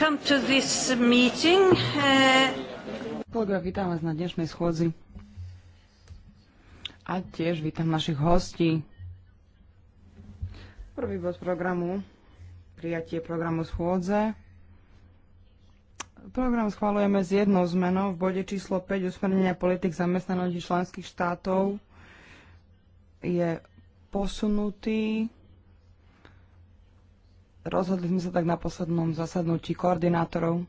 Welcome to this meeting. Uh, Podľa, vítam vás na dnešnej schôdzi. A tiež vítam našich hostí. Prvý bod programu, prijatie programu schôdze. Program schvalujeme s jednou zmenou v bode číslo 5 usmernenia politik zamestnanosti členských štátov je posunutý Rozhodli sme sa tak na poslednom zasadnutí koordinátorov,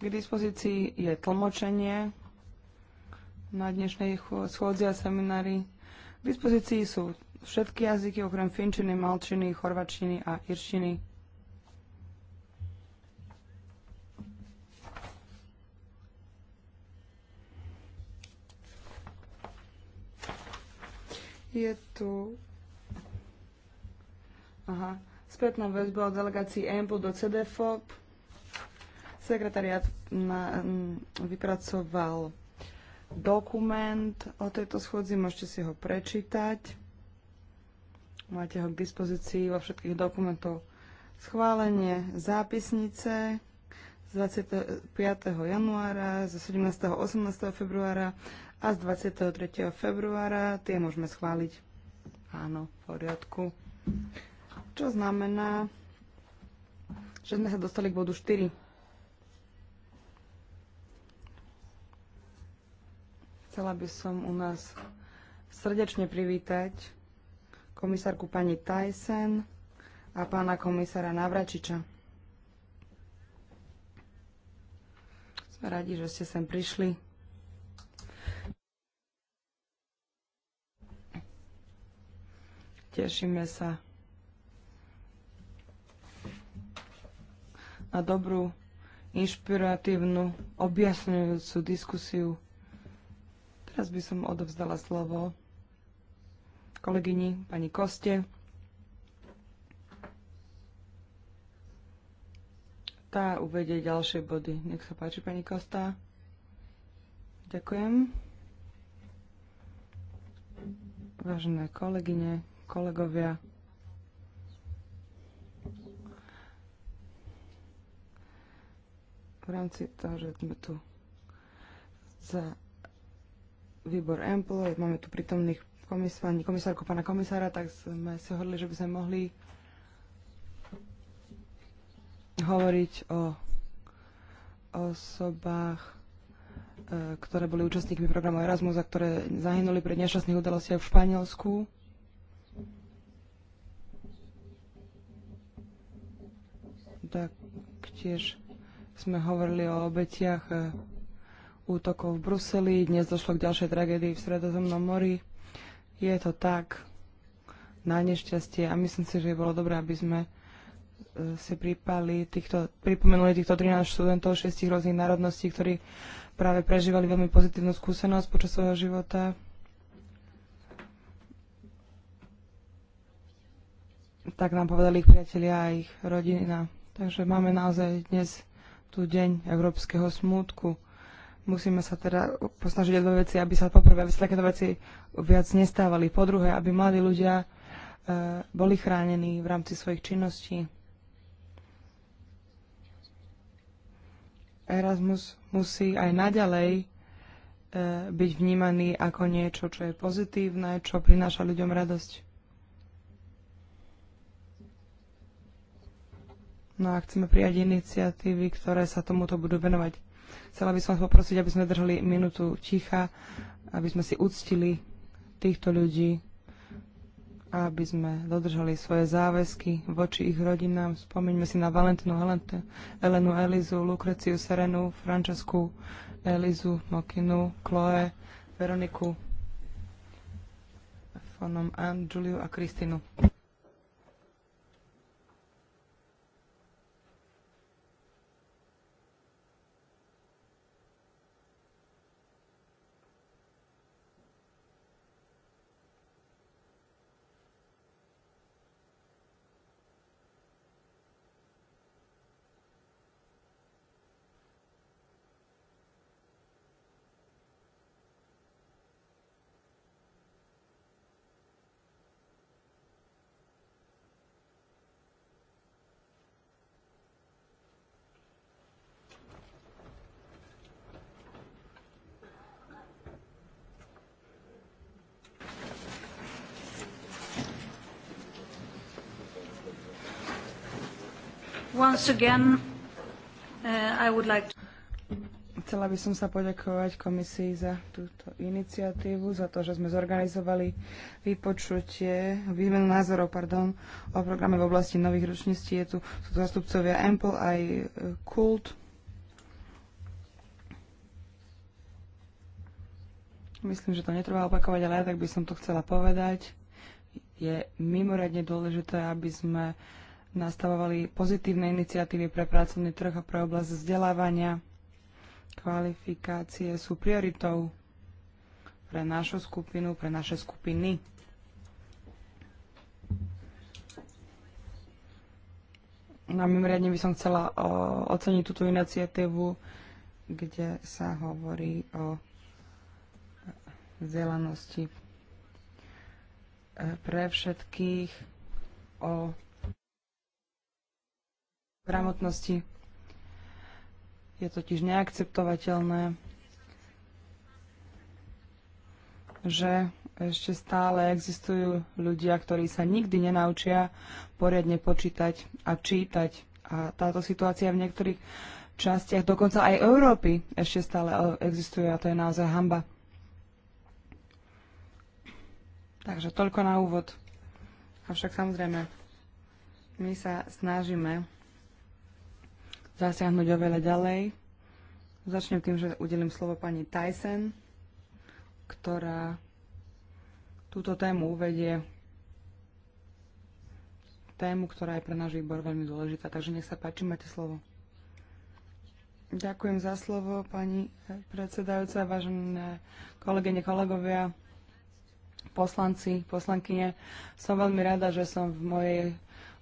K dispozícii je tlmočenie na dnešnej schôdzi a seminári. K dispozícii sú všetky jazyky okrem finčiny, malčiny, chorvačiny a irčiny. Je tu... Aha. Spätná väzba od delegácií EMPL do CDFOP. Sekretariat na, mm, vypracoval dokument o tejto schodzi môžete si ho prečítať. Máte ho k dispozícii vo všetkých dokumentov. Schválenie zápisnice z 25. januára, z 17. a 18. februára a z 23. februára tie môžeme schváliť. Áno, v poriadku. Čo znamená, že sme sa dostali k bodu 4. Chcela by som u nás srdečne privítať komisárku pani Tyson a pána komisára Navračiča. Sme radi, že ste sem prišli. Tešíme sa na dobrú, inšpiratívnu, objasňujúcu diskusiu. Teraz by som odovzdala slovo kolegyni pani Koste. Tá uvedie ďalšie body. Nech sa páči, pani Kosta. Ďakujem. Vážené kolegyne, kolegovia. V rámci toho, že sme tu za výbor EMPL, máme tu prítomných komisárov, komisárku pána komisára, tak sme si hovorili, že by sme mohli hovoriť o osobách, e, ktoré boli účastníkmi programu Erasmus a ktoré zahynuli pri nešťastných udalostiach v Španielsku. Taktiež sme hovorili o obetiach e, útokov v Bruseli. Dnes došlo k ďalšej tragédii v Sredozemnom mori. Je to tak, na nešťastie. A myslím si, že by bolo dobré, aby sme e, si pripali týchto, pripomenuli týchto 13 študentov šestich rôznych národností, ktorí práve prežívali veľmi pozitívnu skúsenosť počas svojho života. Tak nám povedali ich priatelia a ich rodina. Takže máme naozaj dnes tu deň európskeho smútku. Musíme sa teda posnažiť o veci, aby sa poprvé, aby sa takéto veci viac nestávali. Po druhé, aby mladí ľudia e, boli chránení v rámci svojich činností. Erasmus musí aj naďalej e, byť vnímaný ako niečo, čo je pozitívne, čo prináša ľuďom radosť. No a chceme prijať iniciatívy, ktoré sa tomuto budú venovať. Chcela by som vás poprosiť, aby sme držali minútu ticha, aby sme si uctili týchto ľudí, aby sme dodržali svoje záväzky voči ich rodinám. Spomeňme si na Valentinu Helente, Elenu Elizu, Lukreciu Serenu, Francesku Elizu, Mokinu, Chloe, Veroniku, Fonom Ann, Juliu a Kristinu. Uh, chcela by som sa poďakovať komisii za túto iniciatívu, za to, že sme zorganizovali vypočutie, výmenu názorov, pardon, o programe v oblasti nových ročností. Je tu, sú zastupcovia Ample aj e, Kult. Myslím, že to netrvá opakovať, ale ja tak by som to chcela povedať. Je mimoriadne dôležité, aby sme uh, nastavovali pozitívne iniciatívy pre pracovný trh a pre oblasť vzdelávania. Kvalifikácie sú prioritou pre našu skupinu, pre naše skupiny. Na mimoriadne by som chcela oceniť túto iniciatívu, kde sa hovorí o vzdelanosti e, pre všetkých, o gramotnosti. Je totiž neakceptovateľné, že ešte stále existujú ľudia, ktorí sa nikdy nenaučia poriadne počítať a čítať. A táto situácia v niektorých častiach, dokonca aj Európy, ešte stále existuje a to je naozaj hamba. Takže toľko na úvod. Avšak samozrejme, my sa snažíme zasiahnuť oveľa ďalej. Začnem tým, že udelím slovo pani Tyson, ktorá túto tému uvedie tému, ktorá je pre náš výbor veľmi dôležitá. Takže nech sa páči, máte slovo. Ďakujem za slovo, pani predsedajúca, vážené kolegyne, kolegovia, poslanci, poslankyne. Som veľmi rada, že som v mojej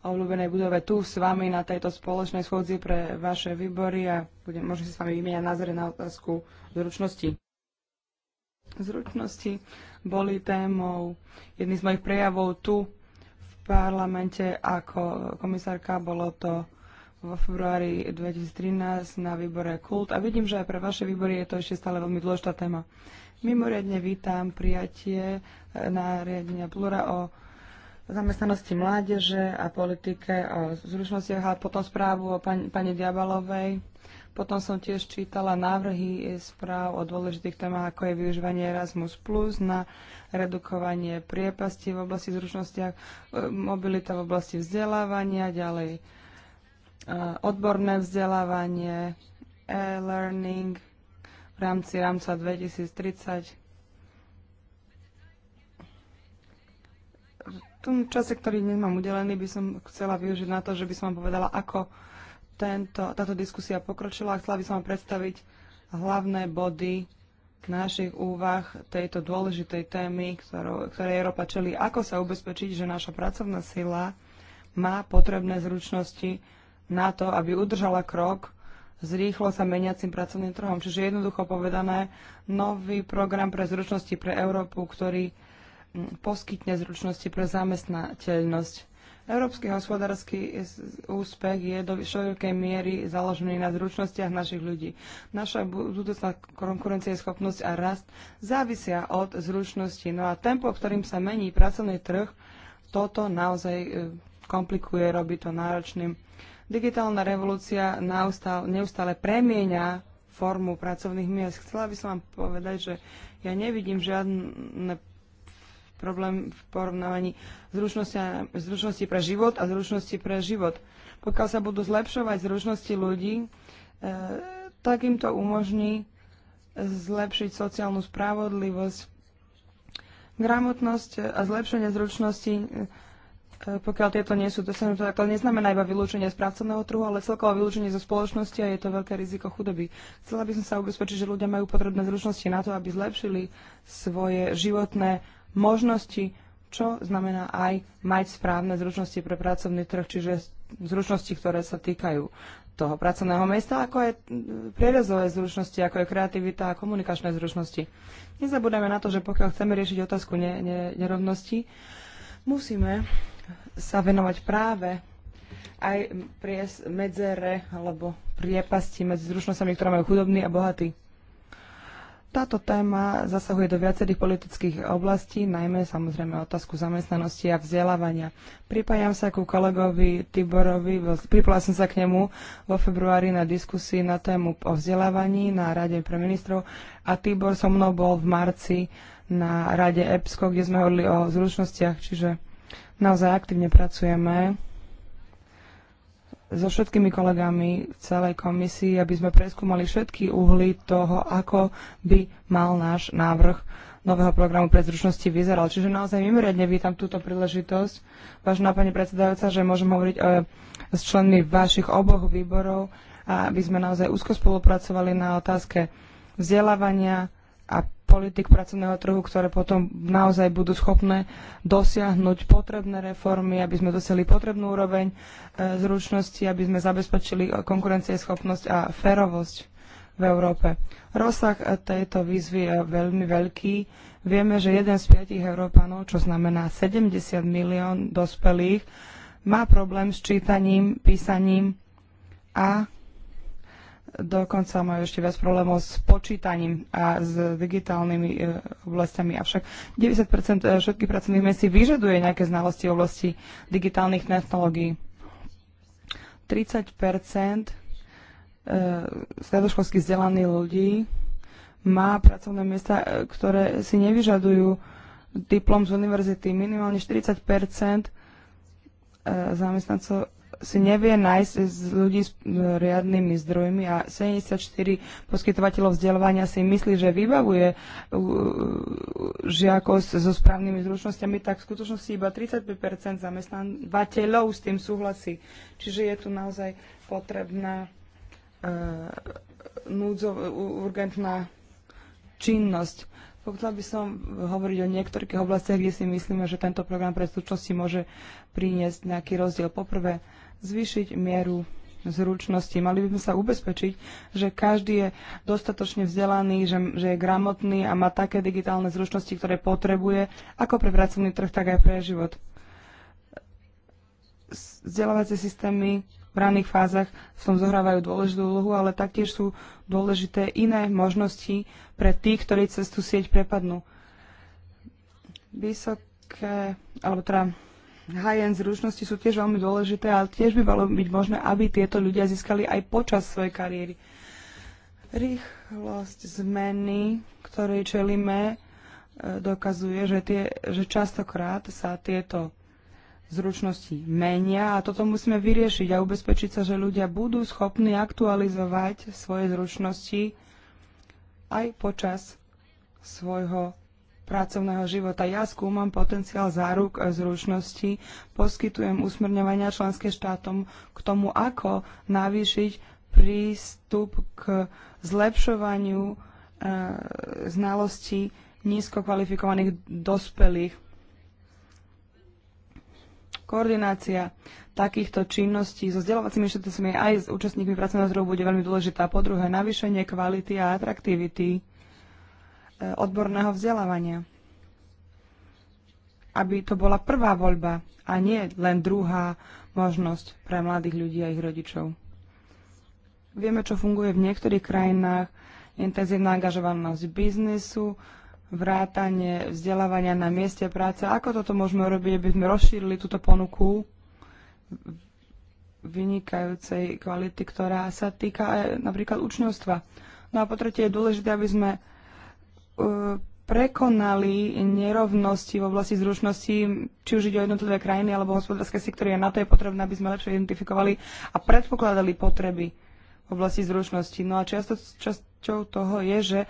obľúbenej budove tu s vami na tejto spoločnej schôdzi pre vaše výbory a budem, môžem si s vami vymieňať názory na otázku zručnosti. Zručnosti boli témou jedným z mojich prejavov tu v parlamente ako komisárka. Bolo to vo februári 2013 na výbore Kult a vidím, že aj pre vaše výbory je to ešte stále veľmi dôležitá téma. Mimoriadne vítam prijatie nariadenia Plura o zamestnanosti mládeže a politike o zručnostiach a potom správu o pani, pani Diabalovej. Potom som tiež čítala návrhy správ o dôležitých témach, ako je využívanie Erasmus+, plus na redukovanie priepasti v oblasti zručnostiach, e, mobilita v oblasti vzdelávania, ďalej e, odborné vzdelávanie, e-learning v rámci rámca 2030, tom čase, ktorý dnes mám udelený, by som chcela využiť na to, že by som vám povedala, ako tento, táto diskusia pokročila a chcela by som vám predstaviť hlavné body našich úvah tejto dôležitej témy, ktorou, ktorej Európa čelí. Ako sa ubezpečiť, že naša pracovná sila má potrebné zručnosti na to, aby udržala krok s rýchlo sa meniacim pracovným trhom. Čiže jednoducho povedané, nový program pre zručnosti pre Európu, ktorý poskytne zručnosti pre zamestnateľnosť. Európsky hospodársky úspech je do širokej miery založený na zručnostiach našich ľudí. Naša budúcná konkurencieschopnosť a rast závisia od zručnosti. No a tempo, ktorým sa mení pracovný trh, toto naozaj e, komplikuje, robí to náročným. Digitálna revolúcia neustále premieňa formu pracovných miest. Chcela by som vám povedať, že ja nevidím žiadne problém v porovnávaní zručnosti, zručnosti pre život a zručnosti pre život. Pokiaľ sa budú zlepšovať zručnosti ľudí, e, tak im to umožní zlepšiť sociálnu spravodlivosť, gramotnosť a zlepšenie zručnosti, e, pokiaľ tieto nie sú dosiahnuté, tak to neznamená iba vylúčenie z pracovného trhu, ale celkové vylúčenie zo spoločnosti a je to veľké riziko chudoby. Chcela by som sa ubezpečiť, že ľudia majú potrebné zručnosti na to, aby zlepšili svoje životné možnosti, čo znamená aj mať správne zručnosti pre pracovný trh, čiže zručnosti, ktoré sa týkajú toho pracovného mesta, ako aj prierezové zručnosti, ako je kreativita a komunikačné zručnosti. Nezabudeme na to, že pokiaľ chceme riešiť otázku ne- ne- nerovnosti, musíme sa venovať práve aj pries, medzere alebo priepasti medzi zručnosťami, ktoré majú chudobní a bohatí. Táto téma zasahuje do viacerých politických oblastí, najmä samozrejme otázku zamestnanosti a vzdelávania. Pripájam sa ku kolegovi Tiborovi, pripala som sa k nemu vo februári na diskusii na tému o vzdelávaní na Rade pre ministrov a Tibor so mnou bol v marci na Rade EPSCO, kde sme hovorili o zručnostiach, čiže naozaj aktívne pracujeme so všetkými kolegami v celej komisii, aby sme preskúmali všetky uhly toho, ako by mal náš návrh nového programu pre zručnosti vyzeral. Čiže naozaj mimoriadne vítam túto príležitosť, vážená pani predsedajúca, že môžem hovoriť o, e, s členmi vašich oboch výborov aby sme naozaj úzko spolupracovali na otázke vzdelávania a politik pracovného trhu, ktoré potom naozaj budú schopné dosiahnuť potrebné reformy, aby sme dosiahli potrebnú úroveň e, zručnosti, aby sme zabezpečili konkurencieschopnosť a férovosť v Európe. Rozsah tejto výzvy je veľmi veľký. Vieme, že jeden z piatich Európanov, čo znamená 70 milión dospelých, má problém s čítaním, písaním a dokonca majú ešte viac problémov s počítaním a s digitálnymi e, oblastiami. Avšak 90 e, všetkých pracovných miest si vyžaduje nejaké znalosti v oblasti digitálnych technológií. 30 e, stredoškolsky vzdelaných ľudí má pracovné miesta, e, ktoré si nevyžadujú diplom z univerzity. Minimálne 40 zamestnancov si nevie nájsť z ľudí s e, riadnymi zdrojmi a 74 poskytovateľov vzdelávania si myslí, že vybavuje e, žiakov so správnymi zručnosťami, tak v skutočnosti iba 35 zamestnávateľov s tým súhlasí. Čiže je tu naozaj potrebná e, núdzo, urgentná činnosť. Pokiaľ by som hovoriť o niektorých oblastiach, kde si myslíme, že tento program pre súčnosti môže priniesť nejaký rozdiel. Poprvé, zvýšiť mieru zručnosti. Mali by sme sa ubezpečiť, že každý je dostatočne vzdelaný, že, že je gramotný a má také digitálne zručnosti, ktoré potrebuje, ako pre pracovný trh, tak aj pre život. Vzdelávacie systémy v raných fázach v tom zohrávajú dôležitú úlohu, ale taktiež sú dôležité iné možnosti pre tých, ktorí cez tú sieť prepadnú. Vysoké, alebo teda high-end zručnosti sú tiež veľmi dôležité, ale tiež by malo byť možné, aby tieto ľudia získali aj počas svojej kariéry. Rýchlosť zmeny, ktorej čelíme, e, dokazuje, že, tie, že častokrát sa tieto zručnosti menia a toto musíme vyriešiť a ubezpečiť sa, že ľudia budú schopní aktualizovať svoje zručnosti aj počas svojho pracovného života. Ja skúmam potenciál záruk zručnosti, poskytujem usmerňovania členským štátom k tomu, ako navýšiť prístup k zlepšovaniu e, znalostí nízko kvalifikovaných dospelých. Koordinácia takýchto činností so vzdelávacími inštitúciami aj s účastníkmi pracovného trhu bude veľmi dôležitá. Po druhé, navýšenie kvality a atraktivity odborného vzdelávania. Aby to bola prvá voľba a nie len druhá možnosť pre mladých ľudí a ich rodičov. Vieme, čo funguje v niektorých krajinách, intenzívna angažovanosť biznisu, vrátanie vzdelávania na mieste práce. Ako toto môžeme robiť, aby sme rozšírili túto ponuku vynikajúcej kvality, ktorá sa týka aj eh, napríklad učňovstva. No a po tretie je dôležité, aby sme prekonali nerovnosti v oblasti zručnosti, či už ide o jednotlivé krajiny alebo hospodárske sektory. A na to je potrebné, aby sme lepšie identifikovali a predpokladali potreby v oblasti zručnosti. No a často, časťou toho je, že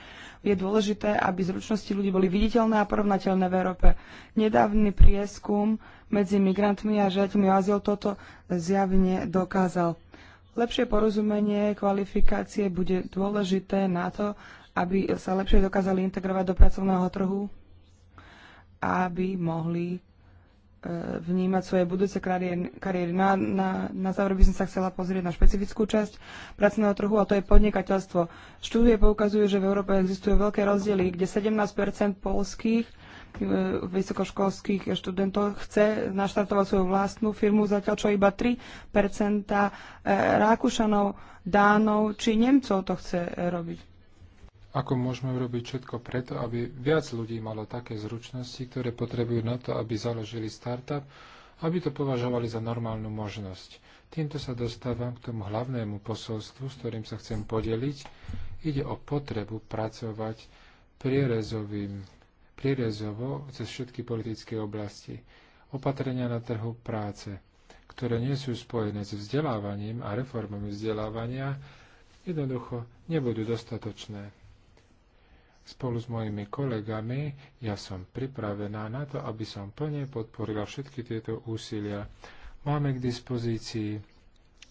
je dôležité, aby zručnosti ľudí boli viditeľné a porovnateľné v Európe. Nedávny prieskum medzi migrantmi a žiadmi o azyl toto zjavne dokázal. Lepšie porozumenie kvalifikácie bude dôležité na to, aby sa lepšie dokázali integrovať do pracovného trhu, aby mohli e, vnímať svoje budúce kariéry. Na, no na, na záver by som sa chcela pozrieť na špecifickú časť pracovného trhu a to je podnikateľstvo. Štúdie poukazujú, že v Európe existujú veľké rozdiely, kde 17 polských e, vysokoškolských študentov chce naštartovať svoju vlastnú firmu, zatiaľ čo iba 3 e, Rákušanov, Dánov či Nemcov to chce robiť ako môžeme urobiť všetko preto, aby viac ľudí malo také zručnosti, ktoré potrebujú na to, aby založili startup, aby to považovali za normálnu možnosť. Týmto sa dostávam k tomu hlavnému posolstvu, s ktorým sa chcem podeliť. Ide o potrebu pracovať prierezovým, prierezovo cez všetky politické oblasti. Opatrenia na trhu práce, ktoré nie sú spojené s vzdelávaním a reformami vzdelávania, jednoducho nebudú dostatočné spolu s mojimi kolegami, ja som pripravená na to, aby som plne podporila všetky tieto úsilia. Máme k dispozícii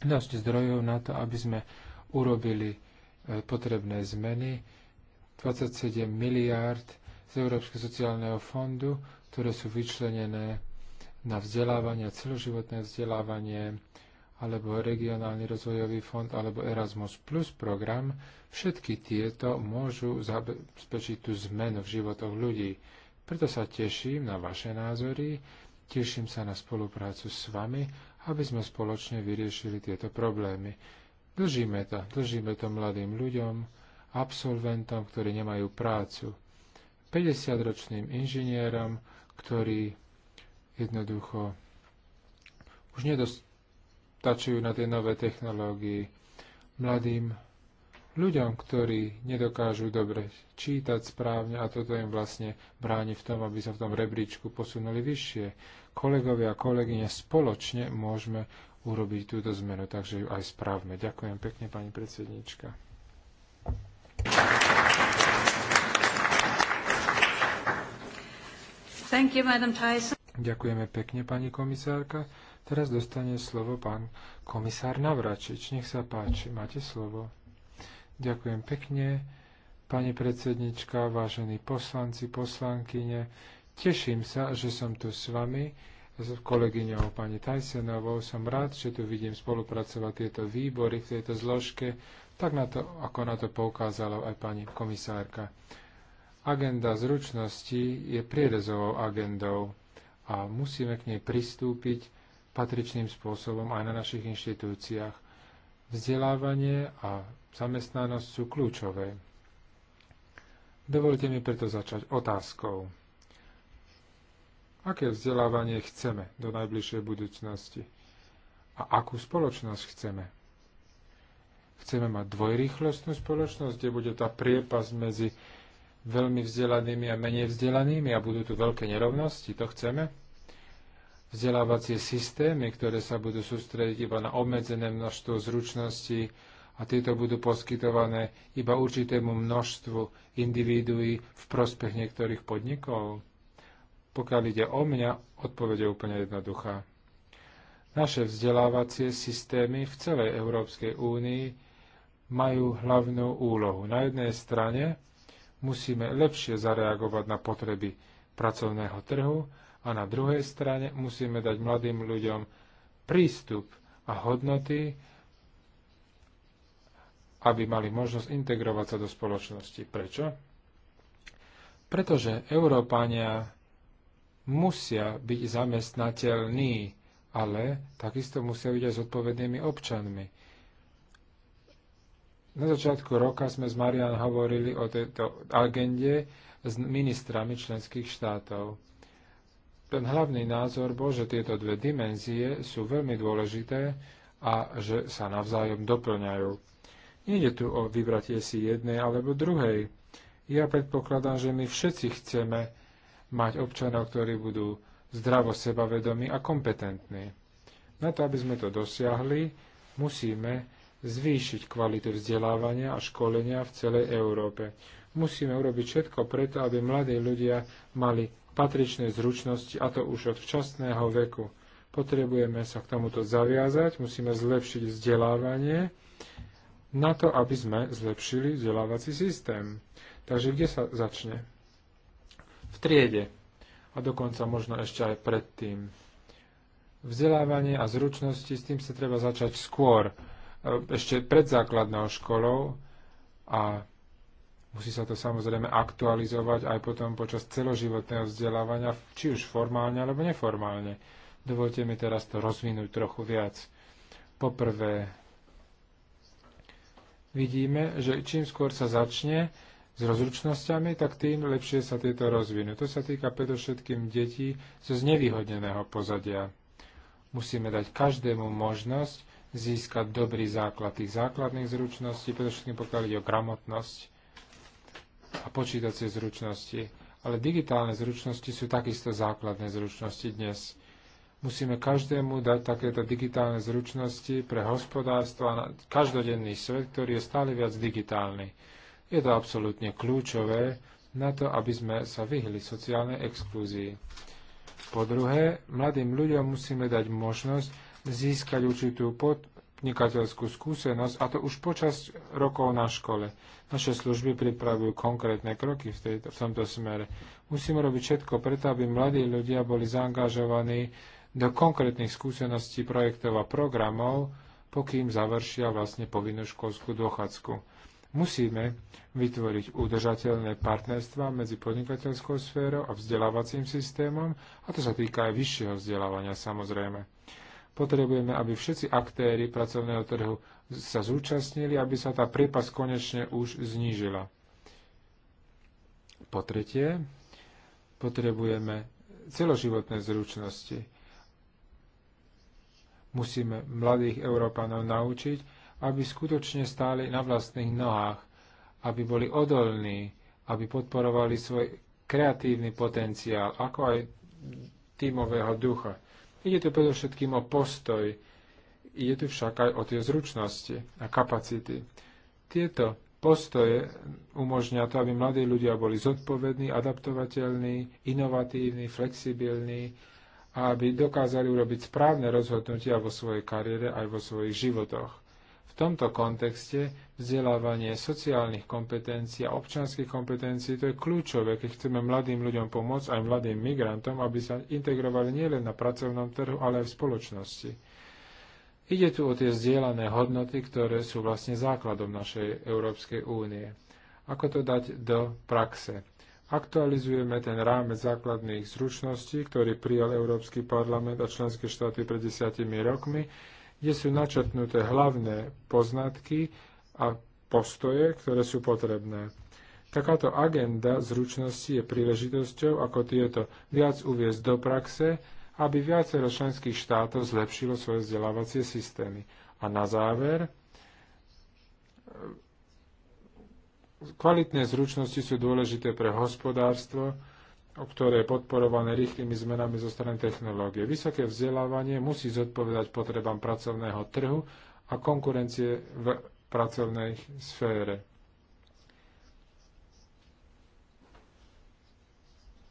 dosť zdrojov na to, aby sme urobili e, potrebné zmeny. 27 miliárd z Európskeho sociálneho fondu, ktoré sú vyčlenené na vzdelávanie, celoživotné vzdelávanie, alebo Regionálny rozvojový fond, alebo Erasmus Plus program, všetky tieto môžu zabezpečiť tú zmenu v životoch ľudí. Preto sa teším na vaše názory, teším sa na spoluprácu s vami, aby sme spoločne vyriešili tieto problémy. Dlžíme to, dlžíme to mladým ľuďom, absolventom, ktorí nemajú prácu, 50-ročným inžinierom, ktorí jednoducho už nedost, tlačujú na tie nové technológie. Mladým ľuďom, ktorí nedokážu dobre čítať správne a toto im vlastne bráni v tom, aby sa v tom rebríčku posunuli vyššie. Kolegovia a kolegyne spoločne môžeme urobiť túto zmenu, takže ju aj správme. Ďakujem pekne, pani predsednička. Thank you, Madam Tyson. Ďakujeme pekne, pani komisárka. Teraz dostane slovo pán komisár Navračič. Nech sa páči, máte slovo. Ďakujem pekne, pani predsednička, vážení poslanci, poslankyne. Teším sa, že som tu s vami, s kolegyňou pani Tajsenovou. Som rád, že tu vidím spolupracovať tieto výbory v tejto zložke, tak na to, ako na to poukázala aj pani komisárka. Agenda zručnosti je prierezovou agendou a musíme k nej pristúpiť patričným spôsobom aj na našich inštitúciách. Vzdelávanie a zamestnanosť sú kľúčové. Dovolte mi preto začať otázkou. Aké vzdelávanie chceme do najbližšej budúcnosti? A akú spoločnosť chceme? Chceme mať dvojrýchlostnú spoločnosť, kde bude tá priepas medzi veľmi vzdelanými a menej vzdelanými a budú tu veľké nerovnosti? To chceme? vzdelávacie systémy, ktoré sa budú sústrediť iba na obmedzené množstvo zručností a tieto budú poskytované iba určitému množstvu individuí v prospech niektorých podnikov? Pokiaľ ide o mňa, odpoveď je úplne jednoduchá. Naše vzdelávacie systémy v celej Európskej únii majú hlavnú úlohu. Na jednej strane musíme lepšie zareagovať na potreby pracovného trhu a na druhej strane musíme dať mladým ľuďom prístup a hodnoty, aby mali možnosť integrovať sa do spoločnosti. Prečo? Pretože Európania musia byť zamestnateľní, ale takisto musia byť aj zodpovednými občanmi. Na začiatku roka sme s Marian hovorili o tejto agende s ministrami členských štátov ten hlavný názor bol, že tieto dve dimenzie sú veľmi dôležité a že sa navzájom doplňajú. Nejde tu o vybratie si jednej alebo druhej. Ja predpokladám, že my všetci chceme mať občanov, ktorí budú zdravo sebavedomí a kompetentní. Na to, aby sme to dosiahli, musíme zvýšiť kvalitu vzdelávania a školenia v celej Európe. Musíme urobiť všetko preto, aby mladí ľudia mali Patričnej zručnosti, a to už od včasného veku. Potrebujeme sa k tomuto zaviazať, musíme zlepšiť vzdelávanie na to, aby sme zlepšili vzdelávací systém. Takže kde sa začne? V triede. A dokonca možno ešte aj predtým. Vzdelávanie a zručnosti, s tým sa treba začať skôr, e, ešte pred základnou školou a Musí sa to samozrejme aktualizovať aj potom počas celoživotného vzdelávania, či už formálne alebo neformálne. Dovolte mi teraz to rozvinúť trochu viac. Poprvé, vidíme, že čím skôr sa začne s rozručnosťami, tak tým lepšie sa tieto rozvinú. To sa týka predovšetkým detí zo znevýhodneného pozadia. Musíme dať každému možnosť získať dobrý základ tých základných zručností, predovšetkým pokiaľ ide o gramotnosť a počítacie zručnosti. Ale digitálne zručnosti sú takisto základné zručnosti dnes. Musíme každému dať takéto digitálne zručnosti pre hospodárstvo a každodenný svet, ktorý je stále viac digitálny. Je to absolútne kľúčové na to, aby sme sa vyhli sociálnej exklúzii. Po druhé, mladým ľuďom musíme dať možnosť získať určitú pod, podnikateľskú skúsenosť, a to už počas rokov na škole. Naše služby pripravujú konkrétne kroky v, tejto, v tomto smere. Musíme robiť všetko preto, aby mladí ľudia boli zaangažovaní do konkrétnych skúseností projektov a programov, pokým završia vlastne povinnú školskú dochádzku. Musíme vytvoriť udržateľné partnerstva medzi podnikateľskou sférou a vzdelávacím systémom, a to sa týka aj vyššieho vzdelávania samozrejme. Potrebujeme, aby všetci aktéry pracovného trhu sa zúčastnili, aby sa tá priepas konečne už znížila. Po tretie, potrebujeme celoživotné zručnosti. Musíme mladých Európanov naučiť, aby skutočne stáli na vlastných nohách, aby boli odolní, aby podporovali svoj kreatívny potenciál, ako aj tímového ducha. Ide tu predovšetkým o postoj, ide tu však aj o tie zručnosti a kapacity. Tieto postoje umožňa to, aby mladí ľudia boli zodpovední, adaptovateľní, inovatívni, flexibilní a aby dokázali urobiť správne rozhodnutia vo svojej kariére aj vo svojich životoch. V tomto kontexte vzdelávanie sociálnych kompetencií a občanských kompetencií to je kľúčové, keď chceme mladým ľuďom pomôcť, aj mladým migrantom, aby sa integrovali nielen na pracovnom trhu, ale aj v spoločnosti. Ide tu o tie vzdielané hodnoty, ktoré sú vlastne základom našej Európskej únie. Ako to dať do praxe? Aktualizujeme ten rámec základných zručností, ktorý prijal Európsky parlament a členské štáty pred desiatimi rokmi kde sú načrtnuté hlavné poznatky a postoje, ktoré sú potrebné. Takáto agenda zručnosti je príležitosťou, ako tieto viac uviezť do praxe, aby viacero členských štátov zlepšilo svoje vzdelávacie systémy. A na záver, kvalitné zručnosti sú dôležité pre hospodárstvo, ktoré je podporované rýchlymi zmenami zo strany technológie. Vysoké vzdelávanie musí zodpovedať potrebám pracovného trhu a konkurencie v pracovnej sfére.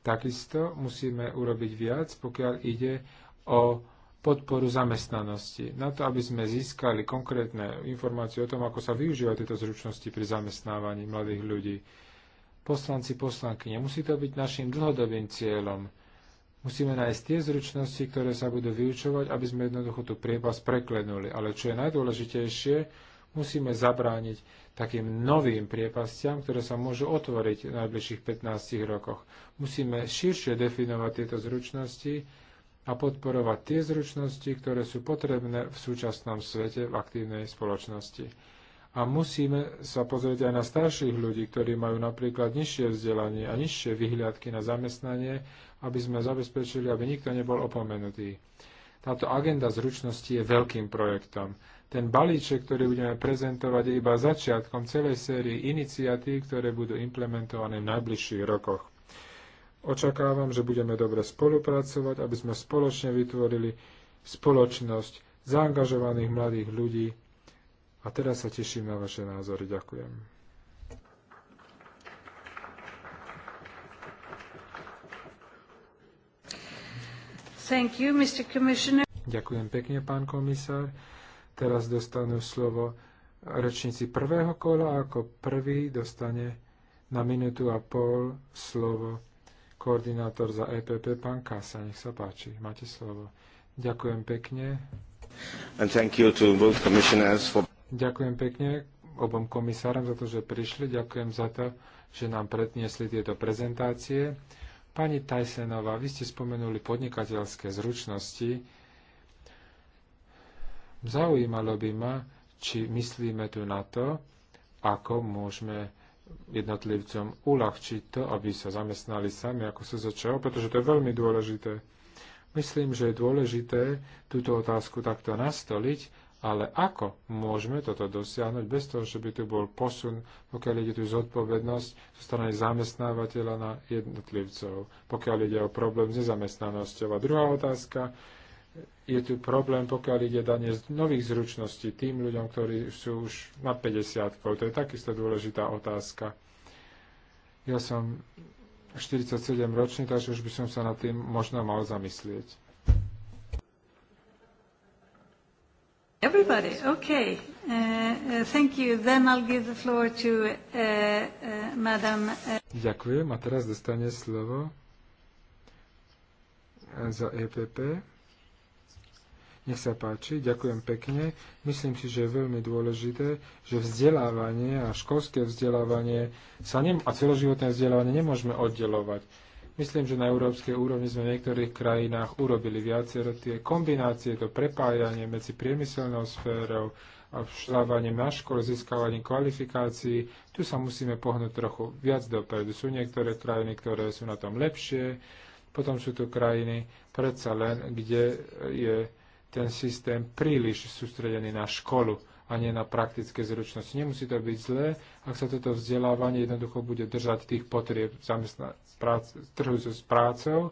Takisto musíme urobiť viac, pokiaľ ide o podporu zamestnanosti. Na to, aby sme získali konkrétne informácie o tom, ako sa využívajú tieto zručnosti pri zamestnávaní mladých ľudí poslanci, poslanky. nemusí to byť našim dlhodobým cieľom. Musíme nájsť tie zručnosti, ktoré sa budú vyučovať, aby sme jednoducho tú priepas preklenuli. Ale čo je najdôležitejšie, musíme zabrániť takým novým priepastiam, ktoré sa môžu otvoriť v najbližších 15 rokoch. Musíme širšie definovať tieto zručnosti a podporovať tie zručnosti, ktoré sú potrebné v súčasnom svete v aktívnej spoločnosti. A musíme sa pozrieť aj na starších ľudí, ktorí majú napríklad nižšie vzdelanie a nižšie vyhliadky na zamestnanie, aby sme zabezpečili, aby nikto nebol opomenutý. Táto agenda zručnosti je veľkým projektom. Ten balíček, ktorý budeme prezentovať, je iba začiatkom celej série iniciatív, ktoré budú implementované v najbližších rokoch. Očakávam, že budeme dobre spolupracovať, aby sme spoločne vytvorili spoločnosť zaangažovaných mladých ľudí, a teraz sa teším na vaše názory. Ďakujem. Thank you, Mr. Commissioner. Ďakujem pekne, pán komisár. Teraz dostanú slovo rečníci prvého kola. Ako prvý dostane na minútu a pol slovo koordinátor za EPP, pán Kasa. Nech sa páči, máte slovo. Ďakujem pekne. And thank you to both commissioners for... Ďakujem pekne obom komisárom za to, že prišli. Ďakujem za to, že nám predniesli tieto prezentácie. Pani Tajsenová, vy ste spomenuli podnikateľské zručnosti. Zaujímalo by ma, či myslíme tu na to, ako môžeme jednotlivcom uľahčiť to, aby sa zamestnali sami ako sa začalo, pretože to je veľmi dôležité. Myslím, že je dôležité túto otázku takto nastoliť, ale ako môžeme toto dosiahnuť bez toho, že by tu bol posun, pokiaľ ide tu zodpovednosť zo strany zamestnávateľa na jednotlivcov, pokiaľ ide o problém s nezamestnanosťou. A druhá otázka, je tu problém, pokiaľ ide danie z nových zručností tým ľuďom, ktorí sú už na 50. -kou. To je takisto dôležitá otázka. Ja som 47 ročný, takže už by som sa nad tým možno mal zamyslieť. Everybody, okay. Uh, uh, thank you. Then I'll give the floor to uh, uh, Madam. Uh... Ďakujem. A teraz dostane slovo uh, za EPP. Nech sa páči, ďakujem pekne. Myslím si, že je veľmi dôležité, že vzdelávanie a školské vzdelávanie sa nem- a celoživotné vzdelávanie nemôžeme oddelovať Myslím, že na európskej úrovni sme v niektorých krajinách urobili viacero tie kombinácie, to prepájanie medzi priemyselnou sférou a všľávanie na škole, získavaním kvalifikácií. Tu sa musíme pohnúť trochu viac dopredu. Sú niektoré krajiny, ktoré sú na tom lepšie, potom sú tu krajiny predsa len, kde je ten systém príliš sústredený na školu a nie na praktické zručnosti. Nemusí to byť zlé, ak sa toto vzdelávanie jednoducho bude držať tých potrieb trhu s prácou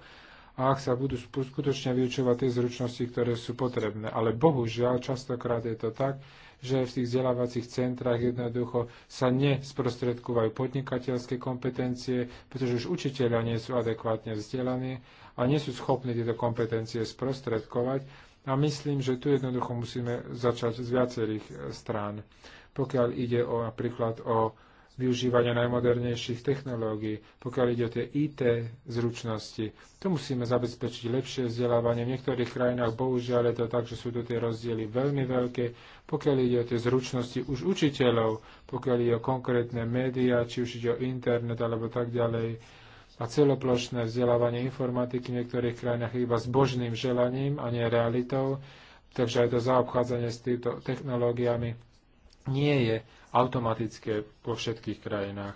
a ak sa budú skutočne vyučovať tie zručnosti, ktoré sú potrebné. Ale bohužiaľ, častokrát je to tak, že v tých vzdelávacích centrách jednoducho sa nesprostredkovajú podnikateľské kompetencie, pretože už učiteľia nie sú adekvátne vzdelaní a nie sú schopní tieto kompetencie sprostredkovať a myslím, že tu jednoducho musíme začať z viacerých e, strán. Pokiaľ ide o napríklad o využívanie najmodernejších technológií, pokiaľ ide o tie IT zručnosti. Tu musíme zabezpečiť lepšie vzdelávanie. V niektorých krajinách bohužiaľ je to tak, že sú tu tie rozdiely veľmi veľké. Pokiaľ ide o tie zručnosti už učiteľov, pokiaľ ide o konkrétne médiá, či už ide o internet alebo tak ďalej, a celoplošné vzdelávanie informatiky v niektorých krajinách iba s božným želaním a nie realitou, takže aj to zaobchádzanie s týmito technológiami nie je automatické vo všetkých krajinách.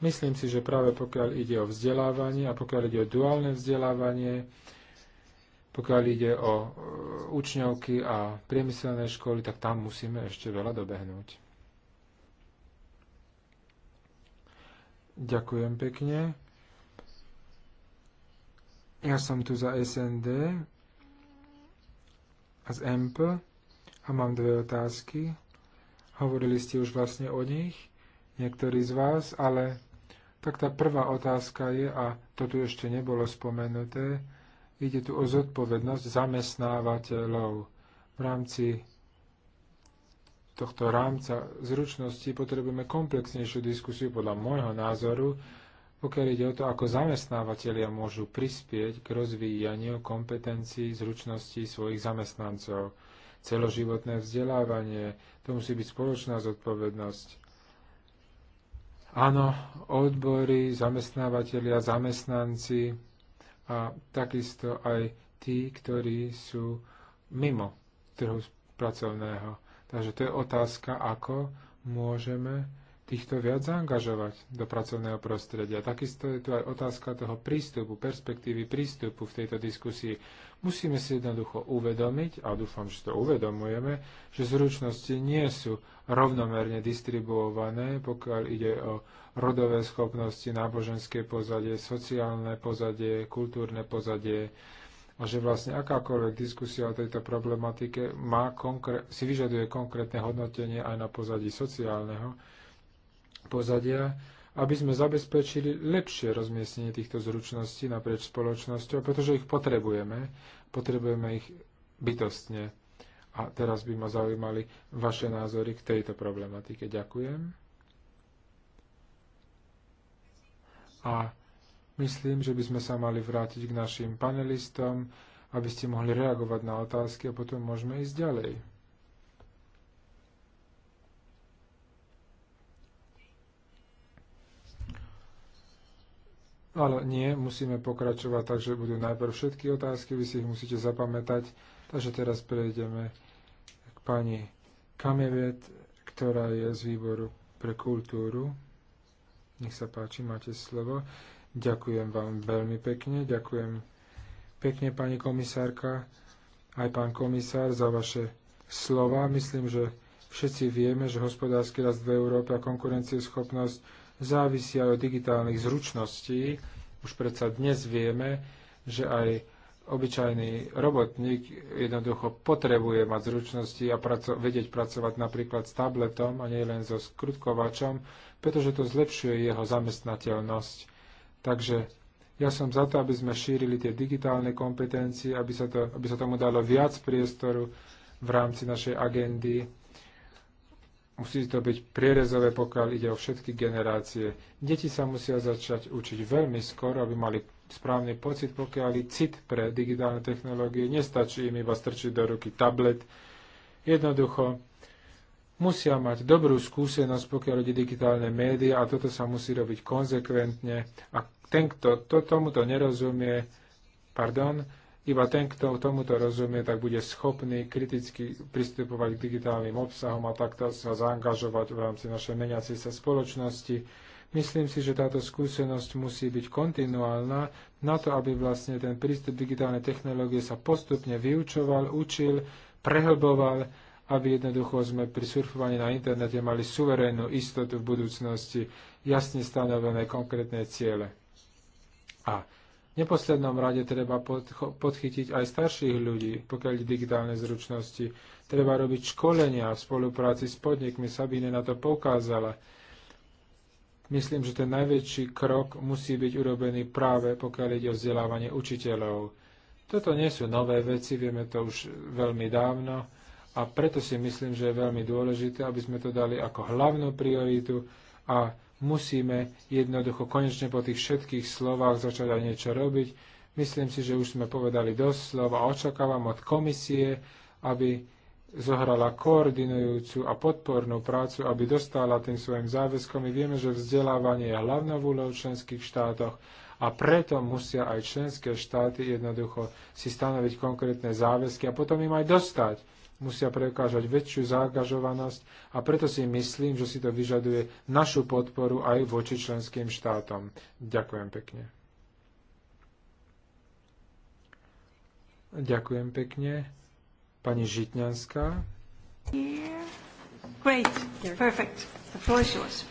Myslím si, že práve pokiaľ ide o vzdelávanie a pokiaľ ide o duálne vzdelávanie, pokiaľ ide o e, učňovky a priemyselné školy, tak tam musíme ešte veľa dobehnúť. Ďakujem pekne. Ja som tu za SND a z MP a mám dve otázky. Hovorili ste už vlastne o nich, niektorí z vás, ale tak tá prvá otázka je, a to tu ešte nebolo spomenuté, ide tu o zodpovednosť zamestnávateľov. V rámci tohto rámca zručnosti potrebujeme komplexnejšiu diskusiu podľa môjho názoru, pokiaľ ide o to, ako zamestnávateľia môžu prispieť k rozvíjaniu kompetencií, zručností svojich zamestnancov. Celoživotné vzdelávanie, to musí byť spoločná zodpovednosť. Áno, odbory, zamestnávateľia, zamestnanci a takisto aj tí, ktorí sú mimo trhu pracovného. Takže to je otázka, ako môžeme týchto viac zaangažovať do pracovného prostredia. Takisto je tu aj otázka toho prístupu, perspektívy prístupu v tejto diskusii. Musíme si jednoducho uvedomiť, a dúfam, že to uvedomujeme, že zručnosti nie sú rovnomerne distribuované, pokiaľ ide o rodové schopnosti, náboženské pozadie, sociálne pozadie, kultúrne pozadie, a že vlastne akákoľvek diskusia o tejto problematike má si vyžaduje konkrétne hodnotenie aj na pozadí sociálneho, pozadia, aby sme zabezpečili lepšie rozmiestnenie týchto zručností naprieč spoločnosťou, pretože ich potrebujeme. Potrebujeme ich bytostne. A teraz by ma zaujímali vaše názory k tejto problematike. Ďakujem. A myslím, že by sme sa mali vrátiť k našim panelistom, aby ste mohli reagovať na otázky a potom môžeme ísť ďalej. Ale nie, musíme pokračovať, takže budú najprv všetky otázky, vy si ich musíte zapamätať. Takže teraz prejdeme k pani Kamevet, ktorá je z výboru pre kultúru. Nech sa páči, máte slovo. Ďakujem vám veľmi pekne, ďakujem pekne pani komisárka, aj pán komisár za vaše slova. Myslím, že všetci vieme, že hospodársky rast v Európe a konkurencieschopnosť závisia od digitálnych zručností. Už predsa dnes vieme, že aj obyčajný robotník jednoducho potrebuje mať zručnosti a praco- vedieť pracovať napríklad s tabletom a nie len so skrutkovačom, pretože to zlepšuje jeho zamestnateľnosť. Takže ja som za to, aby sme šírili tie digitálne kompetencie, aby sa, to, aby sa tomu dalo viac priestoru v rámci našej agendy Musí to byť prierezové, pokiaľ ide o všetky generácie. Deti sa musia začať učiť veľmi skoro, aby mali správny pocit, pokiaľ je cit pre digitálne technológie. Nestačí im iba strčiť do ruky tablet. Jednoducho musia mať dobrú skúsenosť, pokiaľ ide digitálne médiá a toto sa musí robiť konzekventne. A ten, kto to, tomuto nerozumie, pardon, iba ten, kto tomuto rozumie, tak bude schopný kriticky pristupovať k digitálnym obsahom a takto sa zaangažovať v rámci našej meniacej sa spoločnosti. Myslím si, že táto skúsenosť musí byť kontinuálna na to, aby vlastne ten prístup digitálnej technológie sa postupne vyučoval, učil, prehlboval, aby jednoducho sme pri surfovaní na internete mali suverénnu istotu v budúcnosti, jasne stanovené konkrétne ciele. A v neposlednom rade treba podchytiť aj starších ľudí, pokiaľ digitálne zručnosti. Treba robiť školenia v spolupráci s podnikmi. Sabine na to poukázala. Myslím, že ten najväčší krok musí byť urobený práve pokiaľ ide o vzdelávanie učiteľov. Toto nie sú nové veci, vieme to už veľmi dávno a preto si myslím, že je veľmi dôležité, aby sme to dali ako hlavnú prioritu a Musíme jednoducho konečne po tých všetkých slovách začať aj niečo robiť. Myslím si, že už sme povedali dosť slov a očakávam od komisie, aby zohrala koordinujúcu a podpornú prácu, aby dostala tým svojim záväzkom. My vieme, že vzdelávanie je hlavnou úlohou v členských štátoch a preto musia aj členské štáty jednoducho si stanoviť konkrétne záväzky a potom im aj dostať. Musia prekážať väčšiu zaangažovanosť a preto si myslím, že si to vyžaduje našu podporu aj voči členským štátom. Ďakujem pekne. Ďakujem pekne. Pani Žitňanská. Great. Perfect. The floor is yours.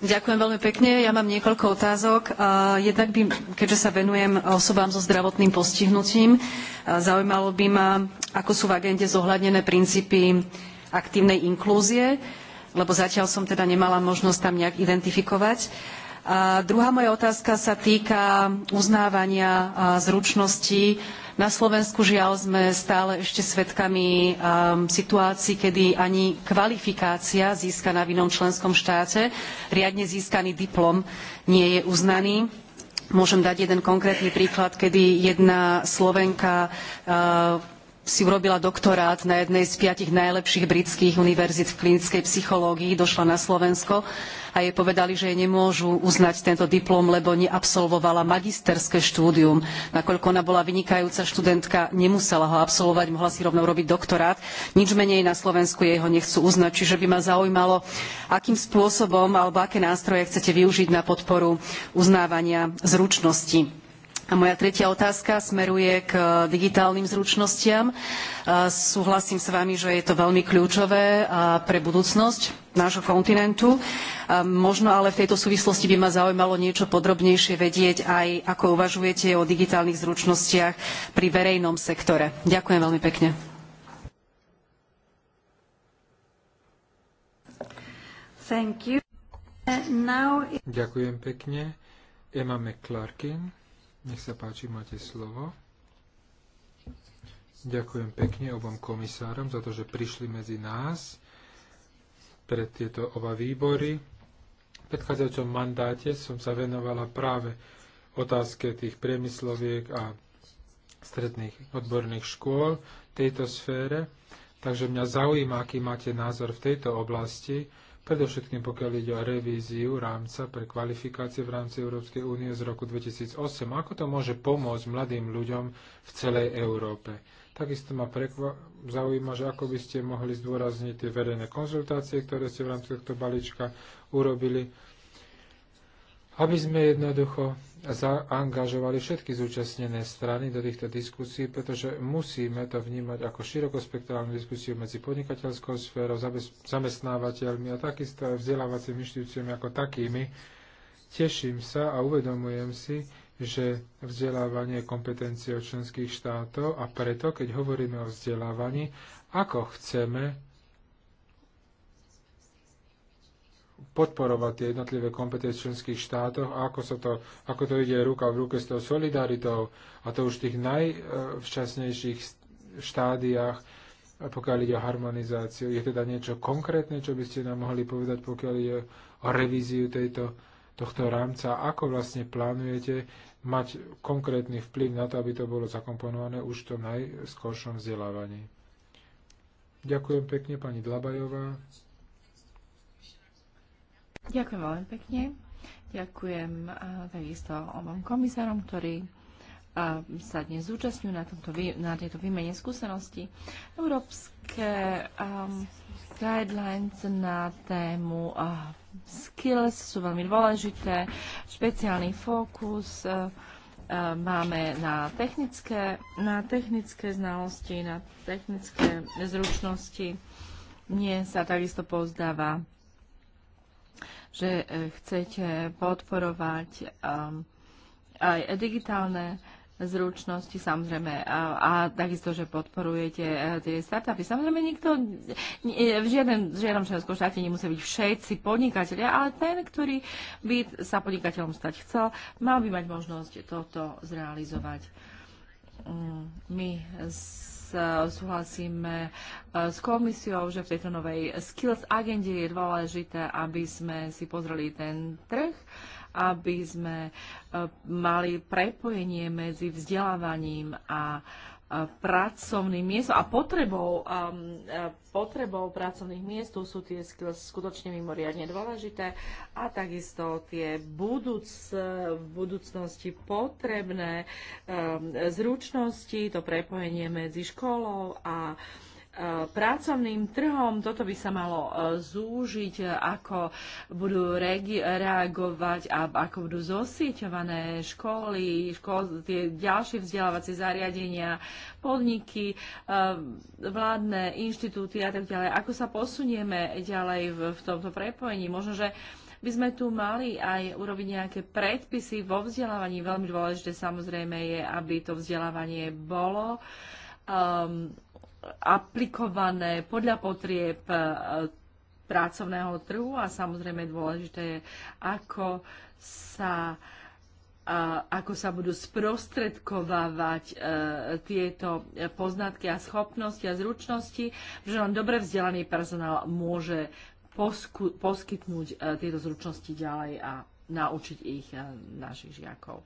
Ďakujem veľmi pekne. Ja mám niekoľko otázok. Jednak by, keďže sa venujem osobám so zdravotným postihnutím, zaujímalo by ma, ako sú v agende zohľadnené princípy aktívnej inklúzie, lebo zatiaľ som teda nemala možnosť tam nejak identifikovať. A druhá moja otázka sa týka uznávania zručností na Slovensku žiaľ sme stále ešte svedkami um, situácií, kedy ani kvalifikácia získaná v inom členskom štáte, riadne získaný diplom nie je uznaný. Môžem dať jeden konkrétny príklad, kedy jedna Slovenka uh, si urobila doktorát na jednej z piatich najlepších britských univerzít v klinickej psychológii, došla na Slovensko a jej povedali, že jej nemôžu uznať tento diplom, lebo neabsolvovala magisterské štúdium. Nakoľko ona bola vynikajúca študentka, nemusela ho absolvovať, mohla si rovno robiť doktorát. Nič menej na Slovensku jej ho nechcú uznať, čiže by ma zaujímalo, akým spôsobom alebo aké nástroje chcete využiť na podporu uznávania zručností a moja tretia otázka smeruje k eh, digitálnym zručnostiam. Eh, súhlasím s vami, že je to veľmi kľúčové eh, pre budúcnosť nášho kontinentu. Možno ale v tejto súvislosti by ma zaujímalo niečo podrobnejšie vedieť aj, ako uvažujete o digitálnych zručnostiach pri verejnom sektore. Ďakujem veľmi pekne. Uh, Ďakujem pekne. Emma McClarkin. Nech sa páči, máte slovo. Ďakujem pekne obom komisárom za to, že prišli medzi nás pre tieto oba výbory. V predchádzajúcom mandáte som sa venovala práve otázke tých priemysloviek a stredných odborných škôl v tejto sfére. Takže mňa zaujíma, aký máte názor v tejto oblasti predovšetkým pokiaľ ide o revíziu rámca pre kvalifikácie v rámci Európskej únie z roku 2008. Ako to môže pomôcť mladým ľuďom v celej Európe? Takisto ma prekva- zaujíma, že ako by ste mohli zdôrazniť tie verejné konzultácie, ktoré ste v rámci tohto balíčka urobili, aby sme jednoducho zaangažovali všetky zúčastnené strany do týchto diskusí, pretože musíme to vnímať ako širokospektrálnu diskusiu medzi podnikateľskou sférou, zamestnávateľmi a takisto aj vzdelávacími inštitúciami ako takými. Teším sa a uvedomujem si, že vzdelávanie je kompetenciou členských štátov a preto, keď hovoríme o vzdelávaní, ako chceme podporovať tie jednotlivé kompetencie v členských štátoch a ako, sa to, ako to ide ruka v ruke s tou solidaritou a to už v tých najvčasnejších štádiách, pokiaľ ide o harmonizáciu. Je teda niečo konkrétne, čo by ste nám mohli povedať, pokiaľ ide o revíziu tejto, tohto rámca? Ako vlastne plánujete mať konkrétny vplyv na to, aby to bolo zakomponované už v tom najskoršom vzdelávaní? Ďakujem pekne, pani Dlabajová. Ďakujem veľmi pekne. Ďakujem takisto obom komisárom, ktorí sa dnes zúčastňujú na, tomto, na tejto výmene skúsenosti. Európske um, guidelines na tému uh, skills sú veľmi dôležité, špeciálny fokus uh, máme na technické, na technické znalosti, na technické zručnosti. Mne sa takisto pozdáva že e, chcete podporovať um, aj digitálne zručnosti, samozrejme, a, a takisto, že podporujete e, tie startupy. Samozrejme, nikto, e, v, v žiadnom členskom štáte nemusia byť všetci podnikatelia, ale ten, ktorý by sa podnikateľom stať chcel, mal by mať možnosť toto zrealizovať. Mm, my súhlasíme e, s komisiou, že v tejto novej skills agende je dôležité, aby sme si pozreli ten trh, aby sme e, mali prepojenie medzi vzdelávaním a pracovných miest a potrebou, um, e, potrebou pracovných miest. sú tie skutočne mimoriadne dôležité a takisto tie budúc, v budúcnosti potrebné um, e, zručnosti, to prepojenie medzi školou a um, E, pracovným trhom. Toto by sa malo e, zúžiť, e, ako budú reagovať a ako budú zosieťované školy, škol, tie ďalšie vzdelávacie zariadenia, podniky, vládne inštitúty a tak ďalej. Ako sa posunieme ďalej v, v tomto prepojení? Možno, že by sme tu mali aj urobiť nejaké predpisy vo vzdelávaní. Veľmi dôležité samozrejme je, aby to vzdelávanie bolo um, aplikované podľa potrieb e, pracovného trhu a samozrejme dôležité je, ako sa e, ako sa budú sprostredkovávať e, tieto poznatky a schopnosti a zručnosti, že len dobre vzdelaný personál môže posku, poskytnúť tieto zručnosti ďalej a naučiť ich našich žiakov.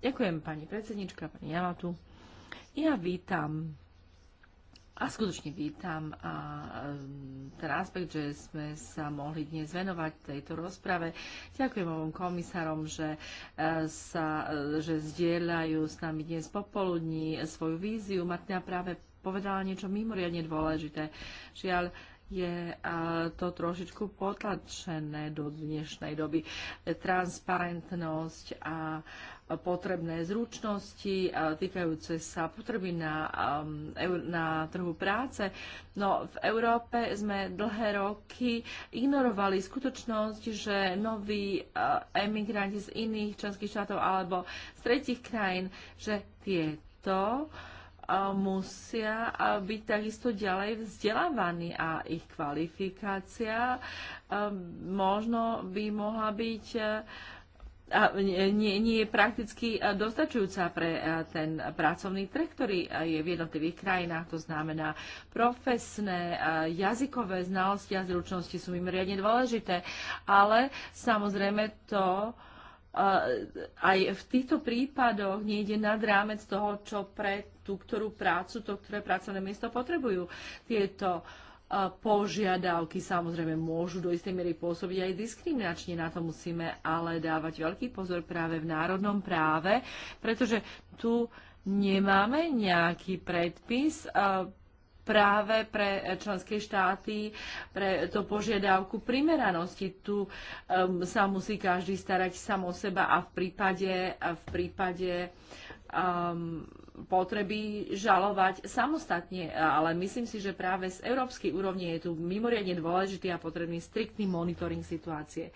Ďakujem pani predsednička, pani Javatu. Ja vítam a skutočne vítam a, ten aspekt, že sme sa mohli dnes venovať tejto rozprave. Ďakujem ovom komisárom, že, e, sa, e, že zdieľajú s nami dnes popoludní svoju víziu. Matňa práve povedala niečo mimoriadne dôležité. Žiaľ, je to trošičku potlačené do dnešnej doby. Transparentnosť a potrebné zručnosti týkajúce sa potreby na, um, na trhu práce. No v Európe sme dlhé roky ignorovali skutočnosť, že noví uh, emigranti z iných členských štátov alebo z tretich krajín, že tieto uh, musia uh, byť takisto ďalej vzdelávaní a ich kvalifikácia um, možno by mohla byť nie, nie je prakticky dostačujúca pre ten pracovný trh, ktorý je v jednotlivých krajinách. To znamená, profesné jazykové znalosti a zručnosti sú mimoriadne dôležité, ale samozrejme to aj v týchto prípadoch nejde nad rámec toho, čo pre tú ktorú prácu, to ktoré pracovné miesto potrebujú. Tieto uh, požiadavky samozrejme môžu do istej miery pôsobiť aj diskriminačne. Na to musíme ale dávať veľký pozor práve v národnom práve, pretože tu nemáme nejaký predpis práve pre členské štáty, pre to požiadavku primeranosti. Tu um, sa musí každý starať samo seba a v prípade, a v prípade uh, um, potreby žalovať samostatne, ale myslím si, že práve z európskej úrovne je tu mimoriadne dôležitý a potrebný striktný monitoring situácie.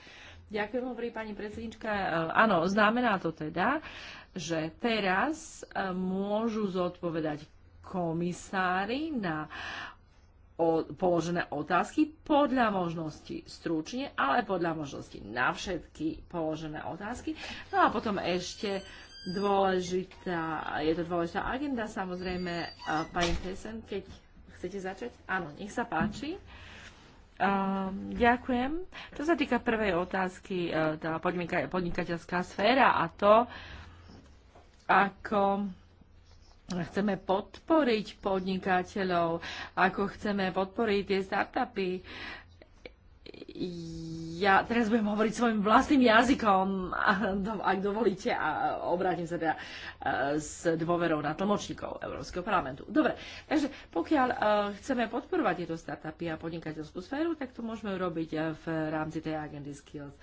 Ďakujem, hovorí pani predsednička. E, áno, znamená to teda, že teraz e, môžu zodpovedať komisári na o, položené otázky podľa možnosti stručne, ale podľa možnosti na všetky položené otázky. No a potom ešte dôležitá, je to dôležitá agenda, samozrejme, pani Kresen, keď chcete začať? Áno, nech sa páči. Um, ďakujem. To sa týka prvej otázky, e, tá podnika, podnikateľská sféra a to, ako chceme podporiť podnikateľov, ako chceme podporiť tie startupy. Uh, ja teraz budem hovoriť svojim vlastným jazykom, ak dovolíte, a obrátim sa teda eh, s dôverou na tlmočníkov Európskeho parlamentu. Dobre, takže pokiaľ eh, chceme podporovať tieto startupy a podnikateľskú sféru, tak to môžeme robiť eh, v rámci tej agendy Skills.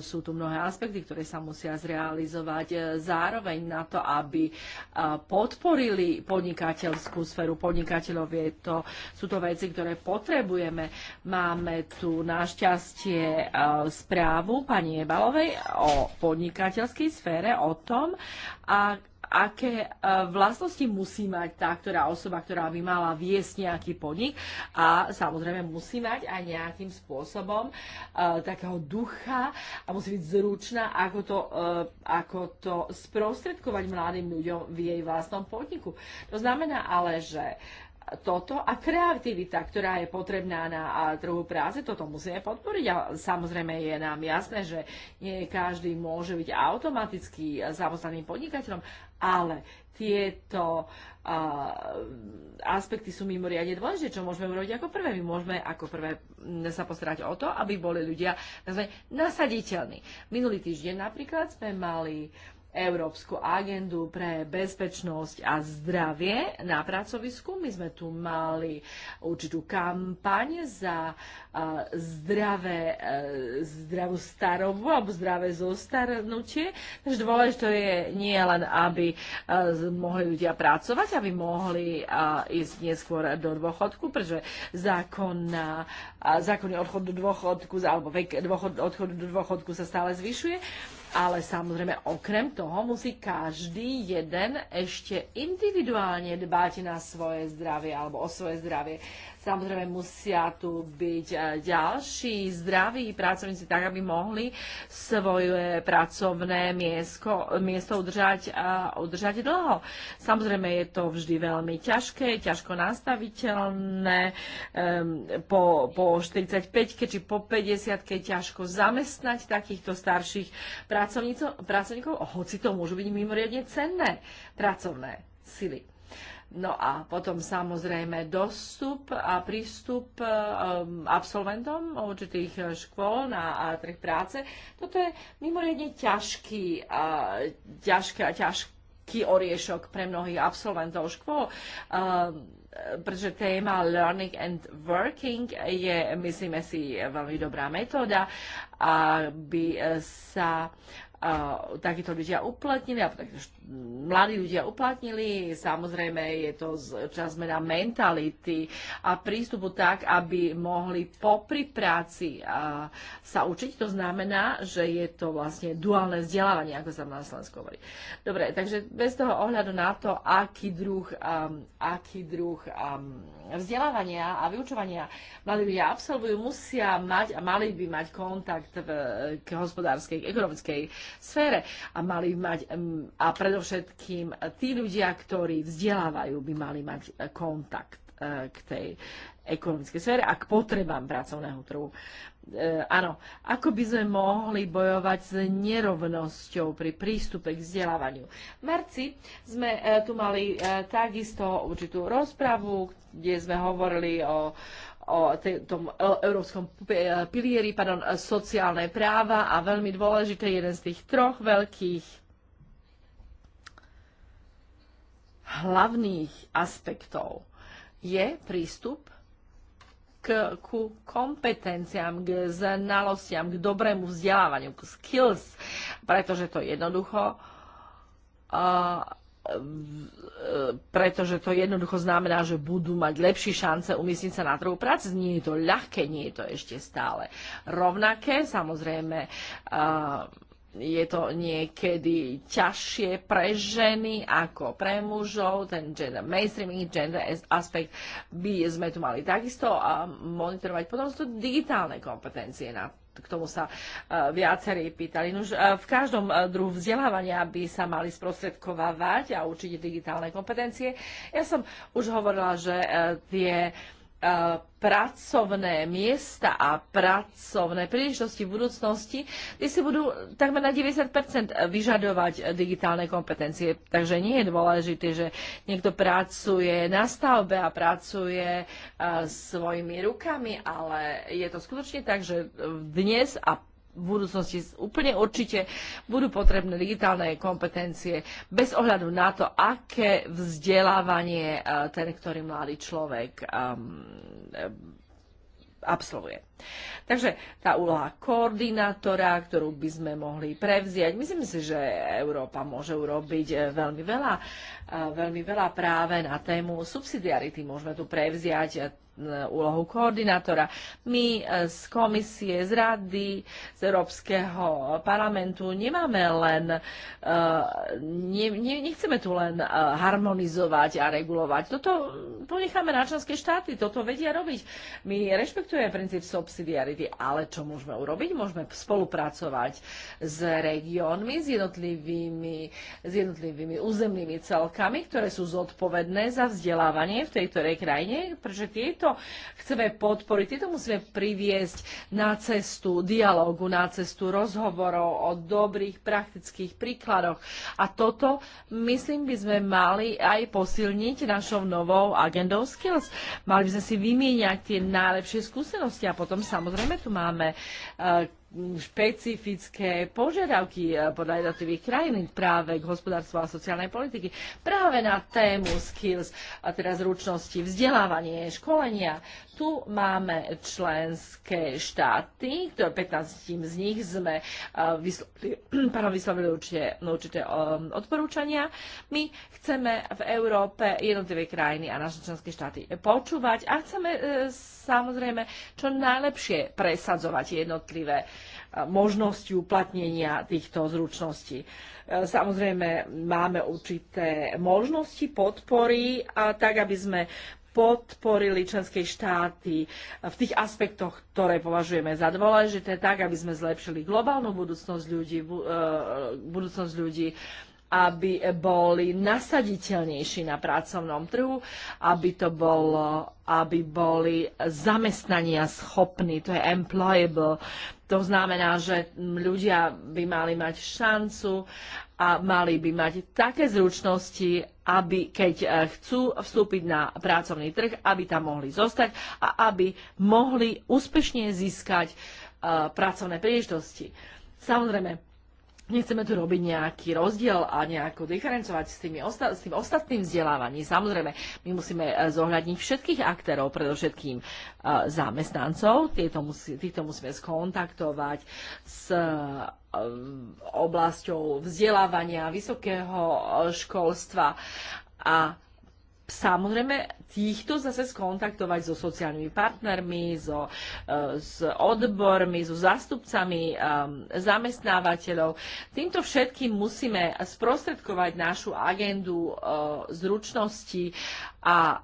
Sú tu mnohé aspekty, ktoré sa musia zrealizovať zároveň na to, aby podporili podnikateľskú sféru podnikateľov. Je to, sú to veci, ktoré potrebujeme. Máme tu našťastie e, správu pani Ebalovej o podnikateľskej sfére, o tom, a aké e, vlastnosti musí mať tá, ktorá osoba, ktorá by mala viesť nejaký podnik a samozrejme musí mať aj nejakým spôsobom uh, takého ducha a musí byť zručná, ako to, uh, ako to sprostredkovať mladým ľuďom v jej vlastnom podniku. To znamená ale, že uh, toto a kreativita, ktorá je potrebná na trhu práce, toto musíme podporiť. A samozrejme je nám jasné, že nie každý môže byť automaticky samostatným podnikateľom, ale tieto uh, aspekty sú mimoriadne dôležité, čo môžeme urobiť ako prvé. My môžeme ako prvé sa postarať o to, aby boli ľudia nasaditeľní. Minulý týždeň napríklad sme mali uh, Európsku agendu pre bezpečnosť a zdravie na pracovisku. My sme tu mali určitú kampaň za zdravé, e, zdravú starobu alebo zdravé zostarnutie. Takže dôležité je nie len, aby e, mohli ľudia pracovať, aby mohli ísť neskôr do dôchodku, pretože zákon, zákonný odchod do dôchodku alebo vek dôchod, odchodu do dôchodku sa stále zvyšuje ale samozrejme, okrem toho musí každý jeden ešte individuálne dbať na svoje zdravie alebo o svoje zdravie. Samozrejme, musia tu byť e, ďalší zdraví pracovníci tak, aby mohli svoje pracovné miesto, miesto udržať, e, udržať dlho. Samozrejme, je to vždy veľmi ťažké, ťažko nastaviteľné. Po, po 45-ke či po 50-ke ťažko zamestnať takýchto starších pracovníkov pracovníkov, hoci to môžu byť mimoriadne cenné pracovné sily. No a potom samozrejme dostup a prístup um, absolventom určitých škôl na trh práce. Toto je mimoriadne ťažký, a ťažký a ťažký oriešok pre mnohých absolventov škôl. Um, pretože téma learning and working je, myslíme si, veľmi dobrá metóda, aby sa takíto ľudia uplatnili, alebo takíto mladí ľudia uplatnili. Samozrejme je to čas zmena mentality a prístupu tak, aby mohli popri práci sa učiť. To znamená, že je to vlastne duálne vzdelávanie, ako sa na Slovensku hovorí. Dobre, takže bez toho ohľadu na to, aký druh, um, aký druh um, vzdelávania a vyučovania mladí ľudia absolvujú, musia mať a mali by mať kontakt v, k hospodárskej, ekonomickej sfére a mali mať um, a predovšetkým predovšetkým tí ľudia, ktorí vzdelávajú, by mali mať e, kontakt e, k tej ekonomickej sfére a k potrebám pracovného trhu. E, áno, ako by sme mohli bojovať s nerovnosťou pri prístupe k vzdelávaniu. V marci sme e, tu mali e, takisto určitú rozpravu, kde sme hovorili o o tom e, európskom pilieri pardon, sociálne práva a veľmi dôležité, jeden z tých troch veľkých hlavných aspektov je prístup k, ku kompetenciám, k znalostiam, k dobrému vzdelávaniu, k skills, pretože to jednoducho uh, pretože to jednoducho znamená, že budú mať lepšie šance umiestniť sa na trhu práce. Nie je to ľahké, nie je to ešte stále rovnaké. Samozrejme, uh, je to niekedy ťažšie pre ženy ako pre mužov, ten gender mainstreaming, gender aspekt by sme tu mali takisto a monitorovať. Potom sú to digitálne kompetencie na k tomu sa uh, viacerí pýtali. Nož, uh, e, v každom uh, druhu vzdelávania by sa mali sprostredkovávať a určite digitálne kompetencie. Ja som už hovorila, že tie uh, Eh, pracovné miesta a pracovné príležitosti v budúcnosti, kde si budú takmer na 90 vyžadovať digitálne kompetencie. Takže nie je dôležité, že niekto pracuje na stavbe a pracuje eh, svojimi rukami, ale je to skutočne tak, že dnes a v budúcnosti úplne určite budú potrebné digitálne kompetencie bez ohľadu na to, aké vzdelávanie eh, ten, ktorý mladý človek um, absolvuje. Takže tá úloha koordinátora, ktorú by sme mohli prevziať, myslím si, že Európa môže urobiť eh, veľmi veľa, eh, veľmi veľa práve na tému subsidiarity. Môžeme tu prevziať eh, úlohu koordinátora. My z komisie, z rady, z Európskeho parlamentu nemáme len, ne, ne, nechceme tu len harmonizovať a regulovať. Toto ponecháme na členské štáty, toto vedia robiť. My rešpektujeme princíp subsidiarity. Ale čo môžeme urobiť? Môžeme spolupracovať s regiónmi, s jednotlivými, s jednotlivými územnými celkami, ktoré sú zodpovedné za vzdelávanie v tejto krajine, pretože tieto chceme podporiť, tieto musíme priviesť na cestu dialogu, na cestu rozhovorov o dobrých praktických príkladoch. A toto, myslím, by sme mali aj posilniť našou novou agendou Skills. Mali by sme si vymieňať tie najlepšie skúsenosti a potom potom samozrejme tu máme eh, špecifické požiadavky eh, podľa jednotlivých krajín práve k hospodárstvu a sociálnej politiky. Práve na tému skills, a teda zručnosti, vzdelávanie, školenia tu máme členské štáty, ktoré 15 z nich sme vyslovili, vyslovili určite, určité um, odporúčania. My chceme v Európe jednotlivé krajiny a naše členské štáty počúvať a chceme e, samozrejme čo najlepšie presadzovať jednotlivé e, možnosti uplatnenia týchto zručností. E, samozrejme, máme určité možnosti podpory, a tak aby sme podporili členské štáty v tých aspektoch, ktoré považujeme za dôležité, tak, aby sme zlepšili globálnu budúcnosť ľudí, e, budúcnosť ľudí aby boli nasaditeľnejší na pracovnom trhu, aby to bolo, aby boli zamestnania schopní, to je employable. To znamená, že ľudia by mali mať šancu a mali by mať také zručnosti, aby keď eh, chcú vstúpiť na pracovný trh, aby tam mohli zostať a aby mohli úspešne získať uh, pracovné príležitosti. Samozrejme, Nechceme tu robiť nejaký rozdiel a nejako diferencovať s, tými osta- s tým ostatným vzdelávaním. Samozrejme, my musíme e, zohľadniť všetkých aktérov, predovšetkým e, zamestnancov. týchto musí, musíme skontaktovať s e, oblasťou vzdelávania, vysokého e, školstva a samozrejme týchto zase skontaktovať so sociálnymi partnermi, so, e, s odbormi, so zástupcami e, zamestnávateľov. Týmto všetkým musíme sprostredkovať našu agendu e, zručnosti a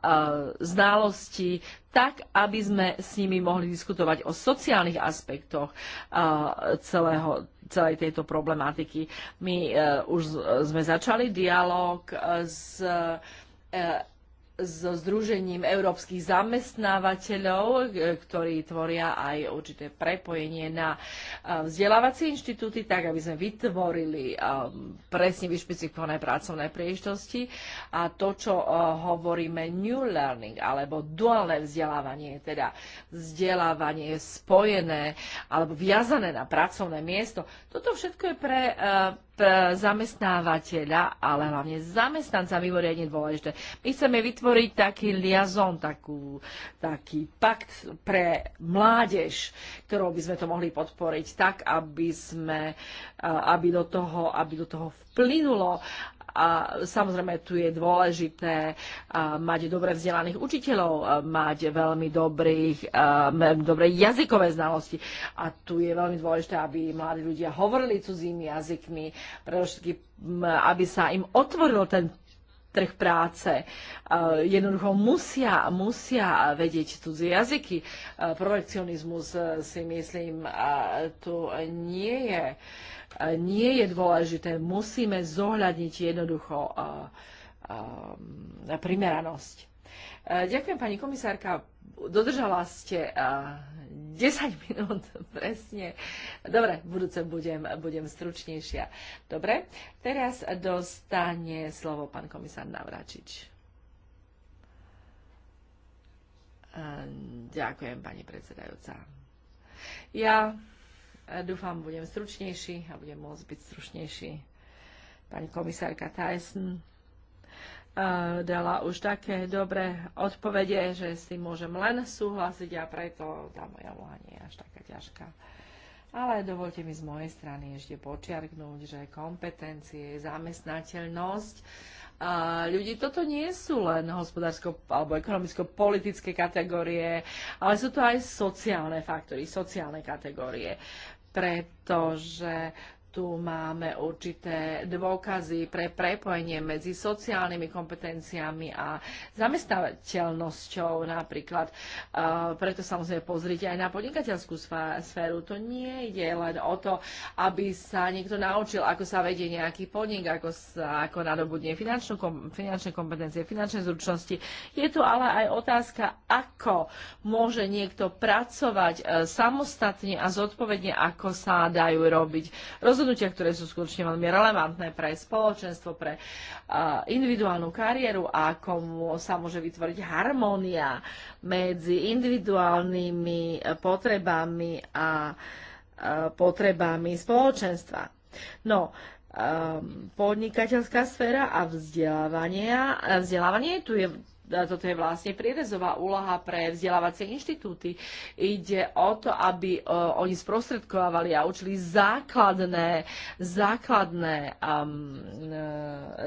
znalosti tak, aby sme s nimi mohli diskutovať o sociálnych aspektoch celého, celej tejto problematiky. My už sme začali dialog s so Združením európskych zamestnávateľov, e, ktorí tvoria aj určité prepojenie na e, vzdelávacie inštitúty, tak aby sme vytvorili e, presne vyšpecifikované pracovné príležitosti. A to, čo hovoríme New Learning alebo duálne vzdelávanie, teda vzdelávanie spojené alebo viazané na pracovné miesto, toto všetko je pre E, zamestnávateľa, ale hlavne zamestnanca mimoriadne dôležité. My chceme vytvoriť taký liazon, takú, taký pakt pre mládež, ktorou by sme to mohli podporiť tak, aby sme, aby do toho, aby do toho vplynulo, a samozrejme tu je dôležité mať dobre vzdelaných učiteľov, mať veľmi dobrých, dobre jazykové znalosti a tu je veľmi dôležité, aby mladí ľudia hovorili cudzími jazykmi, aby sa im otvoril ten trh práce. Jednoducho musia, musia vedieť cudzie jazyky. Projekcionizmus e, si myslím tu nie je nie je dôležité. Musíme zohľadniť jednoducho primeranosť. Ďakujem, pani komisárka. Dodržala ste 10 minút presne. Dobre, v budúce budem, budem stručnejšia. Dobre, teraz dostane slovo pán komisár Navračič. Ďakujem, pani predsedajúca. Ja Dúfam, budem stručnejší a budem môcť byť stručnejší. Pani komisárka Tyson dala už také dobré odpovede, že s tým môžem len súhlasiť a preto tá moja úloha nie je až taká ťažká. Ale dovolte mi z mojej strany ešte počiarknúť, že kompetencie, zamestnateľnosť a ľudí, toto nie sú len hospodársko- alebo ekonomicko-politické kategórie, ale sú to aj sociálne faktory, sociálne kategórie pretože tu máme určité dôkazy pre prepojenie medzi sociálnymi kompetenciami a zamestnateľnosťou napríklad. Preto sa musíme pozrieť aj na podnikateľskú sféru. To nie ide len o to, aby sa niekto naučil, ako sa vedie nejaký podnik, ako, sa, ako nadobudne kom, finančné kompetencie, finančné zručnosti. Je tu ale aj otázka, ako môže niekto pracovať e, samostatne a zodpovedne, ako sa dajú robiť rozhodnutia rozhodnutia, ktoré sú skutočne veľmi relevantné pre spoločenstvo, pre uh, individuálnu kariéru a komu sa môže vytvoriť harmónia medzi individuálnymi e, potrebami a uh, potrebami spoločenstva. No, e, podnikateľská sféra a vzdelávanie Vzdelávanie tu je toto je vlastne prierezová úloha pre vzdelávacie inštitúty. Ide o to, aby e, oni sprostredkovávali a učili základné, základné, um,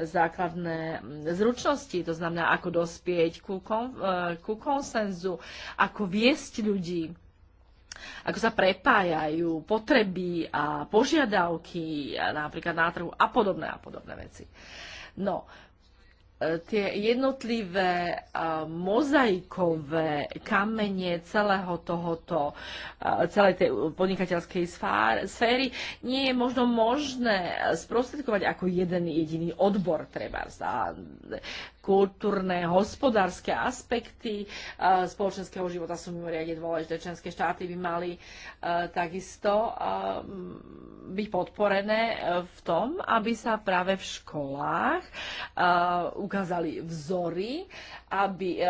základné zručnosti, to znamená, ako dospieť ku, kon, e, ku konsenzu, ako viesť ľudí ako sa prepájajú potreby a požiadavky napríklad na trhu a podobné a podobné veci. No, tie jednotlivé mozaikové kamene celého tohoto, celej tej podnikateľskej sféry nie je možno možné sprostredkovať ako jeden jediný odbor treba kultúrne, hospodárske aspekty e, spoločenského života sú mimoriadne dôležité. Členské štáty by mali e, takisto e, byť podporené v tom, aby sa práve v školách ukázali vzory, aby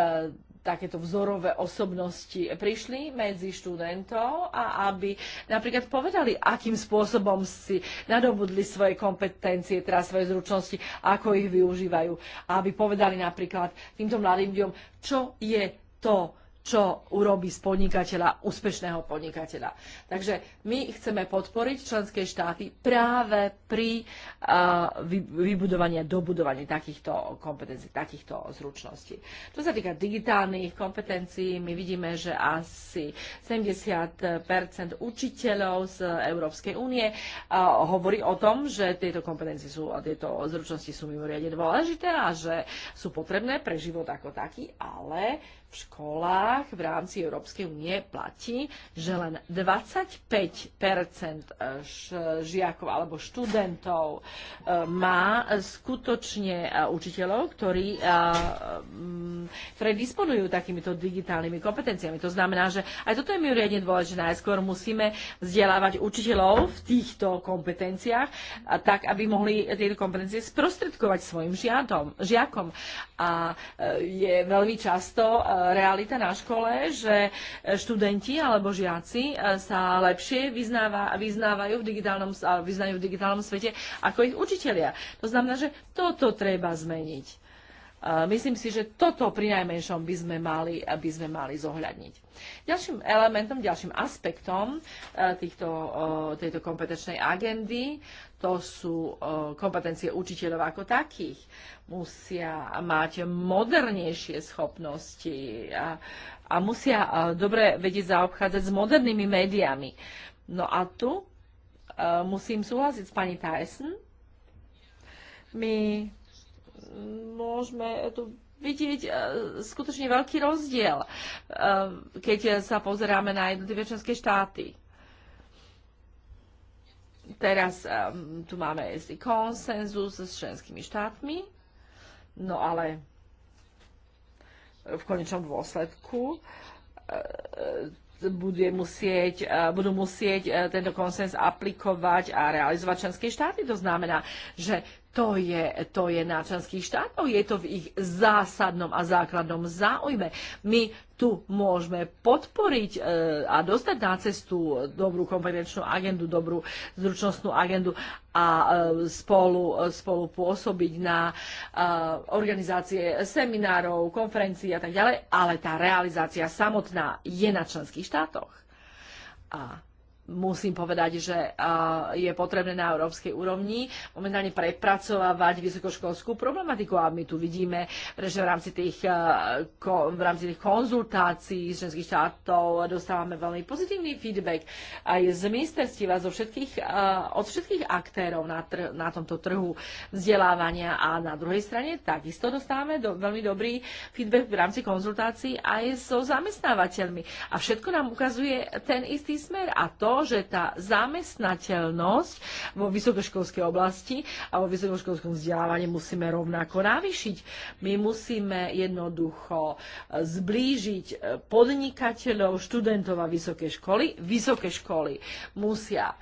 takéto vzorové osobnosti prišli medzi študentov a aby napríklad povedali, akým spôsobom si nadobudli svoje kompetencie, teda svoje zručnosti, ako ich využívajú. A aby povedali napríklad týmto mladým ľuďom, čo je to čo urobí z podnikateľa úspešného podnikateľa. Takže my chceme podporiť členské štáty práve pri uh, vybudovaní a dobudovaní takýchto kompetencií, takýchto zručností. Čo sa týka digitálnych kompetencií, my vidíme, že asi 70 učiteľov z Európskej únie uh, hovorí o tom, že tieto kompetencie sú a tieto zručnosti sú mimoriadne dôležité a že sú potrebné pre život ako taký, ale v školách školách v rámci Európskej únie platí, že len 25 eh, žiakov alebo študentov eh, má skutočne eh, učiteľov, ktorí, mm, ktorí disponujú takýmito digitálnymi kompetenciami. To znamená, že aj toto je mimoriadne dôležité. Najskôr musíme vzdelávať učiteľov v týchto kompetenciách, tak aby mohli tieto kompetencie sprostredkovať svojim žiakom. A je veľmi často realita na škole, že študenti alebo žiaci e, sa lepšie vyznáva, vyznávajú v digitálnom, vyznajú v digitálnom svete ako ich učitelia. To znamená, že toto treba zmeniť. E, myslím si, že toto pri najmenšom by sme mali, by sme mali zohľadniť. Ďalším elementom, ďalším aspektom e, týchto, tejto kompetenčnej agendy to sú e, kompetencie učiteľov ako takých. Musia mať modernejšie schopnosti a, a musia e, dobre vedieť zaobchádzať s modernými médiami. No a tu e, musím súhlasiť s pani Tyson. My môžeme tu vidieť skutočne veľký rozdiel, keď sa pozeráme na jednotlivé členské štáty. Teraz um, tu máme si konsenzus s členskými štátmi, no ale v konečnom dôsledku e, e, bude musieť, e, budú musieť tento konsens aplikovať a realizovať členské štáty. To znamená, že to je, to je na členských štátov, je to v ich zásadnom a základnom záujme. My tu môžeme podporiť e, a dostať na cestu dobrú kompetenčnú agendu, dobrú zručnostnú agendu a e, spolu, spolu pôsobiť na e, organizácie seminárov, konferencií a tak ďalej, ale tá realizácia samotná je na členských štátoch. A musím povedať, že je potrebné na európskej úrovni momentálne prepracovávať vysokoškolskú problematiku a my tu vidíme, že v rámci tých, v rámci tých konzultácií z ženských štátov dostávame veľmi pozitívny feedback aj z ministerstva, zo všetkých, od všetkých aktérov na, tr- na tomto trhu vzdelávania a na druhej strane takisto dostávame do, veľmi dobrý feedback v rámci konzultácií aj so zamestnávateľmi. A všetko nám ukazuje ten istý smer a to, že tá zamestnateľnosť vo vysokoškolskej oblasti a vo vysokoškolskom vzdelávaní musíme rovnako navýšiť. My musíme jednoducho e, zblížiť e, podnikateľov, študentov a vysoké školy. Vysoké školy musia e,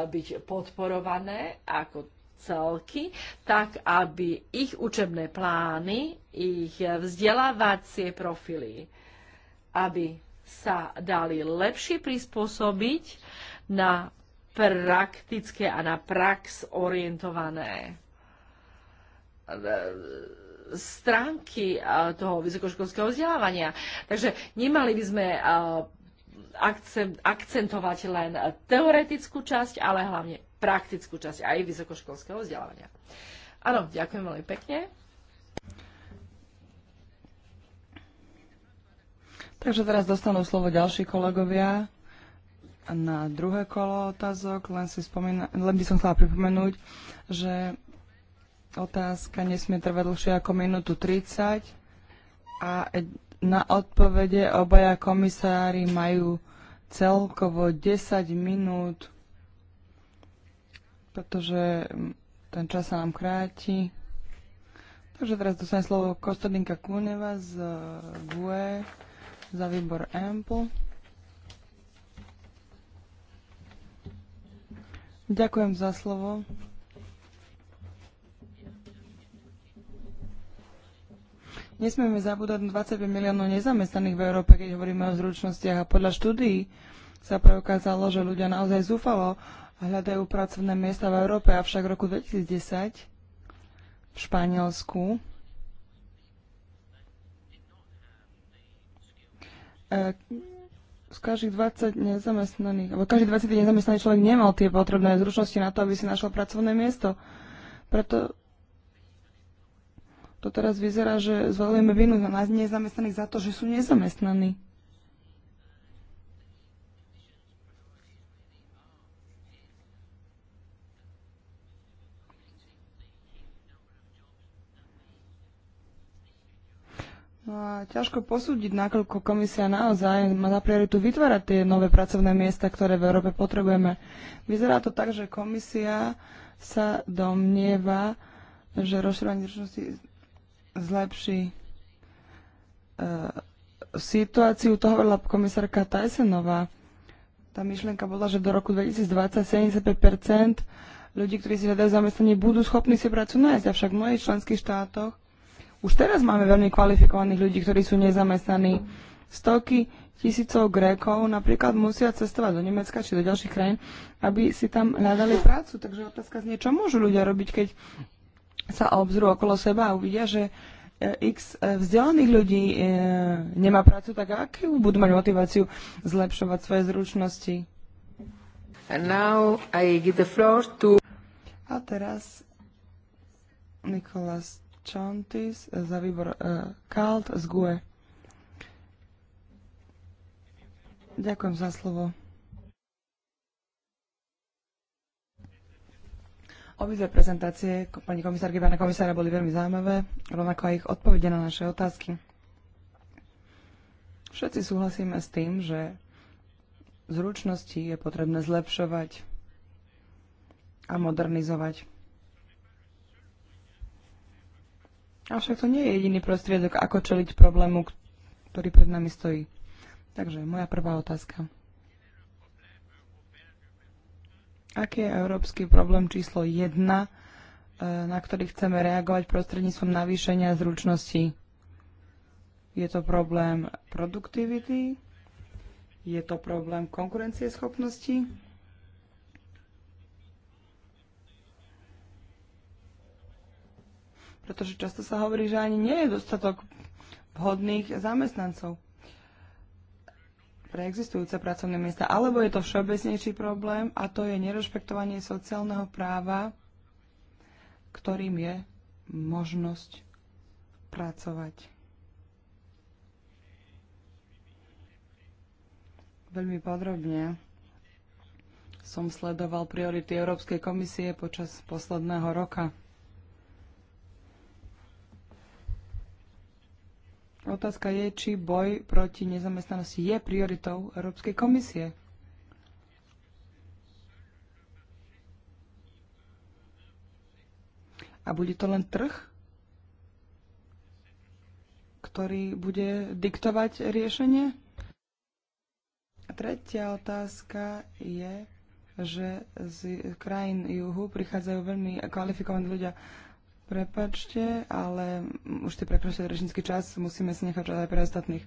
byť podporované ako celky, tak aby ich učebné plány, ich vzdelávacie profily, aby sa dali lepšie prispôsobiť na praktické a na prax orientované stránky eh, toho vysokoškolského vzdelávania. Takže nemali by sme eh, akcentovať len teoretickú časť, ale hlavne praktickú časť aj vysokoškolského vzdelávania. Áno, ďakujem veľmi pekne. Takže teraz dostanú slovo ďalší kolegovia na druhé kolo otázok, len, si spomína, len by som chcela pripomenúť, že otázka nesmie trvať dlhšie ako minútu 30 a na odpovede obaja komisári majú celkovo 10 minút, pretože ten čas sa nám kráti. Takže teraz dostane slovo Kostadinka Kuneva z GUE za výbor EMPL. Ďakujem za slovo. Nesmieme zabúdať 25 miliónov nezamestnaných v Európe, keď hovoríme o zručnostiach. A podľa štúdií sa preukázalo, že ľudia naozaj zúfalo a hľadajú pracovné miesta v Európe. Avšak v roku 2010 v Španielsku e, z každých 20 nezamestnaných, alebo každý 20 nezamestnaný človek nemal tie potrebné zručnosti na to, aby si našiel pracovné miesto. Preto to teraz vyzerá, že zvalujeme vinu na nezamestnaných za to, že sú nezamestnaní. No a ťažko posúdiť, nakoľko komisia naozaj má za prioritu vytvárať tie nové pracovné miesta, ktoré v Európe potrebujeme. Vyzerá to tak, že komisia sa domnieva, že rozširovanie zručnosti zlepší e, situáciu. To hovorila komisárka Tysonová. Tá myšlienka bola, že do roku 2020 75 ľudí, ktorí si hľadajú zamestnanie, budú schopní si prácu nájsť. Avšak v mnohých členských štátoch už teraz máme veľmi kvalifikovaných ľudí, ktorí sú nezamestnaní. Stoky tisícov Grékov napríklad musia cestovať do Nemecka či do ďalších krajín, aby si tam hľadali prácu. Takže otázka znie, čo môžu ľudia robiť, keď sa obzrú okolo seba a uvidia, že e, x e, vzdelaných ľudí e, nemá prácu, tak akú budú mať motiváciu zlepšovať svoje zručnosti? To... A teraz Nikolas Chantis e, za výbor e, Kalt z GUE. Ďakujem za slovo. Obidve prezentácie pani komisárky pána komisára boli veľmi zaujímavé, rovnako aj ich odpovede na naše otázky. Všetci súhlasíme s tým, že zručnosti je potrebné zlepšovať a modernizovať. Avšak to nie je jediný prostriedok, ako čeliť problému, ktorý pred nami stojí. Takže moja prvá otázka. Aký je európsky problém číslo 1, e, na ktorý chceme reagovať prostredníctvom navýšenia zručností? Je to problém produktivity? Je to problém konkurencieschopnosti? schopnosti? pretože často sa hovorí, že ani nie je dostatok vhodných zamestnancov pre existujúce pracovné miesta, alebo je to všeobecnejší problém a to je nerešpektovanie sociálneho práva, ktorým je možnosť pracovať. Veľmi podrobne som sledoval priority Európskej komisie počas posledného roka. otázka je, či boj proti nezamestnanosti je prioritou Európskej komisie. A bude to len trh, ktorý bude diktovať riešenie? A tretia otázka je, že z krajín juhu prichádzajú veľmi kvalifikovaní ľudia Prepačte, ale už ste prekročili rečnícky čas, musíme si nechať aj pre ostatných.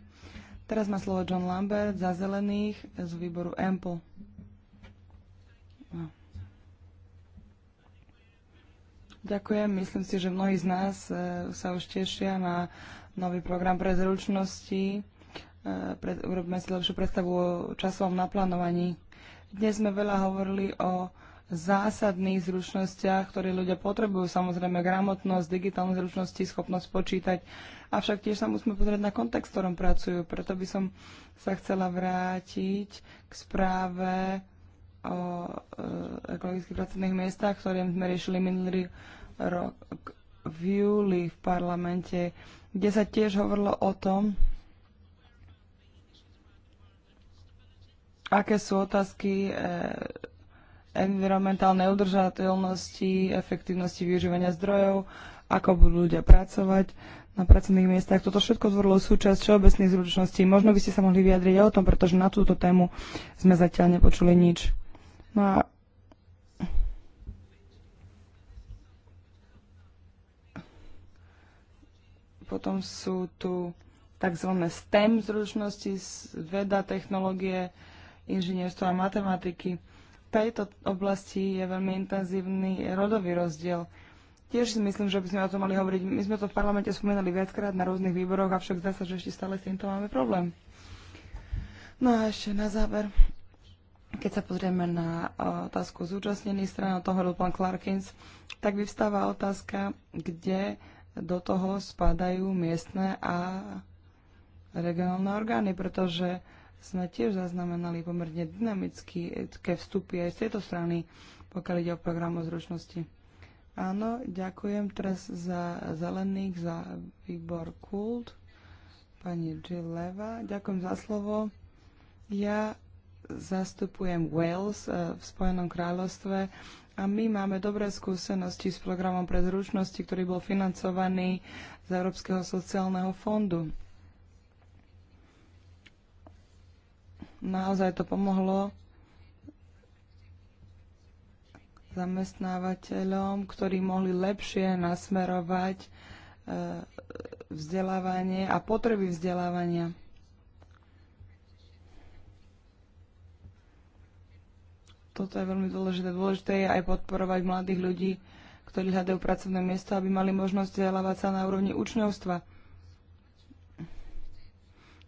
Teraz má slovo John Lambert za zelených z výboru Ample. No. Ďakujem. Myslím si, že mnohí z nás e, sa už tešia na nový program pre zručnosti. E, urobíme si lepšiu predstavu o časovom naplánovaní. Dnes sme veľa hovorili o zásadných zručnostiach, ktoré ľudia potrebujú. Samozrejme gramotnosť, digitálne zručnosti, schopnosť počítať. Avšak tiež sa musíme pozrieť na kontext, v ktorom pracujú. Preto by som sa chcela vrátiť k správe o e, ekologických pracovných miestach, ktoré sme riešili minulý rok v júli v parlamente, kde sa tiež hovorilo o tom, aké sú otázky e, environmentálnej udržateľnosti, efektívnosti využívania zdrojov, ako budú ľudia pracovať na pracovných miestach. Toto všetko tvorilo súčasť všeobecných zručností. Možno by ste sa mohli vyjadriť o tom, pretože na túto tému sme zatiaľ nepočuli nič. No a potom sú tu tzv. STEM zručnosti, veda, technológie, inžinierstvo a matematiky tejto oblasti je veľmi intenzívny rodový rozdiel. Tiež si myslím, že by sme o tom mali hovoriť. My sme to v parlamente spomenali viackrát na rôznych výboroch, avšak zdá sa, že ešte stále s týmto máme problém. No a ešte na záver, keď sa pozrieme na e, otázku zúčastnených stran, o tom hovoril pán Clarkins, tak vyvstáva otázka, kde do toho spadajú miestne a regionálne orgány, pretože sme tiež zaznamenali pomerne dynamické e, vstupy aj z tejto strany, pokiaľ ide o program o zručnosti. Áno, ďakujem teraz za zelených, za výbor Kult, pani Gilleva. Ďakujem za slovo. Ja zastupujem Wales e, v Spojenom kráľovstve a my máme dobré skúsenosti s programom pre zručnosti, ktorý bol financovaný z Európskeho sociálneho fondu. Naozaj to pomohlo zamestnávateľom, ktorí mohli lepšie nasmerovať e, vzdelávanie a potreby vzdelávania. Toto je veľmi dôležité. Dôležité je aj podporovať mladých ľudí, ktorí hľadajú pracovné miesto, aby mali možnosť vzdelávať sa na úrovni učňovstva.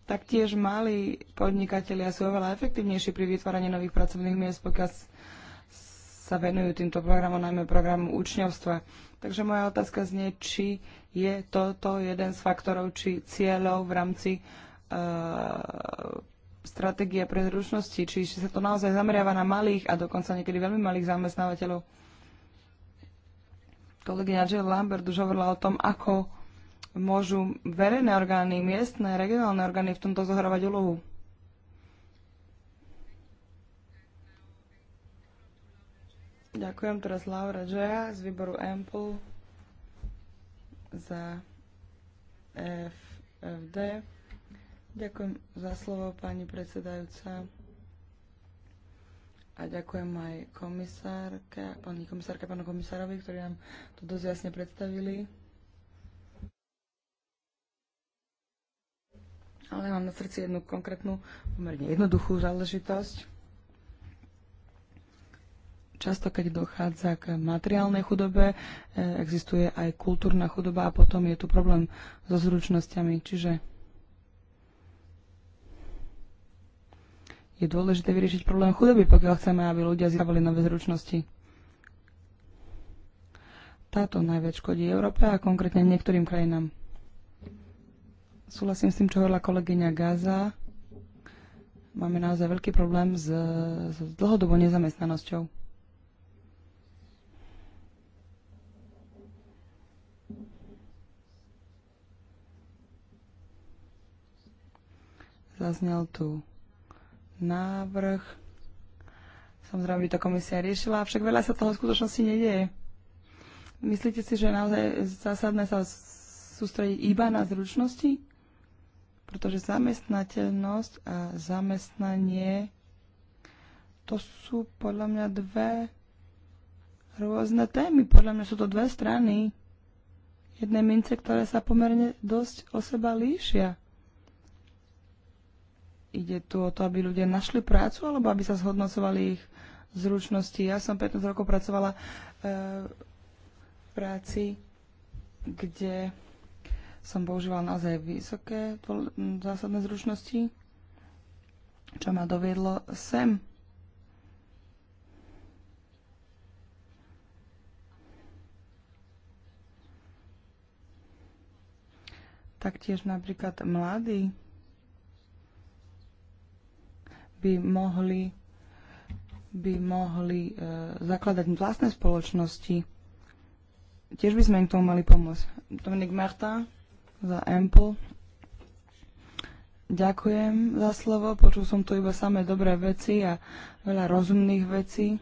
Taktiež malí podnikatelia sú oveľa efektívnejší pri vytváraní nových pracovných miest, pokiaľ sa venujú týmto programom, najmä programu učňovstva. Takže moja otázka znie, či je toto jeden z faktorov, či cieľov v rámci uh, stratégie pre zručnosti, či, či sa to naozaj zameriava na malých a dokonca niekedy veľmi malých zamestnávateľov. Kolegyňa Jill Lambert už hovorila o tom, ako môžu verejné orgány, miestne, regionálne orgány v tomto zohrávať úlohu. Ďakujem teraz Laura Džeja z výboru EMPL za FFD. Ďakujem za slovo, pani predsedajúca. A ďakujem aj komisárke, pani komisárke, pánu komisárovi, ktorí nám to dosť jasne predstavili. ale mám na srdci jednu konkrétnu, pomerne jednoduchú záležitosť. Často, keď dochádza k materiálnej chudobe, e, existuje aj kultúrna chudoba a potom je tu problém so zručnosťami. Čiže je dôležité vyriešiť problém chudoby, pokiaľ chceme, aby ľudia získavali nové zručnosti. Táto najviac škodí Európe a konkrétne niektorým krajinám. Súhlasím s tým, čo hovorila kolegyňa Gaza. Máme naozaj veľký problém s, s dlhodobou nezamestnanosťou. Zaznel tu návrh. Samozrejme by to komisia riešila, avšak veľa sa toho v skutočnosti nedieje. Myslíte si, že naozaj zásadné sa sústrediť iba na zručnosti? pretože zamestnateľnosť a zamestnanie to sú podľa mňa dve rôzne témy. Podľa mňa sú to dve strany jednej mince, ktoré sa pomerne dosť o seba líšia. Ide tu o to, aby ľudia našli prácu alebo aby sa zhodnocovali ich zručnosti. Ja som 15 rokov pracovala e, v práci, kde som používal naozaj vysoké zásadné zručnosti, čo ma doviedlo sem. Taktiež napríklad mladí by mohli, by mohli e, zakladať vlastné spoločnosti. Tiež by sme im k tomu mali pomôcť. Dominik Martin za Ample. Ďakujem za slovo, počul som tu iba samé dobré veci a veľa rozumných vecí.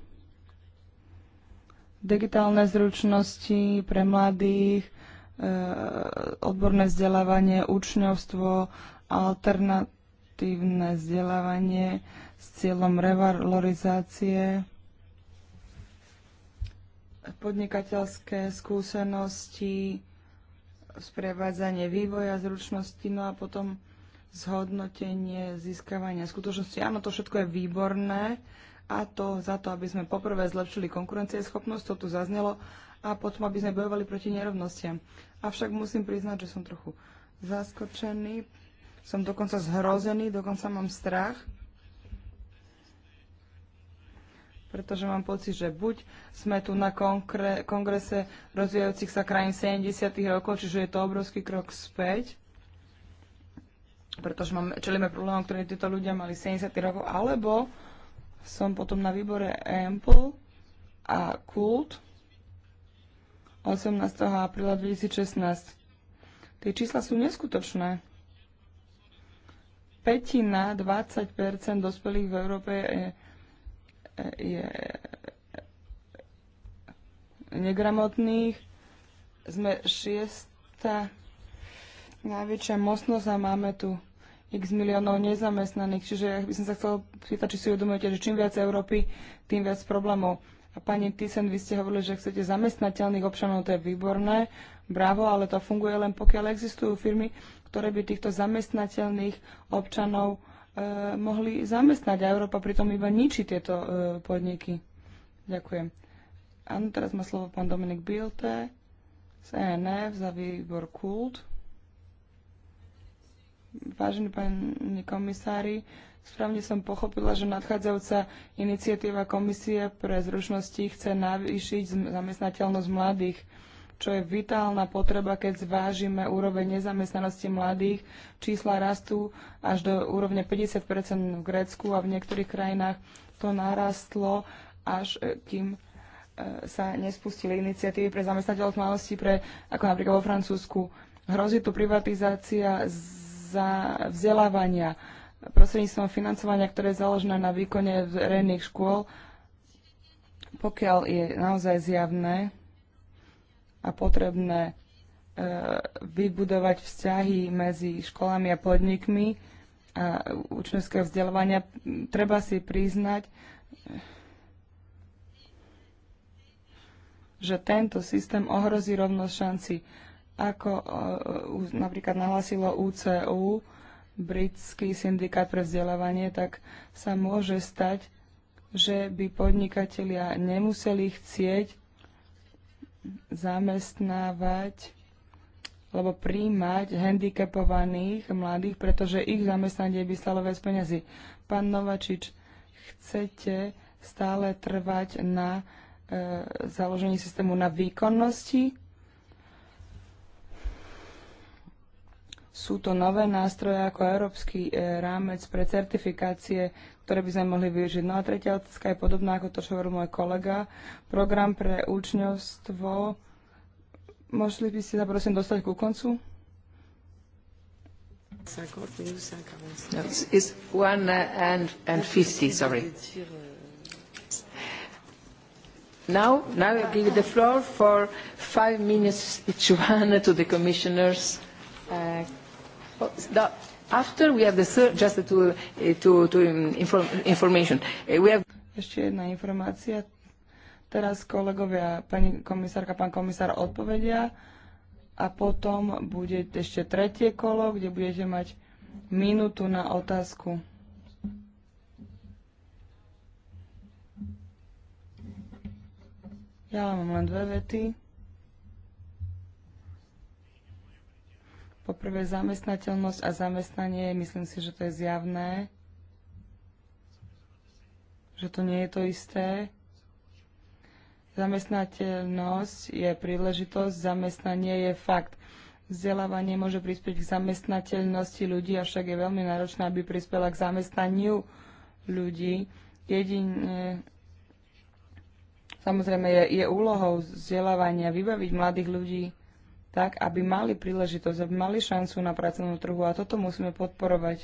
Digitálne zručnosti pre mladých, e, odborné vzdelávanie, učňovstvo, alternatívne vzdelávanie s cieľom revalorizácie, podnikateľské skúsenosti, sprevádzanie vývoja zručnosti, no a potom zhodnotenie získavania skutočnosti. Áno, to všetko je výborné a to za to, aby sme poprvé zlepšili konkurencieschopnosť, to tu zaznelo, a potom, aby sme bojovali proti nerovnostiam. Avšak musím priznať, že som trochu zaskočený, som dokonca zhrozený, dokonca mám strach, pretože mám pocit, že buď sme tu na kongrese rozvíjajúcich sa krajín 70. rokov, čiže je to obrovský krok späť, pretože máme, čelíme problémom, ktoré títo ľudia mali 70. rokov, alebo som potom na výbore Ample a Kult 18. apríla 2016. Tie čísla sú neskutočné. Petina, 20% dospelých v Európe je je negramotných. Sme šiesta najväčšia mocnosť a máme tu x miliónov nezamestnaných. Čiže ja by som sa chcel pýtať, či si uvedomujete, že čím viac Európy, tým viac problémov. A pani Thyssen, vy ste hovorili, že chcete zamestnateľných občanov, to je výborné, bravo, ale to funguje len pokiaľ existujú firmy, ktoré by týchto zamestnateľných občanov Eh, mohli zamestnať a Európa pritom iba ničí tieto eh, podniky. Ďakujem. Áno, teraz má slovo pán Dominik Bilte, z ENF za výbor KULT. Vážení pani komisári, správne som pochopila, že nadchádzajúca iniciatíva komisie pre zručnosti chce navýšiť zamestnateľnosť mladých. E, čo je vitálna potreba, keď zvážime úroveň nezamestnanosti mladých. Čísla rastú až do úrovne 50 v Grécku a v niektorých krajinách to narastlo až e, kým e, sa nespustili iniciatívy pre zamestnateľov mladosti, pre, ako napríklad vo Francúzsku. Hrozí tu privatizácia za vzdelávania prostredníctvom financovania, ktoré je založené na výkone verejných škôl, pokiaľ je naozaj zjavné, a potrebné e, vybudovať vzťahy medzi školami a podnikmi a učňovského vzdelávania. Treba si priznať, že tento systém ohrozí rovnosť šanci. Ako e, napríklad nahlasilo UCU, britský syndikát pre vzdelávanie, tak sa môže stať, že by podnikatelia nemuseli chcieť zamestnávať alebo príjmať handicapovaných mladých, pretože ich zamestnanie by stalo viac peňazí. Pán Novačič, chcete stále trvať na e, založení systému na výkonnosti Sú to nové nástroje ako Európsky e, rámec pre certifikácie, ktoré by sme mohli využiť. No a tretia otázka je podobná ako to, čo hovoril môj kolega. Program pre účňovstvo. Mohli by ste sa prosím dostať ku koncu? it's one uh, and, and 50, sorry. Now, now I give the floor for five minutes each one to the commissioners. Uh, ešte jedna informácia. Teraz kolegovia, pani komisárka, pán komisár odpovedia a potom bude ešte tretie kolo, kde budete mať minútu na otázku. Ja mám len dve vety. Prvé zamestnateľnosť a zamestnanie, myslím si, že to je zjavné, že to nie je to isté. Zamestnateľnosť je príležitosť, zamestnanie je fakt. Vzdelávanie môže prispieť k zamestnateľnosti ľudí, avšak je veľmi náročné, aby prispela k zamestnaniu ľudí. Jedine, samozrejme, je, je úlohou vzdelávania vybaviť mladých ľudí tak aby mali príležitosť, aby mali šancu na pracovnú trhu a toto musíme podporovať.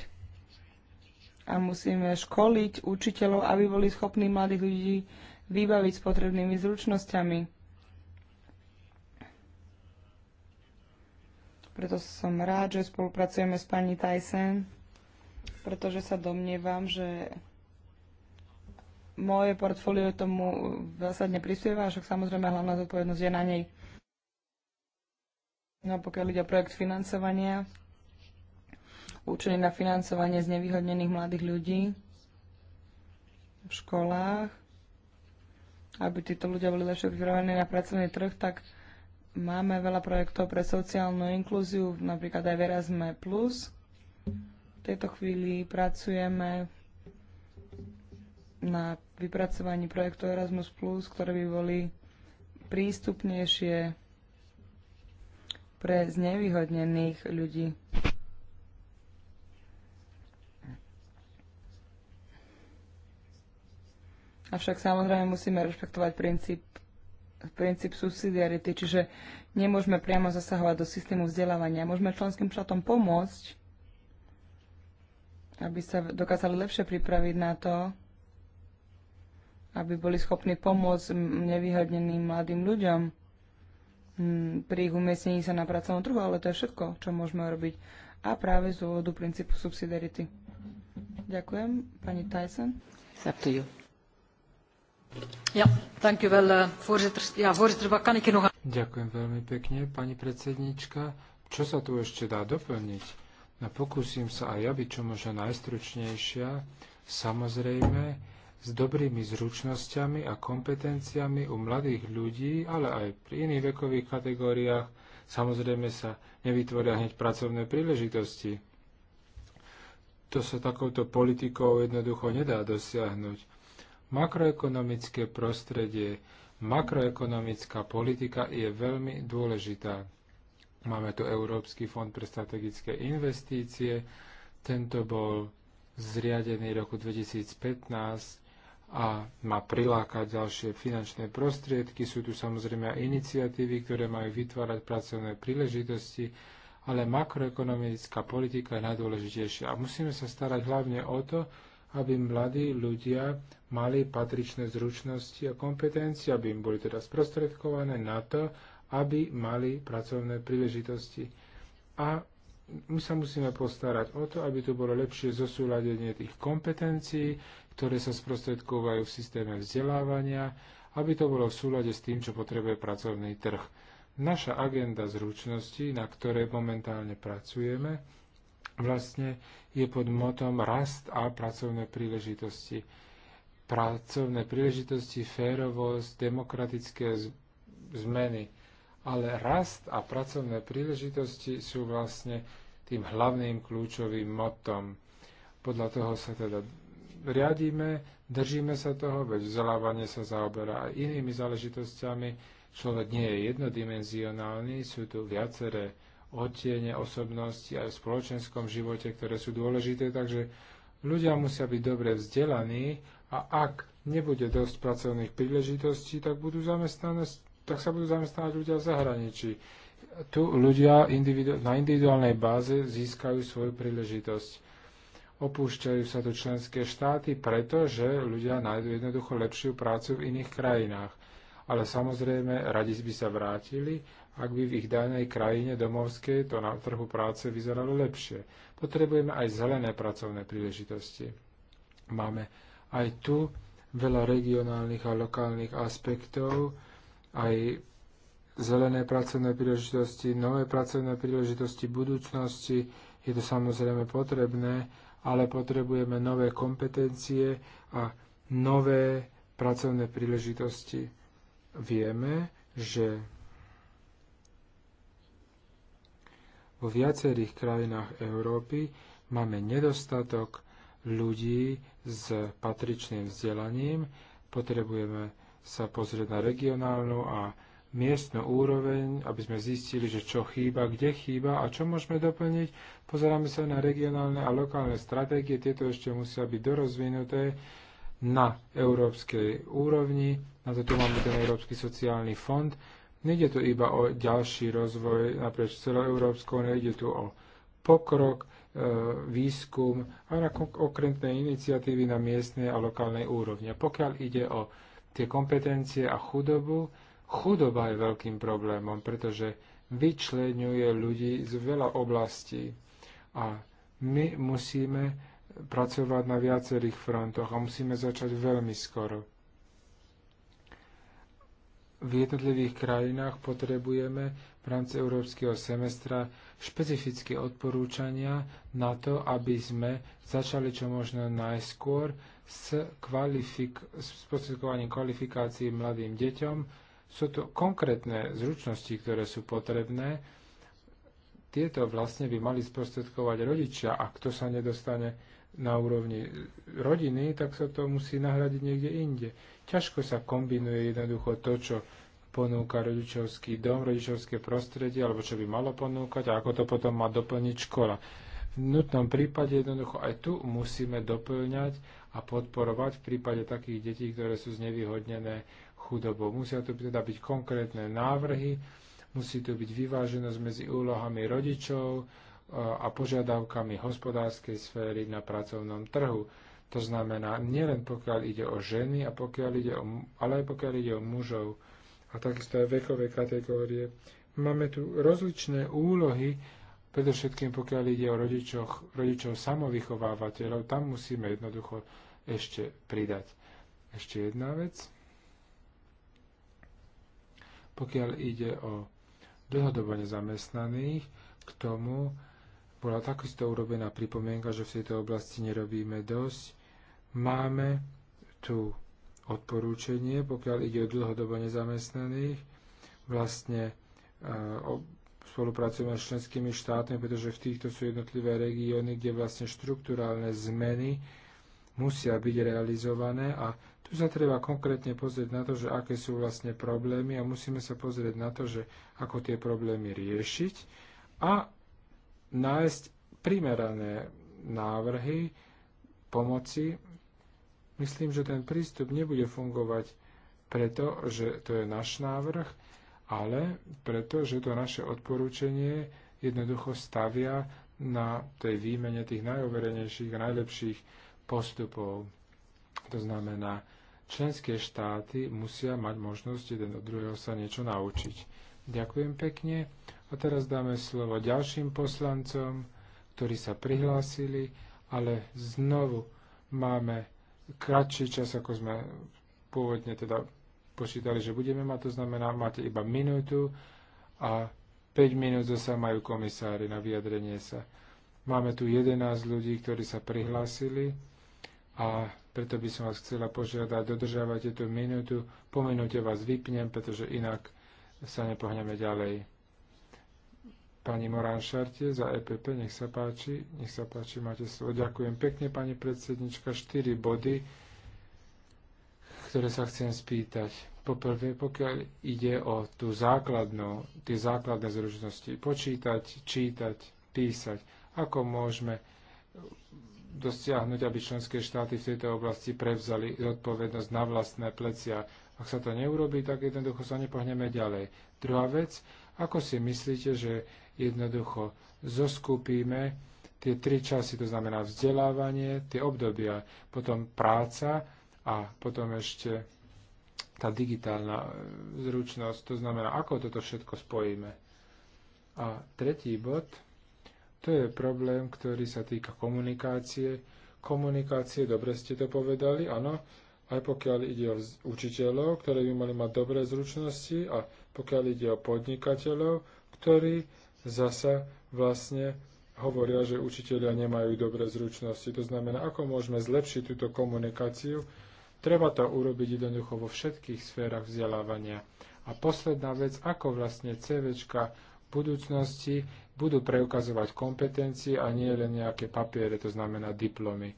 A musíme školiť učiteľov, aby boli schopní mladých ľudí vybaviť s potrebnými zručnosťami. Preto som rád, že spolupracujeme s pani Tyson, pretože sa domnievam, že moje portfólio tomu zásadne prispieva, však samozrejme hlavná zodpovednosť je na nej. No pokiaľ ide o projekt financovania, určený na financovanie znevýhodnených mladých ľudí v školách, aby títo ľudia boli lepšie pripravení na pracovný trh, tak máme veľa projektov pre sociálnu inklúziu, napríklad aj Verazme Plus. V tejto chvíli pracujeme na vypracovaní projektu Erasmus+, ktoré by boli prístupnejšie pre znevýhodnených ľudí. Avšak samozrejme musíme rešpektovať princíp, princíp subsidiarity, čiže nemôžeme priamo zasahovať do systému vzdelávania. Môžeme členským štátom pomôcť, aby sa dokázali lepšie pripraviť na to, aby boli schopní pomôcť nevyhodneným mladým ľuďom. Mm, pri ich umiestnení sa na pracovnom trhu, ale to je všetko, čo môžeme robiť. A práve z dôvodu princípu subsidiarity. Ďakujem. Pani Tyson. Ja, well, uh, voorzitter. Ja, voorzitter, nog... Ďakujem veľmi pekne, pani predsednička. Čo sa tu ešte dá doplniť? No, pokúsim sa aj ja byť čo možno najstručnejšia. Samozrejme, s dobrými zručnosťami a kompetenciami u mladých ľudí, ale aj pri iných vekových kategóriách, samozrejme sa nevytvoria hneď pracovné príležitosti. To sa takouto politikou jednoducho nedá dosiahnuť. Makroekonomické prostredie, makroekonomická politika je veľmi dôležitá. Máme tu Európsky fond pre strategické investície. Tento bol zriadený roku 2015 a má prilákať ďalšie finančné prostriedky. Sú tu samozrejme aj iniciatívy, ktoré majú vytvárať pracovné príležitosti, ale makroekonomická politika je najdôležitejšia. A musíme sa starať hlavne o to, aby mladí ľudia mali patričné zručnosti a kompetencie, aby im boli teda sprostredkované na to, aby mali pracovné príležitosti. A my sa musíme postarať o to, aby tu bolo lepšie zosúladenie tých kompetencií, ktoré sa sprostredkovajú v systéme vzdelávania, aby to bolo v súlade s tým, čo potrebuje pracovný trh. Naša agenda zručnosti, na ktorej momentálne pracujeme, vlastne je pod motom rast a pracovné príležitosti. Pracovné príležitosti, férovosť, demokratické zmeny. Ale rast a pracovné príležitosti sú vlastne tým hlavným kľúčovým motom. Podľa toho sa teda riadíme, držíme sa toho, veď vzdelávanie sa zaoberá aj inými záležitosťami. Človek nie je jednodimenzionálny, sú tu viaceré odtiene osobnosti aj v spoločenskom živote, ktoré sú dôležité, takže ľudia musia byť dobre vzdelaní a ak nebude dosť pracovných príležitostí, tak, budú tak sa budú zamestnávať ľudia v zahraničí. Tu ľudia individu- na individuálnej báze získajú svoju príležitosť opúšťajú sa tu členské štáty, pretože ľudia nájdú jednoducho lepšiu prácu v iných krajinách. Ale samozrejme, radi by sa vrátili, ak by v ich danej krajine domovskej to na trhu práce vyzeralo lepšie. Potrebujeme aj zelené pracovné príležitosti. Máme aj tu veľa regionálnych a lokálnych aspektov, aj zelené pracovné príležitosti, nové pracovné príležitosti budúcnosti. Je to samozrejme potrebné, ale potrebujeme nové kompetencie a nové pracovné príležitosti. Vieme, že vo viacerých krajinách Európy máme nedostatok ľudí s patričným vzdelaním, potrebujeme sa pozrieť na regionálnu a miestnu úroveň, aby sme zistili, že čo chýba, kde chýba a čo môžeme doplniť. Pozeráme sa na regionálne a lokálne stratégie, tieto ešte musia byť dorozvinuté na európskej úrovni. Na to tu máme ten Európsky sociálny fond. Nejde tu iba o ďalší rozvoj naprieč celou Európskou, nejde tu o pokrok, e, výskum a na okrentné iniciatívy na miestnej a lokálnej úrovni. A pokiaľ ide o tie kompetencie a chudobu, Chudoba je veľkým problémom, pretože vyčlenuje ľudí z veľa oblastí a my musíme pracovať na viacerých frontoch a musíme začať veľmi skoro. V jednotlivých krajinách potrebujeme v rámci európskeho semestra špecifické odporúčania na to, aby sme začali čo možno najskôr s, kvalifik- s kvalifikácií mladým deťom, sú to konkrétne zručnosti, ktoré sú potrebné. Tieto vlastne by mali sprostredkovať rodičia a kto sa nedostane na úrovni rodiny, tak sa to musí nahradiť niekde inde. Ťažko sa kombinuje jednoducho to, čo ponúka rodičovský dom, rodičovské prostredie, alebo čo by malo ponúkať a ako to potom má doplniť škola. V nutnom prípade jednoducho aj tu musíme doplňať a podporovať v prípade takých detí, ktoré sú znevýhodnené chudobou. Musia tu teda byť konkrétne návrhy, musí tu byť vyváženosť medzi úlohami rodičov e, a požiadavkami hospodárskej sféry na pracovnom trhu. To znamená, nielen pokiaľ ide o ženy, a pokiaľ ide o, ale aj pokiaľ ide o mužov a takisto aj vekové kategórie. Máme tu rozličné úlohy, predovšetkým pokiaľ ide o rodičoch, rodičov samovychovávateľov, tam musíme jednoducho ešte pridať. Ešte jedna vec pokiaľ ide o dlhodobo nezamestnaných, k tomu bola takisto urobená pripomienka, že v tejto oblasti nerobíme dosť. Máme tu odporúčanie, pokiaľ ide o dlhodobo nezamestnaných, vlastne e, spolupracujeme s členskými štátmi, pretože v týchto sú jednotlivé regióny, kde vlastne štruktúrálne zmeny musia byť realizované a tu sa treba konkrétne pozrieť na to, že aké sú vlastne problémy a musíme sa pozrieť na to, že ako tie problémy riešiť a nájsť primerané návrhy pomoci. Myslím, že ten prístup nebude fungovať preto, že to je náš návrh, ale preto, že to naše odporúčanie jednoducho stavia na tej výmene tých najoverenejších a najlepších postupov. To znamená, členské štáty musia mať možnosť jeden od druhého sa niečo naučiť. Ďakujem pekne a teraz dáme slovo ďalším poslancom, ktorí sa prihlásili, ale znovu máme kratší čas, ako sme pôvodne teda počítali, že budeme mať, to znamená, máte iba minútu a 5 minút zase majú komisári na vyjadrenie sa. Máme tu 11 ľudí, ktorí sa prihlásili a preto by som vás chcela požiadať, dodržiavajte tú minútu, po minúte vás vypnem, pretože inak sa nepohneme ďalej. Pani Morán Šarte za EPP, nech sa páči, nech sa páči, máte slovo. Ďakujem pekne, pani predsednička. Štyri body, ktoré sa chcem spýtať. Poprvé, pokiaľ ide o tú základnú, tie základné zručnosti, počítať, čítať, písať, ako môžeme dosiahnuť, aby členské štáty v tejto oblasti prevzali zodpovednosť na vlastné plecia. Ak sa to neurobí, tak jednoducho sa nepohneme ďalej. Druhá vec, ako si myslíte, že jednoducho zoskupíme tie tri časy, to znamená vzdelávanie, tie obdobia, potom práca a potom ešte tá digitálna e, zručnosť, to znamená, ako toto všetko spojíme. A tretí bod, to je problém, ktorý sa týka komunikácie. Komunikácie, dobre ste to povedali, áno, aj pokiaľ ide o učiteľov, ktorí by mali mať dobré zručnosti a pokiaľ ide o podnikateľov, ktorí zasa vlastne hovoria, že učiteľia nemajú dobré zručnosti. To znamená, ako môžeme zlepšiť túto komunikáciu. Treba to urobiť jednoducho vo všetkých sférach vzdelávania. A posledná vec, ako vlastne CVčka v budúcnosti budú preukazovať kompetencie a nie len nejaké papiere, to znamená diplomy.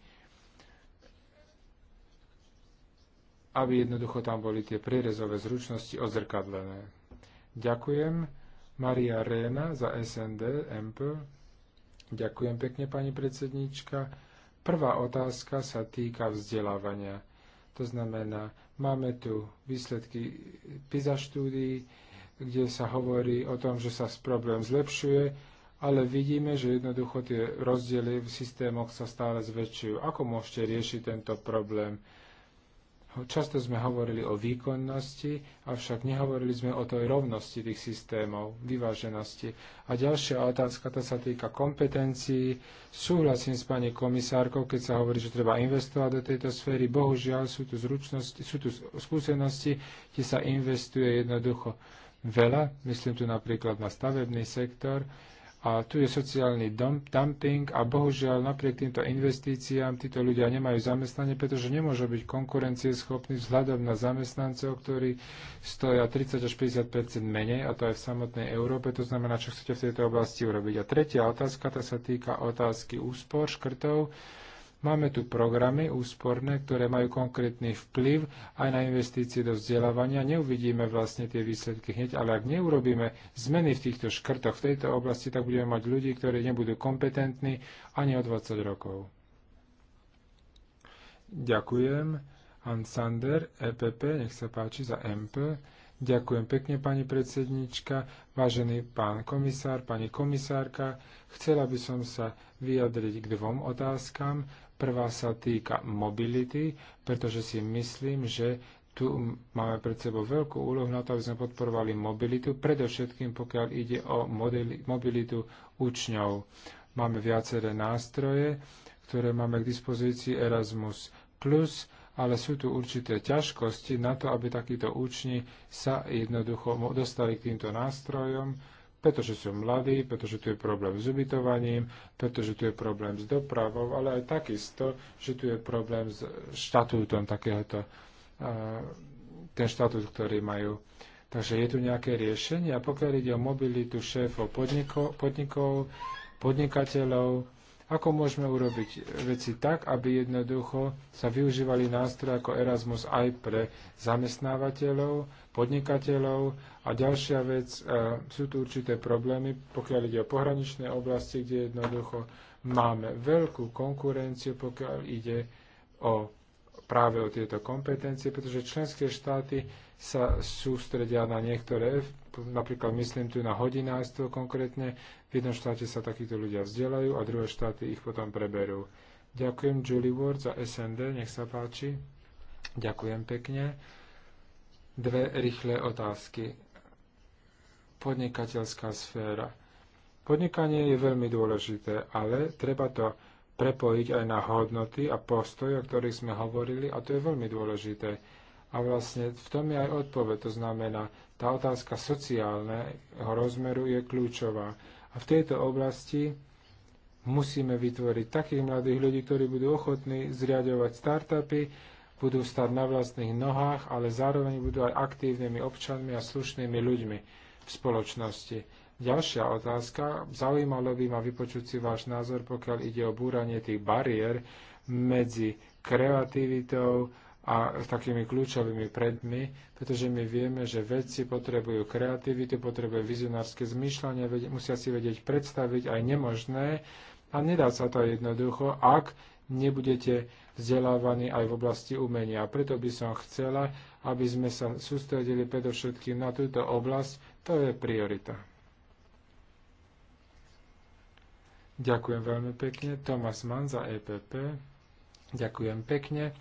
Aby jednoducho tam boli tie prierezové zručnosti ozrkadlené. Ďakujem. Maria Réna za SND MP. Ďakujem pekne, pani predsednička. Prvá otázka sa týka vzdelávania. To znamená, máme tu výsledky PISA štúdií, kde sa hovorí o tom, že sa problém zlepšuje, ale vidíme, že jednoducho tie rozdiely v systémoch sa stále zväčšujú. Ako môžete riešiť tento problém? Často sme hovorili o výkonnosti, avšak nehovorili sme o tej rovnosti tých systémov, vyváženosti. A ďalšia otázka, tá sa týka kompetencií. Súhlasím s pani komisárkou, keď sa hovorí, že treba investovať do tejto sféry. Bohužiaľ sú tu, zručnosti, sú tu skúsenosti, kde sa investuje jednoducho veľa, myslím tu napríklad na stavebný sektor, a tu je sociálny dumping a bohužiaľ napriek týmto investíciám títo ľudia nemajú zamestnanie, pretože nemôžu byť konkurencieschopní vzhľadom na zamestnancov, ktorí stoja 30 až 50 menej a to aj v samotnej Európe. To znamená, čo chcete v tejto oblasti urobiť. A tretia otázka, tá sa týka otázky úspor, škrtov. Máme tu programy úsporné, ktoré majú konkrétny vplyv aj na investície do vzdelávania. Neuvidíme vlastne tie výsledky hneď, ale ak neurobíme zmeny v týchto škrtoch v tejto oblasti, tak budeme mať ľudí, ktorí nebudú kompetentní ani o 20 rokov. Ďakujem. Ansander, EPP, nech sa páči za MP. Ďakujem pekne, pani predsednička, vážený pán komisár, pani komisárka. Chcela by som sa vyjadriť k dvom otázkam. Prvá sa týka mobility, pretože si myslím, že tu máme pred sebou veľkú úlohu na to, aby sme podporovali mobilitu, predovšetkým pokiaľ ide o mobilitu učňov. Máme viaceré nástroje, ktoré máme k dispozícii Erasmus+, plus, ale sú tu určité ťažkosti na to, aby takíto účni sa jednoducho dostali k týmto nástrojom pretože sú mladí, pretože tu je problém s ubytovaním, pretože tu je problém s dopravou, ale aj takisto, že tu je problém s štatútom takéhoto, ten štatút, ktorý majú. Takže je tu nejaké riešenie a pokiaľ ide o mobilitu šéfov podnikov, podnikov podnikateľov, ako môžeme urobiť veci tak, aby jednoducho sa využívali nástroje ako Erasmus aj pre zamestnávateľov, podnikateľov a ďalšia vec, e, sú tu určité problémy, pokiaľ ide o pohraničné oblasti, kde jednoducho máme veľkú konkurenciu, pokiaľ ide o práve o tieto kompetencie, pretože členské štáty sa sústredia na niektoré napríklad myslím tu na hodinárstvo konkrétne, v jednom štáte sa takíto ľudia vzdelajú a druhé štáty ich potom preberú. Ďakujem Julie Ward za SND, nech sa páči. Ďakujem pekne. Dve rýchle otázky. Podnikateľská sféra. Podnikanie je veľmi dôležité, ale treba to prepojiť aj na hodnoty a postoj, o ktorých sme hovorili, a to je veľmi dôležité a vlastne v tom je aj odpoveď. To znamená, tá otázka sociálneho rozmeru je kľúčová. A v tejto oblasti musíme vytvoriť takých mladých ľudí, ktorí budú ochotní zriadovať startupy, budú stať na vlastných nohách, ale zároveň budú aj aktívnymi občanmi a slušnými ľuďmi v spoločnosti. Ďalšia otázka. Zaujímalo by ma vypočuť si váš názor, pokiaľ ide o búranie tých bariér medzi kreativitou, a s takými kľúčovými predmi, pretože my vieme, že vedci potrebujú kreativitu, potrebujú vizionárske zmýšľanie, musia si vedieť predstaviť aj nemožné a nedá sa to jednoducho, ak nebudete vzdelávaní aj v oblasti umenia. Preto by som chcela, aby sme sa sústredili predovšetkým na túto oblasť, to je priorita. Ďakujem veľmi pekne. Tomas Mann za EPP. Ďakujem pekne.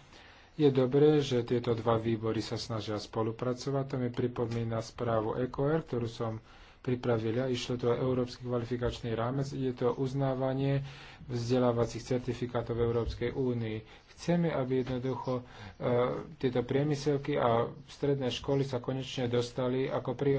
Je dobré, že tieto dva výbory sa snažia spolupracovať. To mi pripomína správu ECOR, ktorú som pripravila. Išlo to o Európsky kvalifikačný rámec. Je to uznávanie vzdelávacích certifikátov v Európskej únii. Chceme, aby jednoducho e, tieto priemyselky a stredné školy sa konečne dostali ako pri,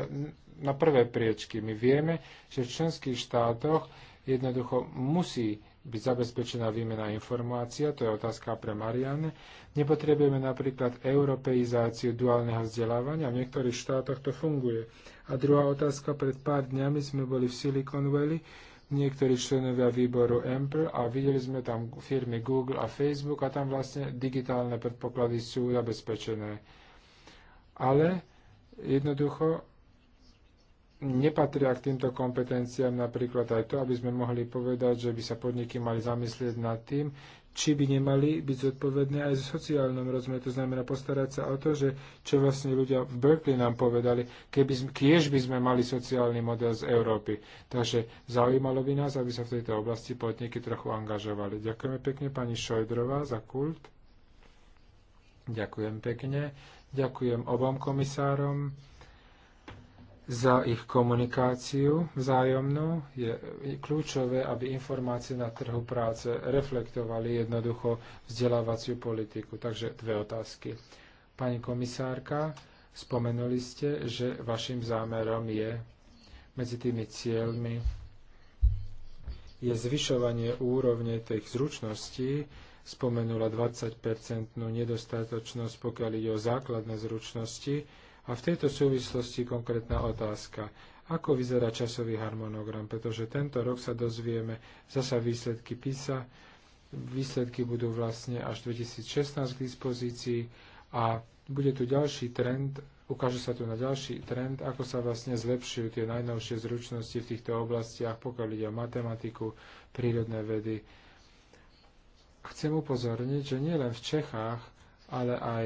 na prvé priečky. My vieme, že v členských štátoch jednoducho musí byť zabezpečená výmena informácia, to je otázka pre Marianne. Nepotrebujeme napríklad europeizáciu duálneho vzdelávania, v niektorých štátoch to funguje. A druhá otázka, pred pár dňami sme boli v Silicon Valley, niektorí členovia výboru EMPL a videli sme tam firmy Google a Facebook a tam vlastne digitálne predpoklady sú zabezpečené. Ale jednoducho nepatria k týmto kompetenciám napríklad aj to, aby sme mohli povedať, že by sa podniky mali zamyslieť nad tým, či by nemali byť zodpovedné aj v sociálnom rozmere. To znamená postarať sa o to, že čo vlastne ľudia v Berkeley nám povedali, keby, kiež by sme mali sociálny model z Európy. Takže zaujímalo by nás, aby sa v tejto oblasti podniky trochu angažovali. Ďakujeme pekne pani Šojdrová za kult. Ďakujem pekne. Ďakujem obom komisárom za ich komunikáciu vzájomnú. Je kľúčové, aby informácie na trhu práce reflektovali jednoducho vzdelávaciu politiku. Takže dve otázky. Pani komisárka, spomenuli ste, že vašim zámerom je medzi tými cieľmi je zvyšovanie úrovne tých zručností. Spomenula 20-percentnú nedostatočnosť, pokiaľ ide o základné zručnosti a v tejto súvislosti konkrétna otázka. Ako vyzerá časový harmonogram? Pretože tento rok sa dozvieme zasa výsledky PISA. Výsledky budú vlastne až 2016 k dispozícii a bude tu ďalší trend ukáže sa tu na ďalší trend, ako sa vlastne zlepšujú tie najnovšie zručnosti v týchto oblastiach, pokiaľ ide o matematiku, prírodné vedy. Chcem upozorniť, že nielen v Čechách, ale aj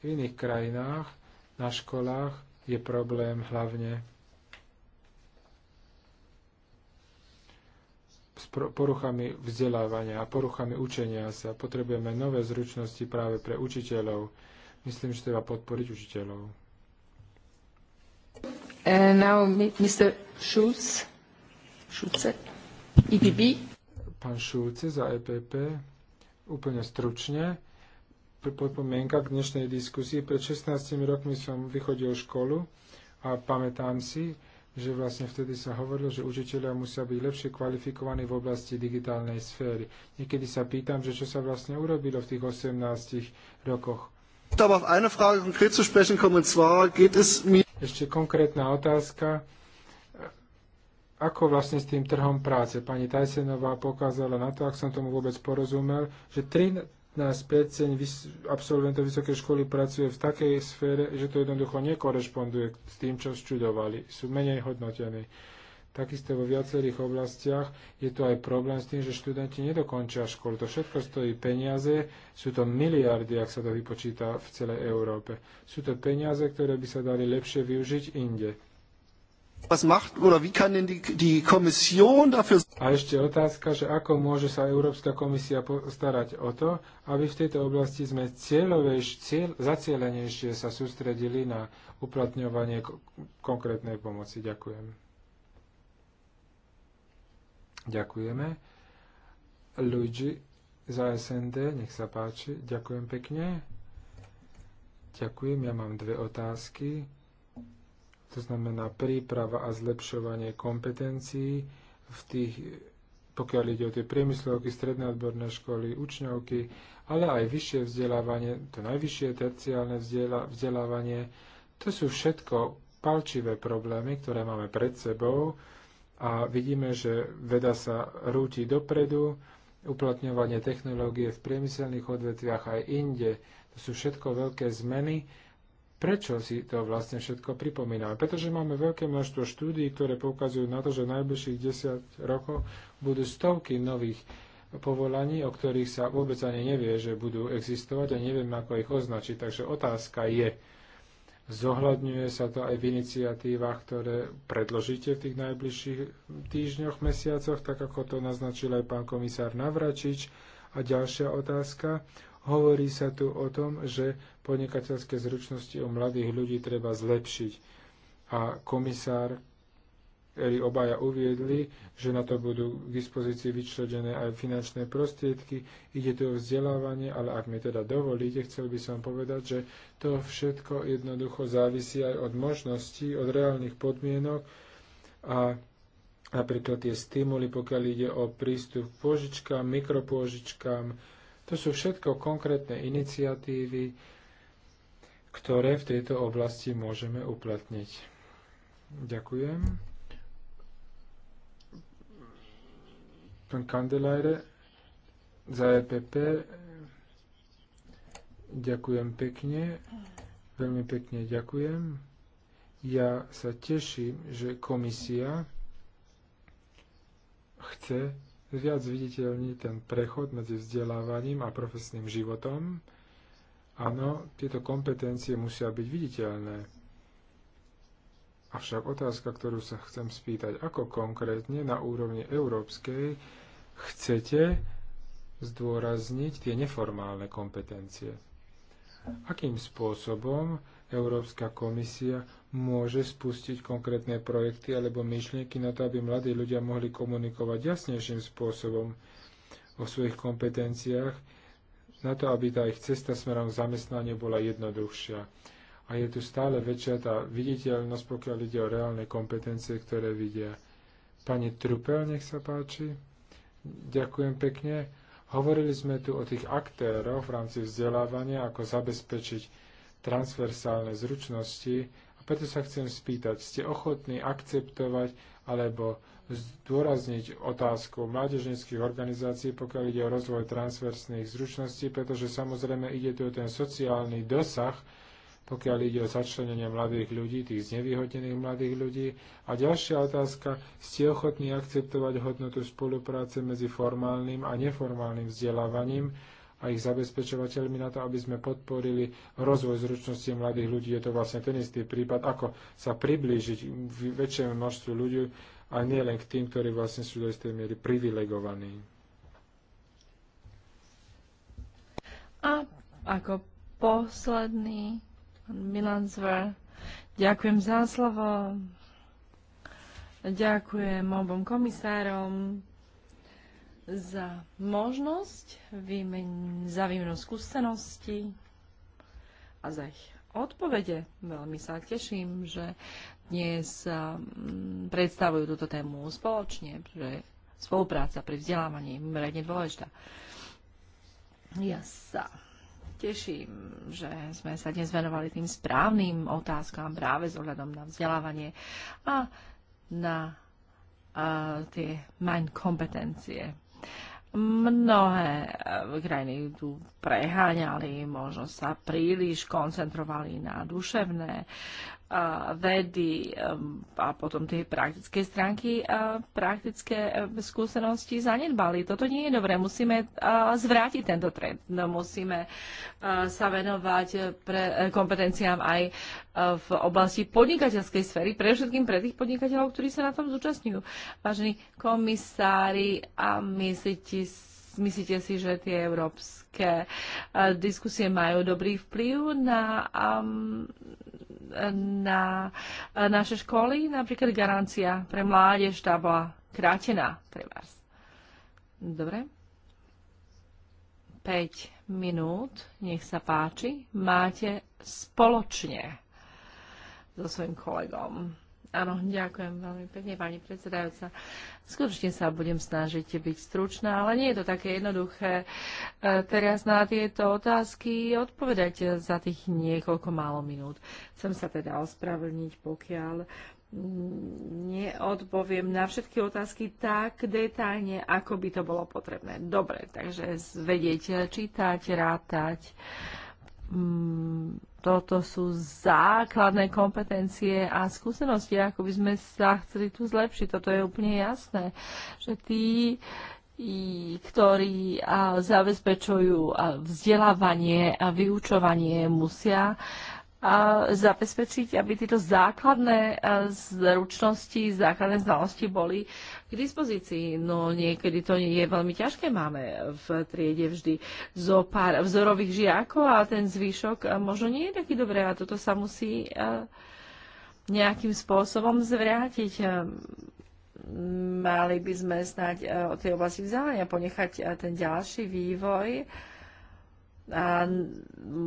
v iných krajinách na školách je problém hlavne s poruchami vzdelávania a poruchami učenia sa. Potrebujeme nové zručnosti práve pre učiteľov. Myslím, že treba podporiť učiteľov. Uh, now, Mr. Schulz. Schulze. EPP. Pán Šulce za EPP. Úplne stručne pripomienka k dnešnej diskusii. Pred 16 rokmi som vychodil školu a pamätám si, že vlastne vtedy sa hovorilo, že učiteľia musia byť lepšie kvalifikovaní v oblasti digitálnej sféry. Niekedy sa pýtam, že čo sa vlastne urobilo v tých 18 rokoch. Ešte konkrétna otázka. Ako vlastne s tým trhom práce? Pani Tajsenová pokázala na to, ak som tomu vôbec porozumel, že 15 absolventov vysokej školy pracuje v takej sfére, že to jednoducho nekorešponduje s tým, čo študovali. Sú menej hodnotení. Takisto vo viacerých oblastiach je tu aj problém s tým, že študenti nedokončia školu. To všetko stojí peniaze, sú to miliardy, ak sa to vypočíta v celej Európe. Sú to peniaze, ktoré by sa dali lepšie využiť inde. A ešte otázka, že ako môže sa Európska komisia postarať o to, aby v tejto oblasti sme cieľovejš, cieľ, zacielenejšie sa sústredili na uplatňovanie konkrétnej pomoci. Ďakujem. Ďakujeme. Luigi za SND, nech sa páči. Ďakujem pekne. Ďakujem, ja mám dve otázky to znamená príprava a zlepšovanie kompetencií v tých, pokiaľ ide o tie priemyslovky, stredné odborné školy, učňovky, ale aj vyššie vzdelávanie, to najvyššie terciálne vzdelávanie, to sú všetko palčivé problémy, ktoré máme pred sebou a vidíme, že veda sa rúti dopredu, uplatňovanie technológie v priemyselných odvetviach aj inde, to sú všetko veľké zmeny, Prečo si to vlastne všetko pripomíname? Pretože máme veľké množstvo štúdií, ktoré poukazujú na to, že v najbližších 10 rokov budú stovky nových povolaní, o ktorých sa vôbec ani nevie, že budú existovať a nevieme, ako ich označiť. Takže otázka je, Zohľadňuje sa to aj v iniciatívach, ktoré predložíte v tých najbližších týždňoch, mesiacoch, tak ako to naznačil aj pán komisár Navračič. A ďalšia otázka. Hovorí sa tu o tom, že podnikateľské zručnosti u mladých ľudí treba zlepšiť. A komisár, Eli obaja uviedli, že na to budú k dispozícii vyčledené aj finančné prostriedky. Ide tu o vzdelávanie, ale ak mi teda dovolíte, chcel by som povedať, že to všetko jednoducho závisí aj od možností, od reálnych podmienok a napríklad tie stimuly, pokiaľ ide o prístup k požičkám, mikropôžičkám, to sú všetko konkrétne iniciatívy, ktoré v tejto oblasti môžeme uplatniť. Ďakujem. Pán Kandelajre za EPP. Ďakujem pekne. Veľmi pekne ďakujem. Ja sa teším, že komisia chce viac viditeľniť ten prechod medzi vzdelávaním a profesným životom Áno, tieto kompetencie musia byť viditeľné. Avšak otázka, ktorú sa chcem spýtať, ako konkrétne na úrovni európskej chcete zdôrazniť tie neformálne kompetencie? Akým spôsobom Európska komisia môže spustiť konkrétne projekty alebo myšlienky na to, aby mladí ľudia mohli komunikovať jasnejším spôsobom o svojich kompetenciách, na to, aby tá ich cesta smerom k zamestnaniu bola jednoduchšia. A je tu stále väčšia tá viditeľnosť, pokiaľ ide o reálne kompetencie, ktoré vidia. Pani Trupel, nech sa páči. Ďakujem pekne. Hovorili sme tu o tých aktéroch v rámci vzdelávania, ako zabezpečiť transversálne zručnosti a preto sa chcem spýtať, ste ochotní akceptovať alebo zdôrazniť otázku mládežnických organizácií, pokiaľ ide o rozvoj transversných zručností, pretože samozrejme ide tu o ten sociálny dosah, pokiaľ ide o začlenenie mladých ľudí, tých znevýhodnených mladých ľudí. A ďalšia otázka, ste ochotní akceptovať hodnotu spolupráce medzi formálnym a neformálnym vzdelávaním, a ich zabezpečovateľmi na to, aby sme podporili rozvoj zručnosti mladých ľudí. Je to vlastne ten istý prípad, ako sa priblížiť väčšiemu množstvu ľudí a nie len k tým, ktorí vlastne sú do istej miery privilegovaní. A ako posledný, Milan Zver, ďakujem za slovo. Ďakujem obom komisárom za možnosť, výmen, za výmenu skúseností a za ich odpovede. Veľmi sa teším, že dnes um, predstavujú túto tému spoločne, že spolupráca pri vzdelávaní je mredne dôležitá. Ja sa teším, že sme sa dnes venovali tým správnym otázkam práve s ohľadom na vzdelávanie a na a tie main kompetencie. Mnohé eh, krajiny tu preháňali, možno sa príliš koncentrovali na duševné vedy a potom tie praktické stránky a praktické skúsenosti zanedbali. Toto nie je dobré. Musíme zvrátiť tento trend. No, musíme sa venovať pre e, kompetenciám aj e, v oblasti podnikateľskej sféry, pre všetkým pre tých podnikateľov, ktorí sa na tom zúčastňujú. Vážení komisári, a myslíte si, myslíte si, že tie európske e, diskusie majú dobrý vplyv na, um, na naše školy, napríklad garancia pre mládež, tá bola krátená pre vás. Dobre. 5 minút, nech sa páči, máte spoločne so svojim kolegom. Áno, ďakujem veľmi pekne, pani predsedajúca. Skutočne sa budem snažiť byť stručná, ale nie je to také jednoduché e, teraz na tieto otázky odpovedať za tých niekoľko málo minút. Chcem sa teda ospravedlniť, pokiaľ neodpoviem na všetky otázky tak detailne, ako by to bolo potrebné. Dobre, takže vedieť, čítať, rátať. Mm toto sú základné kompetencie a skúsenosti, ako by sme sa chceli tu zlepšiť. Toto je úplne jasné, že tí, ktorí zabezpečujú vzdelávanie a vyučovanie, musia a zabezpečiť, aby tieto základné eh, zručnosti, základné znalosti boli k dispozícii. No niekedy to je veľmi ťažké. Máme v triede vždy zo pár vzorových žiakov a ten zvyšok eh, možno nie je taký dobrý a toto sa musí eh, nejakým spôsobom zvrátiť. Mali by sme snať o tej oblasti vzdelania ponechať ten ďalší vývoj a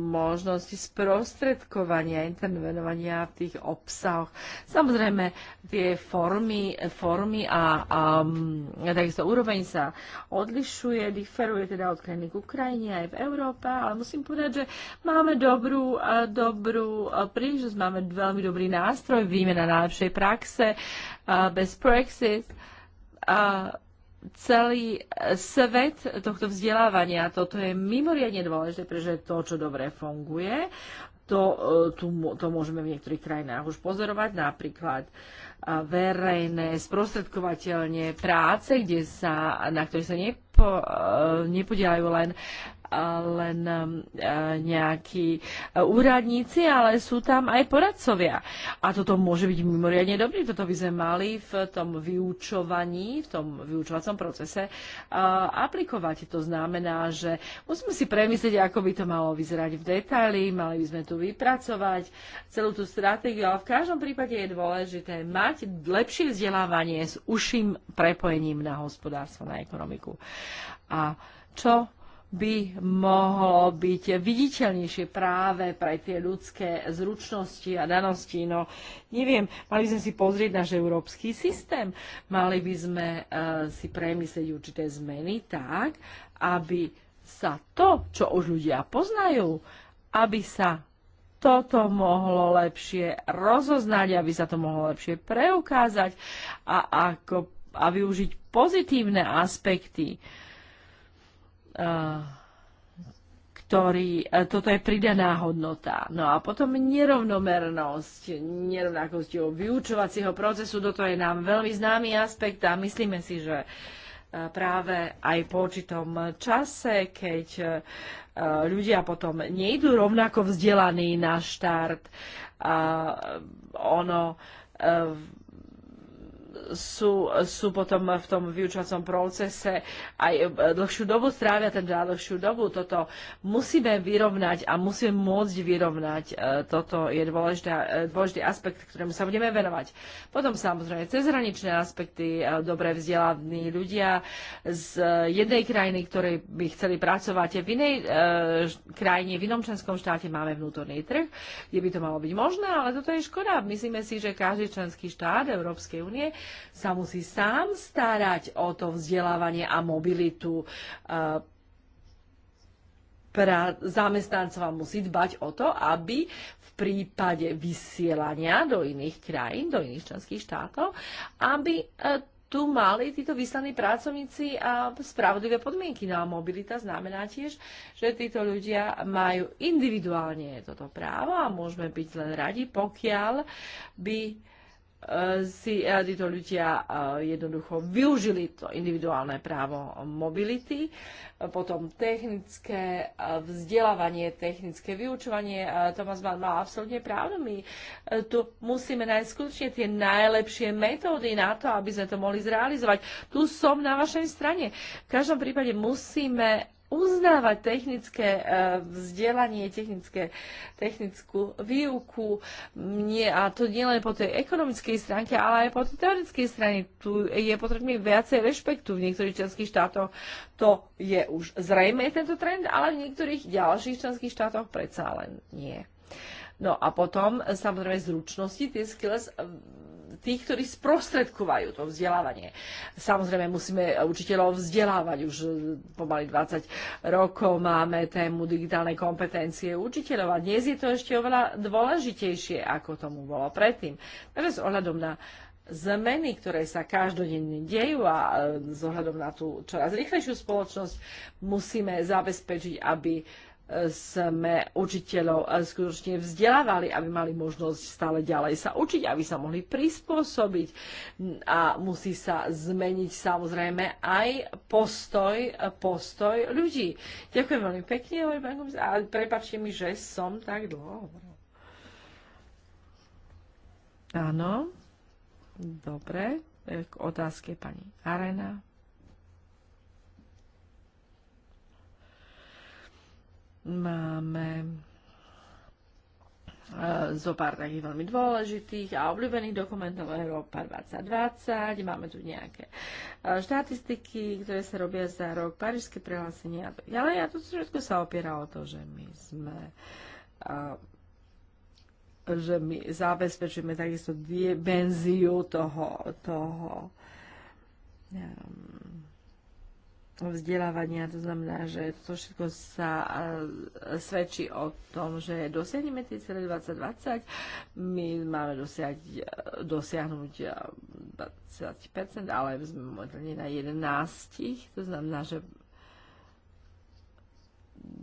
možnosti sprostredkovania, intervenovania v tých obsahoch. Samozrejme, tie formy, formy a, a, a takisto úroveň sa odlišuje, diferuje teda od krajiny k Ukrajine aj v Európe, ale musím povedať, že máme dobrú, dobrú príležitosť, máme veľmi dobrý nástroj, výmena najlepšej praxe, bez Brexit, a celý e, svet tohto vzdelávania. Toto je mimoriadne dôležité, pretože to, čo dobre funguje, to, e, tu, to môžeme v niektorých krajinách už pozorovať, napríklad e, verejné sprostredkovateľne práce, kde sa, na ktorých sa nepo, nepodielajú len len e, nejakí e, úradníci, ale sú tam aj poradcovia. A toto môže byť mimoriadne dobrý. Toto by sme mali v tom vyučovaní, v tom vyučovacom procese e, aplikovať. To znamená, že musíme si premyslieť, ako by to malo vyzerať v detaily, mali by sme tu vypracovať celú tú stratégiu, ale v každom prípade je dôležité mať lepšie vzdelávanie s uším prepojením na hospodárstvo, na ekonomiku. A čo by mohlo byť viditeľnejšie práve pre tie ľudské zručnosti a danosti. No, neviem, mali by sme si pozrieť náš európsky systém, mali by sme e, si premyslieť určité zmeny tak, aby sa to, čo už ľudia poznajú, aby sa toto mohlo lepšie rozoznať, aby sa to mohlo lepšie preukázať a, ako, a využiť pozitívne aspekty. Uh, Eh, ktorý, eh, toto je pridaná hodnota. No a potom nerovnomernosť, nerovnakosť vyučovacieho procesu, toto je nám veľmi známy aspekt a myslíme si, že eh, práve aj po určitom čase, keď ľudia potom nejdú rovnako vzdelaní na štart, ono sú, sú potom v tom vyučovacom procese aj e, dlhšiu dobu strávia, teda dlhšiu dobu. Toto musíme vyrovnať a musíme môcť vyrovnať. E, toto je dôležitý, e, dôležitý aspekt, ktorému sa budeme venovať. Potom samozrejme cezhraničné aspekty, dobre vzdelaní ľudia z jednej krajiny, ktorej by chceli pracovať v inej e, krajine, v inom členskom štáte máme vnútorný trh, kde by to malo byť možné, ale toto je škoda. Myslíme si, že každý členský štát Európskej únie sa musí sám starať o to vzdelávanie a mobilitu pra, zamestnancova musí dbať o to, aby v prípade vysielania do iných krajín, do iných členských štátov, aby e, tu mali títo vyslaní pracovníci spravodlivé podmienky. No a mobilita znamená tiež, že títo ľudia majú individuálne toto právo a môžeme byť len radi, pokiaľ by Eh, si eh, títo ľudia eh, jednoducho využili to individuálne právo mobility, potom technické vzdelávanie, technické vyučovanie. Thomas Mann má absolútne pravdu. My tu musíme nájsť skutočne tie najlepšie metódy na to, aby sme to mohli zrealizovať. Tu som na vašej strane. V každom prípade musíme uznávať technické e, vzdelanie, technické, technickú výuku. Nie, a to nie len po tej ekonomickej stránke, ale aj po tej teoretickej strane. Tu je potrebné viacej rešpektu. V niektorých členských štátoch to je už zrejme tento trend, ale v niektorých ďalších členských štátoch predsa len nie. No a potom, samozrejme, zručnosti, tie skills tých, ktorí sprostredkovajú to vzdelávanie. Samozrejme, musíme učiteľov vzdelávať. Už e, pomaly 20 rokov máme tému digitálnej kompetencie učiteľov a dnes je to ešte oveľa dôležitejšie, ako tomu bolo predtým. Takže s ohľadom na zmeny, ktoré sa každodenne dejú a e, s ohľadom na tú čoraz rýchlejšiu spoločnosť musíme zabezpečiť, aby sme učiteľov skutočne vzdelávali, aby mali možnosť stále ďalej sa učiť, aby sa mohli prispôsobiť. A musí sa zmeniť samozrejme aj postoj, postoj ľudí. Ďakujem veľmi pekne, a prepačte mi, že som tak dlho Áno, dobre, k otázke pani Arena. Máme e, zo pár takých veľmi dôležitých a obľúbených dokumentov Európa 2020. Máme tu nejaké e, štatistiky, ktoré sa robia za rok, parížské prehlásenie a tak ďalej. A to všetko sa opiera o to, že my sme e, že my zabezpečujeme takisto dimenziu toho, toho um, vzdelávania. To znamená, že to všetko sa e, svedčí o tom, že dosiahneme tie cele 2020. My máme dosiať, e, dosiahnuť 20%, e, ale sme momentálne na 11. To znamená, že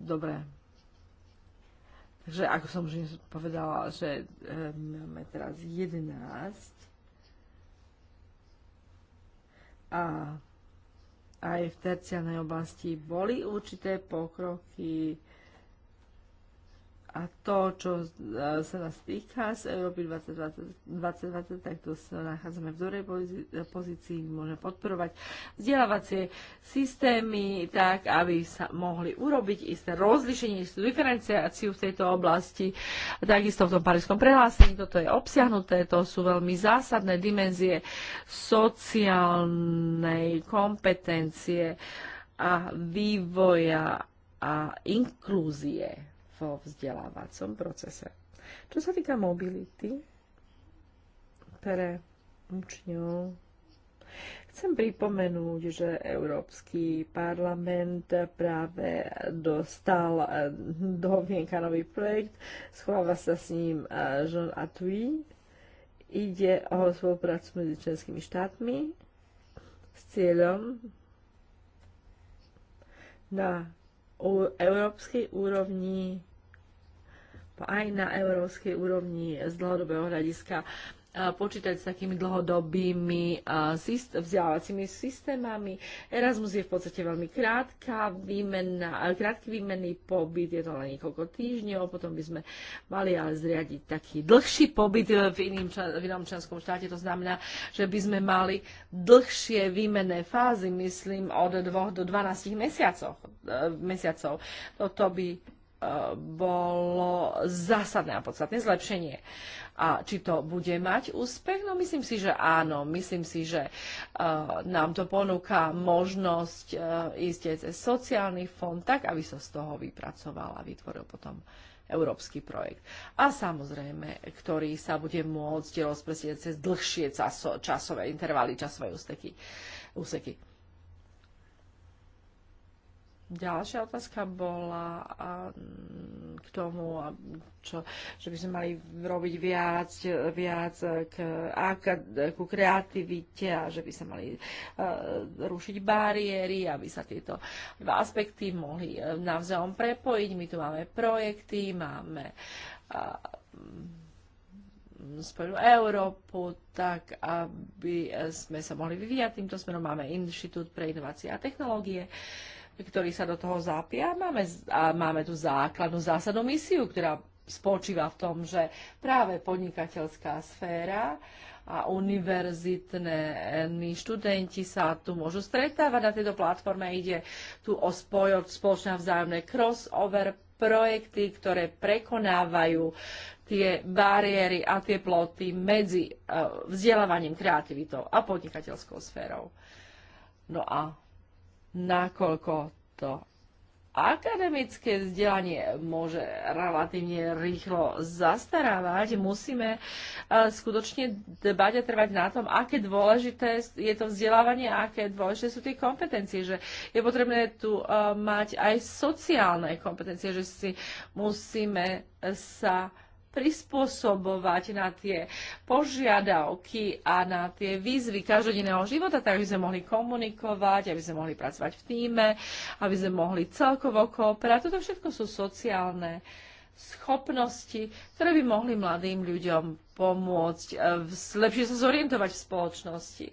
dobre. Takže ako som už povedala, že máme teraz 11 a aj v terciálnej oblasti boli určité pokroky a to, čo e, sa nás týka z Európy 2020, 2020 tak to sa nachádzame v dobrej e, pozícii, môžeme podporovať vzdelávacie systémy tak, aby sa mohli urobiť isté rozlišenie, istú diferenciáciu v tejto oblasti. Takisto v tom parískom prehlásení toto je obsiahnuté, to sú veľmi zásadné dimenzie sociálnej kompetencie a vývoja a inklúzie vo vzdelávacom procese. Čo sa týka mobility pre učňov, chcem pripomenúť, že Európsky parlament práve dostal eh, do vienka nový projekt, schováva sa s ním eh, Jean Atui, ide o spoluprácu medzi členskými štátmi s cieľom na európskej úrovni aj na európskej úrovni z dlhodobého hľadiska počítať s takými dlhodobými vzdelávacími systémami. Erasmus je v podstate veľmi krátka výmena, krátky výmenný pobyt, je to len niekoľko týždňov, potom by sme mali ale zriadiť taký dlhší pobyt v, iným, v inom členskom štáte. To znamená, že by sme mali dlhšie výmenné fázy, myslím, od 2 do 12 mesiacov. E, mesiacov. Toto by bolo zásadné a podstatné zlepšenie. A či to bude mať úspech? No myslím si, že áno. Myslím si, že uh, nám to ponúka možnosť uh, ísť cez sociálny fond tak, aby sa z toho vypracoval a vytvoril potom európsky projekt. A samozrejme, ktorý sa bude môcť rozprestieť cez dlhšie časové intervaly, časové úseky. úseky. Ďalšia otázka bola k tomu, čo, že by sme mali robiť viac, viac k, ku kreativite a že by sa mali rušiť bariéry, aby sa tieto dva aspekty mohli e, navzájom prepojiť. My tu máme projekty, máme spojenú Európu, tak aby sme sa mohli vyvíjať týmto smerom. Máme Inštitút pre inovácie a technológie. Uh, ktorí sa do toho zápia. Máme, a máme tu základnú zásadnú misiu, ktorá spočíva v tom, že práve podnikateľská sféra a univerzitní študenti sa tu môžu stretávať na tejto platforme. Ide tu o spoj, spoločná vzájomné crossover projekty, ktoré prekonávajú tie bariéry a tie ploty medzi eh, vzdelávaním, kreativitou a podnikateľskou sférou. No a nakoľko to akademické vzdelanie môže relatívne rýchlo zastarávať, musíme e, skutočne dbať a trvať na tom, aké dôležité je to vzdelávanie a aké dôležité sú tie kompetencie, že je potrebné tu e, mať aj sociálne kompetencie, že si musíme sa prispôsobovať na tie požiadavky a na tie výzvy každodenného života, tak aby sme mohli komunikovať, aby sme mohli pracovať v týme, aby sme mohli celkovo kooperovať. Toto všetko sú sociálne schopnosti, ktoré by mohli mladým ľuďom pomôcť e, lepšie sa zorientovať v spoločnosti.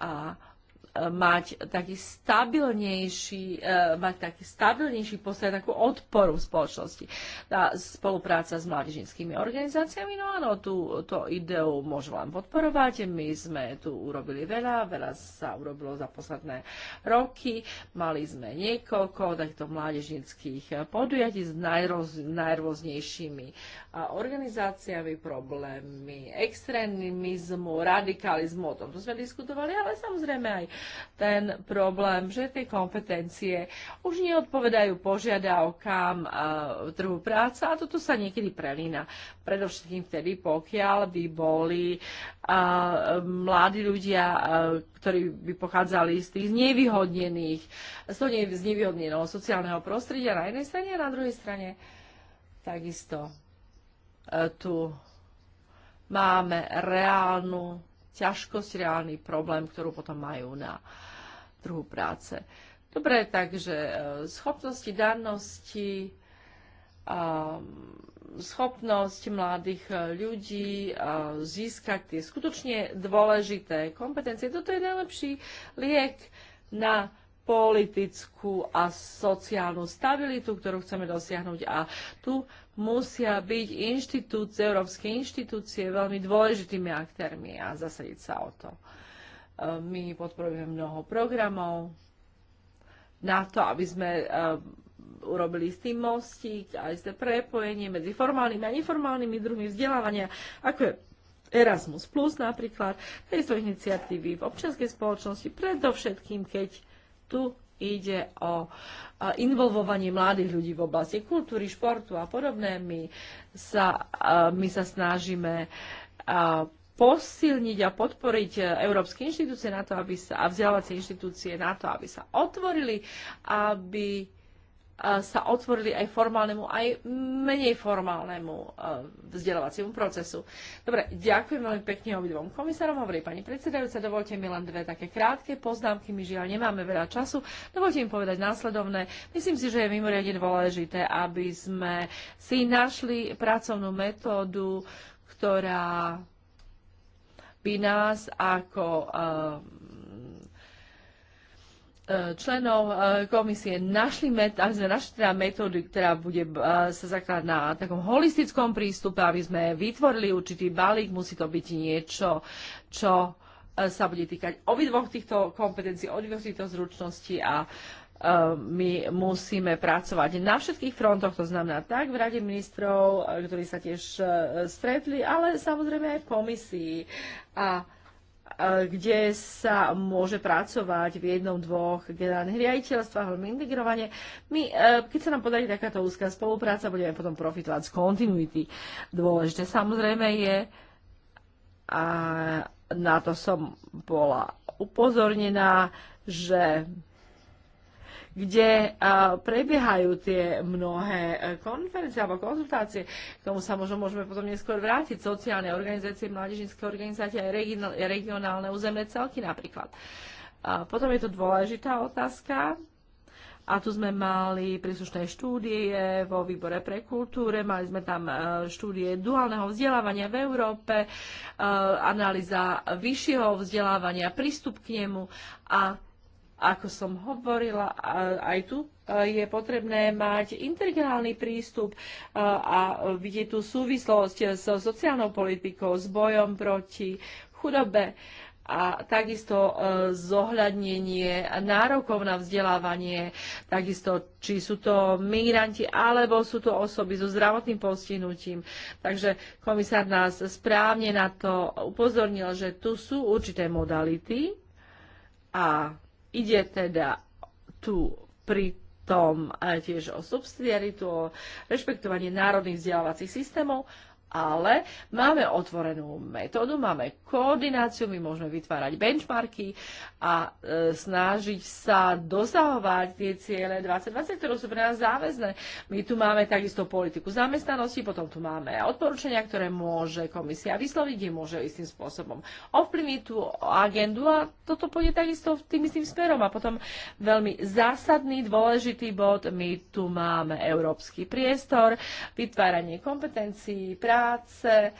A mať taký stabilnejší, e, mať taký stabilnejší postoj, takú odporu v spoločnosti. Tá spolupráca s mládežnickými organizáciami, no áno, tú, tú ideu môžem vám podporovať. My sme tu urobili veľa, veľa sa urobilo za posledné roky. Mali sme niekoľko takýchto mládežnických podujatí s najroz, najrôznejšími organizáciami, problémy extrémizmu, radikalizmu, o tom sme diskutovali, ale samozrejme aj ten problém, že tie kompetencie už neodpovedajú požiadavkám eh, trhu práce a toto sa niekedy prelína. Predovšetkým vtedy, pokiaľ by boli eh, mladí ľudia, eh, ktorí by pochádzali z tých znevýhodnených, z toho znevýhodneného sociálneho prostredia na jednej strane a na druhej strane takisto tu máme reálnu ťažkosť, reálny problém, ktorú potom majú na druhú práce. Dobre, takže e, schopnosti, dannosti, schopnosť mladých e, ľudí získať tie skutočne dôležité kompetencie. Toto je najlepší liek na politickú a sociálnu stabilitu, ktorú chceme dosiahnuť. A tu musia byť inštitúcie, európske inštitúcie veľmi dôležitými aktérmi a zasadiť sa o to. E, my podporujeme mnoho programov na to, aby sme e, urobili s tým mostík, aj isté prepojenie medzi formálnymi a neformálnymi druhmi vzdelávania, ako je Erasmus Plus napríklad, sú iniciatívy v občianskej spoločnosti, predovšetkým, keď tu ide o involvovanie mladých ľudí v oblasti kultúry, športu a podobné. My sa, my sa snažíme posilniť a podporiť európske inštitúcie na to, aby sa, a vzdelávacie inštitúcie na to, aby sa otvorili, aby sa otvorili aj formálnemu, aj menej formálnemu e, vzdelávaciemu procesu. Dobre, ďakujem veľmi pekne obidvom komisárom, hovorí pani predsedajúca. Dovolte mi len dve také krátke poznámky, my žiaľ nemáme veľa času. Dovolte im povedať následovné. Myslím si, že je mimoriadne dôležité, aby sme si našli pracovnú metódu, ktorá by nás ako uh, Eh, členov eh, komisie našli, aby sme našli teda metódu, ktorá bude eh, sa zakladať na takom holistickom prístupe, aby sme vytvorili určitý balík. Musí to byť niečo, čo sa bude týkať obidvoch týchto kompetencií, obidvoch týchto zručností a my musíme pracovať na všetkých frontoch, to znamená tak v Rade ministrov, ktorí sa tiež stretli, ale samozrejme aj v komisii. A Eh, kde sa môže pracovať v jednom, dvoch generálnych riaditeľstvách veľmi integrovane. My, eh, keď sa nám podarí takáto úzká spolupráca, budeme potom profitovať z kontinuity. Dôležité samozrejme je, a na to som bola upozornená, že kde prebiehajú tie mnohé e, konferencie alebo konzultácie. K tomu sa možno môžeme potom neskôr vrátiť. Sociálne organizácie, mládežnícke organizácie, aj regionálne územné celky napríklad. A potom je to dôležitá otázka, a tu sme mali príslušné štúdie vo výbore pre kultúre, mali sme tam e, štúdie duálneho vzdelávania v Európe, e, analýza vyššieho vzdelávania, prístup k nemu a ako som hovorila, aj tu e, je potrebné mať integrálny prístup e, a vidieť tú súvislosť so sociálnou politikou, s bojom proti chudobe a takisto e, zohľadnenie nárokov na vzdelávanie, takisto či sú to migranti alebo sú to osoby so zdravotným postihnutím. Takže komisár nás správne na to upozornil, že tu sú určité modality a Ide teda tu pri tom eh, tiež o subsidiaritu, o rešpektovanie národných vzdelávacích systémov ale máme otvorenú metódu, máme koordináciu, my môžeme vytvárať benchmarky a e, snažiť sa dosahovať tie ciele 2020, ktoré sú pre nás záväzné. My tu máme takisto politiku zamestnanosti, potom tu máme odporúčania, ktoré môže komisia vysloviť, kde môže istým spôsobom ovplyvniť tú agendu a toto pôjde takisto tým istým smerom. A potom veľmi zásadný, dôležitý bod, my tu máme európsky priestor, vytváranie kompetencií, práv práce.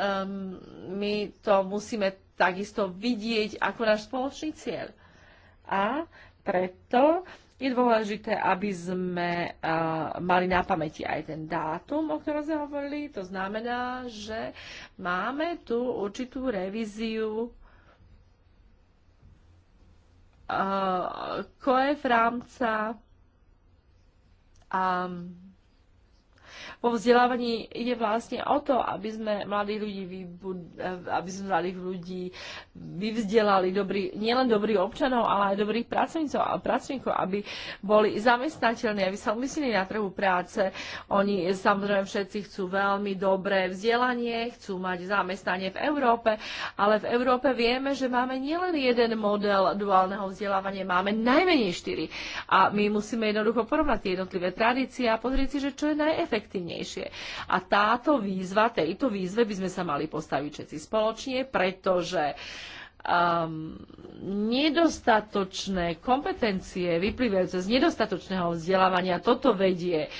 Um, my to musíme takisto vidieť ako náš spoločný cieľ. A preto je dôležité, aby sme uh, mali na pamäti aj ten dátum, o ktorom sme hovorili. To znamená, že máme tu určitú revíziu uh, KOEF rámca a um, po vzdelávaní ide vlastne o to, aby sme mladých ľudí, vybud- eh, aby sme mladých ľudí vyvzdelali dobrý, nielen dobrých občanov, ale aj dobrých pracovníkov, pracovníkov, aby boli zamestnateľní, aby sa umyslili na trhu práce. Oni samozrejme všetci chcú veľmi dobré vzdelanie, chcú mať zamestnanie v Európe, ale v Európe vieme, že máme nielen jeden model duálneho vzdelávania, máme najmenej štyri. A my musíme jednoducho porovnať tie jednotlivé tradície a pozrieť si, že čo je najefektívnejšie efektívnejšie. A táto výzva, tejto výzve by sme sa mali postaviť všetci spoločne, pretože um, nedostatočné kompetencie vyplývajúce z nedostatočného vzdelávania. Toto vedie uh,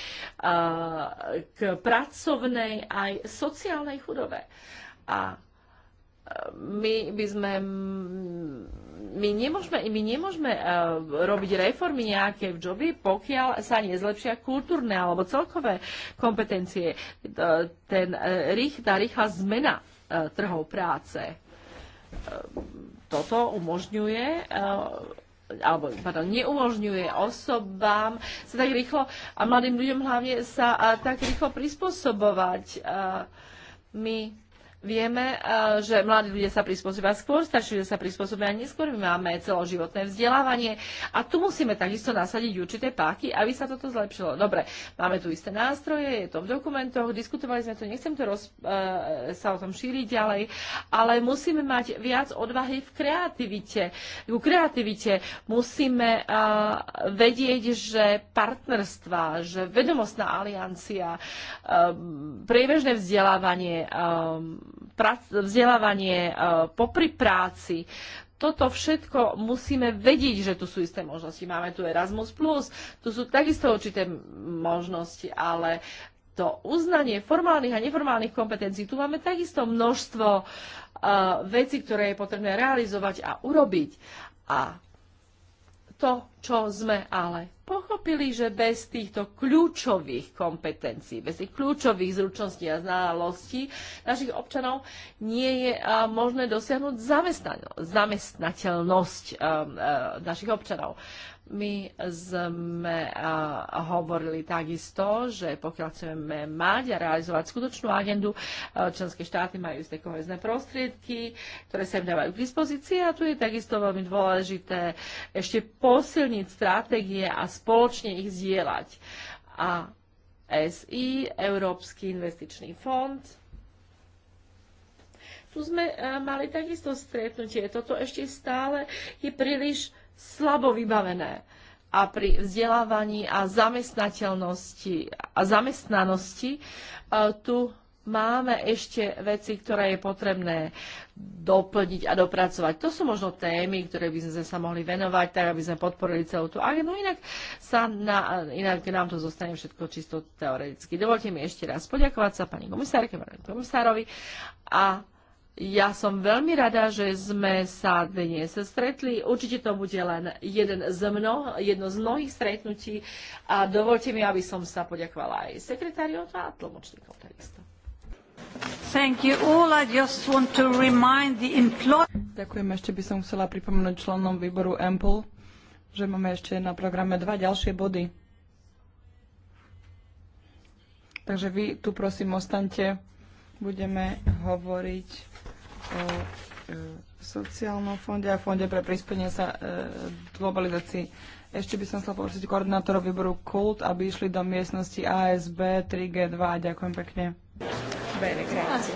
k pracovnej aj sociálnej chudobe. A my by sme my nemôžeme, my nemôžeme uh, robiť reformy nejaké v joby, pokiaľ sa nezlepšia kultúrne alebo celkové kompetencie. Uh, ten, uh, rých, tá rýchla zmena uh, trhov práce. Uh, toto umožňuje uh, alebo pardon, neumožňuje osobám sa tak rýchlo a mladým ľuďom hlavne sa uh, tak rýchlo prispôsobovať. Uh, my Vieme, eh, že mladí ľudia sa prispôsobia skôr, starší ľudia sa prispôsobia neskôr, my máme celoživotné vzdelávanie a tu musíme takisto nasadiť určité páky, aby sa toto zlepšilo. Dobre, máme tu isté nástroje, je to v dokumentoch, diskutovali sme to, nechcem to roz, eh, sa o tom šíriť ďalej, ale musíme mať viac odvahy v kreativite. U kreativite musíme eh, vedieť, že partnerstva, že vedomostná aliancia, priebežné vzdelávanie, vzdelávanie e, popri práci, toto všetko musíme vedieť, že tu sú isté možnosti. Máme tu Erasmus+, tu sú takisto určité možnosti, ale to uznanie formálnych a neformálnych kompetencií, tu máme takisto množstvo uh, vecí, ktoré je potrebné realizovať a urobiť. A to, čo sme ale pochopili, že bez týchto kľúčových kompetencií, bez tých kľúčových zručností a znalostí našich občanov nie je eh, možné dosiahnuť zamestnateľnosť eh, eh, našich občanov. My sme hovorili takisto, že pokiaľ chceme mať a realizovať skutočnú agendu, členské štáty majú isté kohezné prostriedky, ktoré sa im dávajú k dispozícii a tu je takisto veľmi dôležité ešte posilniť stratégie a spoločne ich zdieľať. A SI, Európsky investičný fond, tu sme mali takisto stretnutie. Toto ešte stále je príliš slabo vybavené a pri vzdelávaní a zamestnateľnosti a zamestnanosti e, tu máme ešte veci, ktoré je potrebné doplniť a dopracovať. To sú možno témy, ktoré by sme sa mohli venovať, tak aby sme podporili celú tú agendu. No inak, sa na, inak nám to zostane všetko čisto teoreticky. Dovolte mi ešte raz poďakovať sa pani komisárke, pani komisárovi a ja som veľmi rada, že sme sa dnes stretli. Určite to bude len jeden z mno, jedno z mnohých stretnutí a dovolte mi, aby som sa poďakovala aj sekretariatu a tlmočníkov takisto. Ďakujem. Ešte by som chcela pripomenúť členom výboru EMPL, že máme ešte na programe dva ďalšie body. Takže vy tu prosím ostaňte budeme hovoriť o e, sociálnom fonde a fonde pre prispenie sa e, globalizácii. Ešte by som chcel poprosiť koordinátorov výboru KULT, aby išli do miestnosti ASB 3G2. Ďakujem pekne. Bene,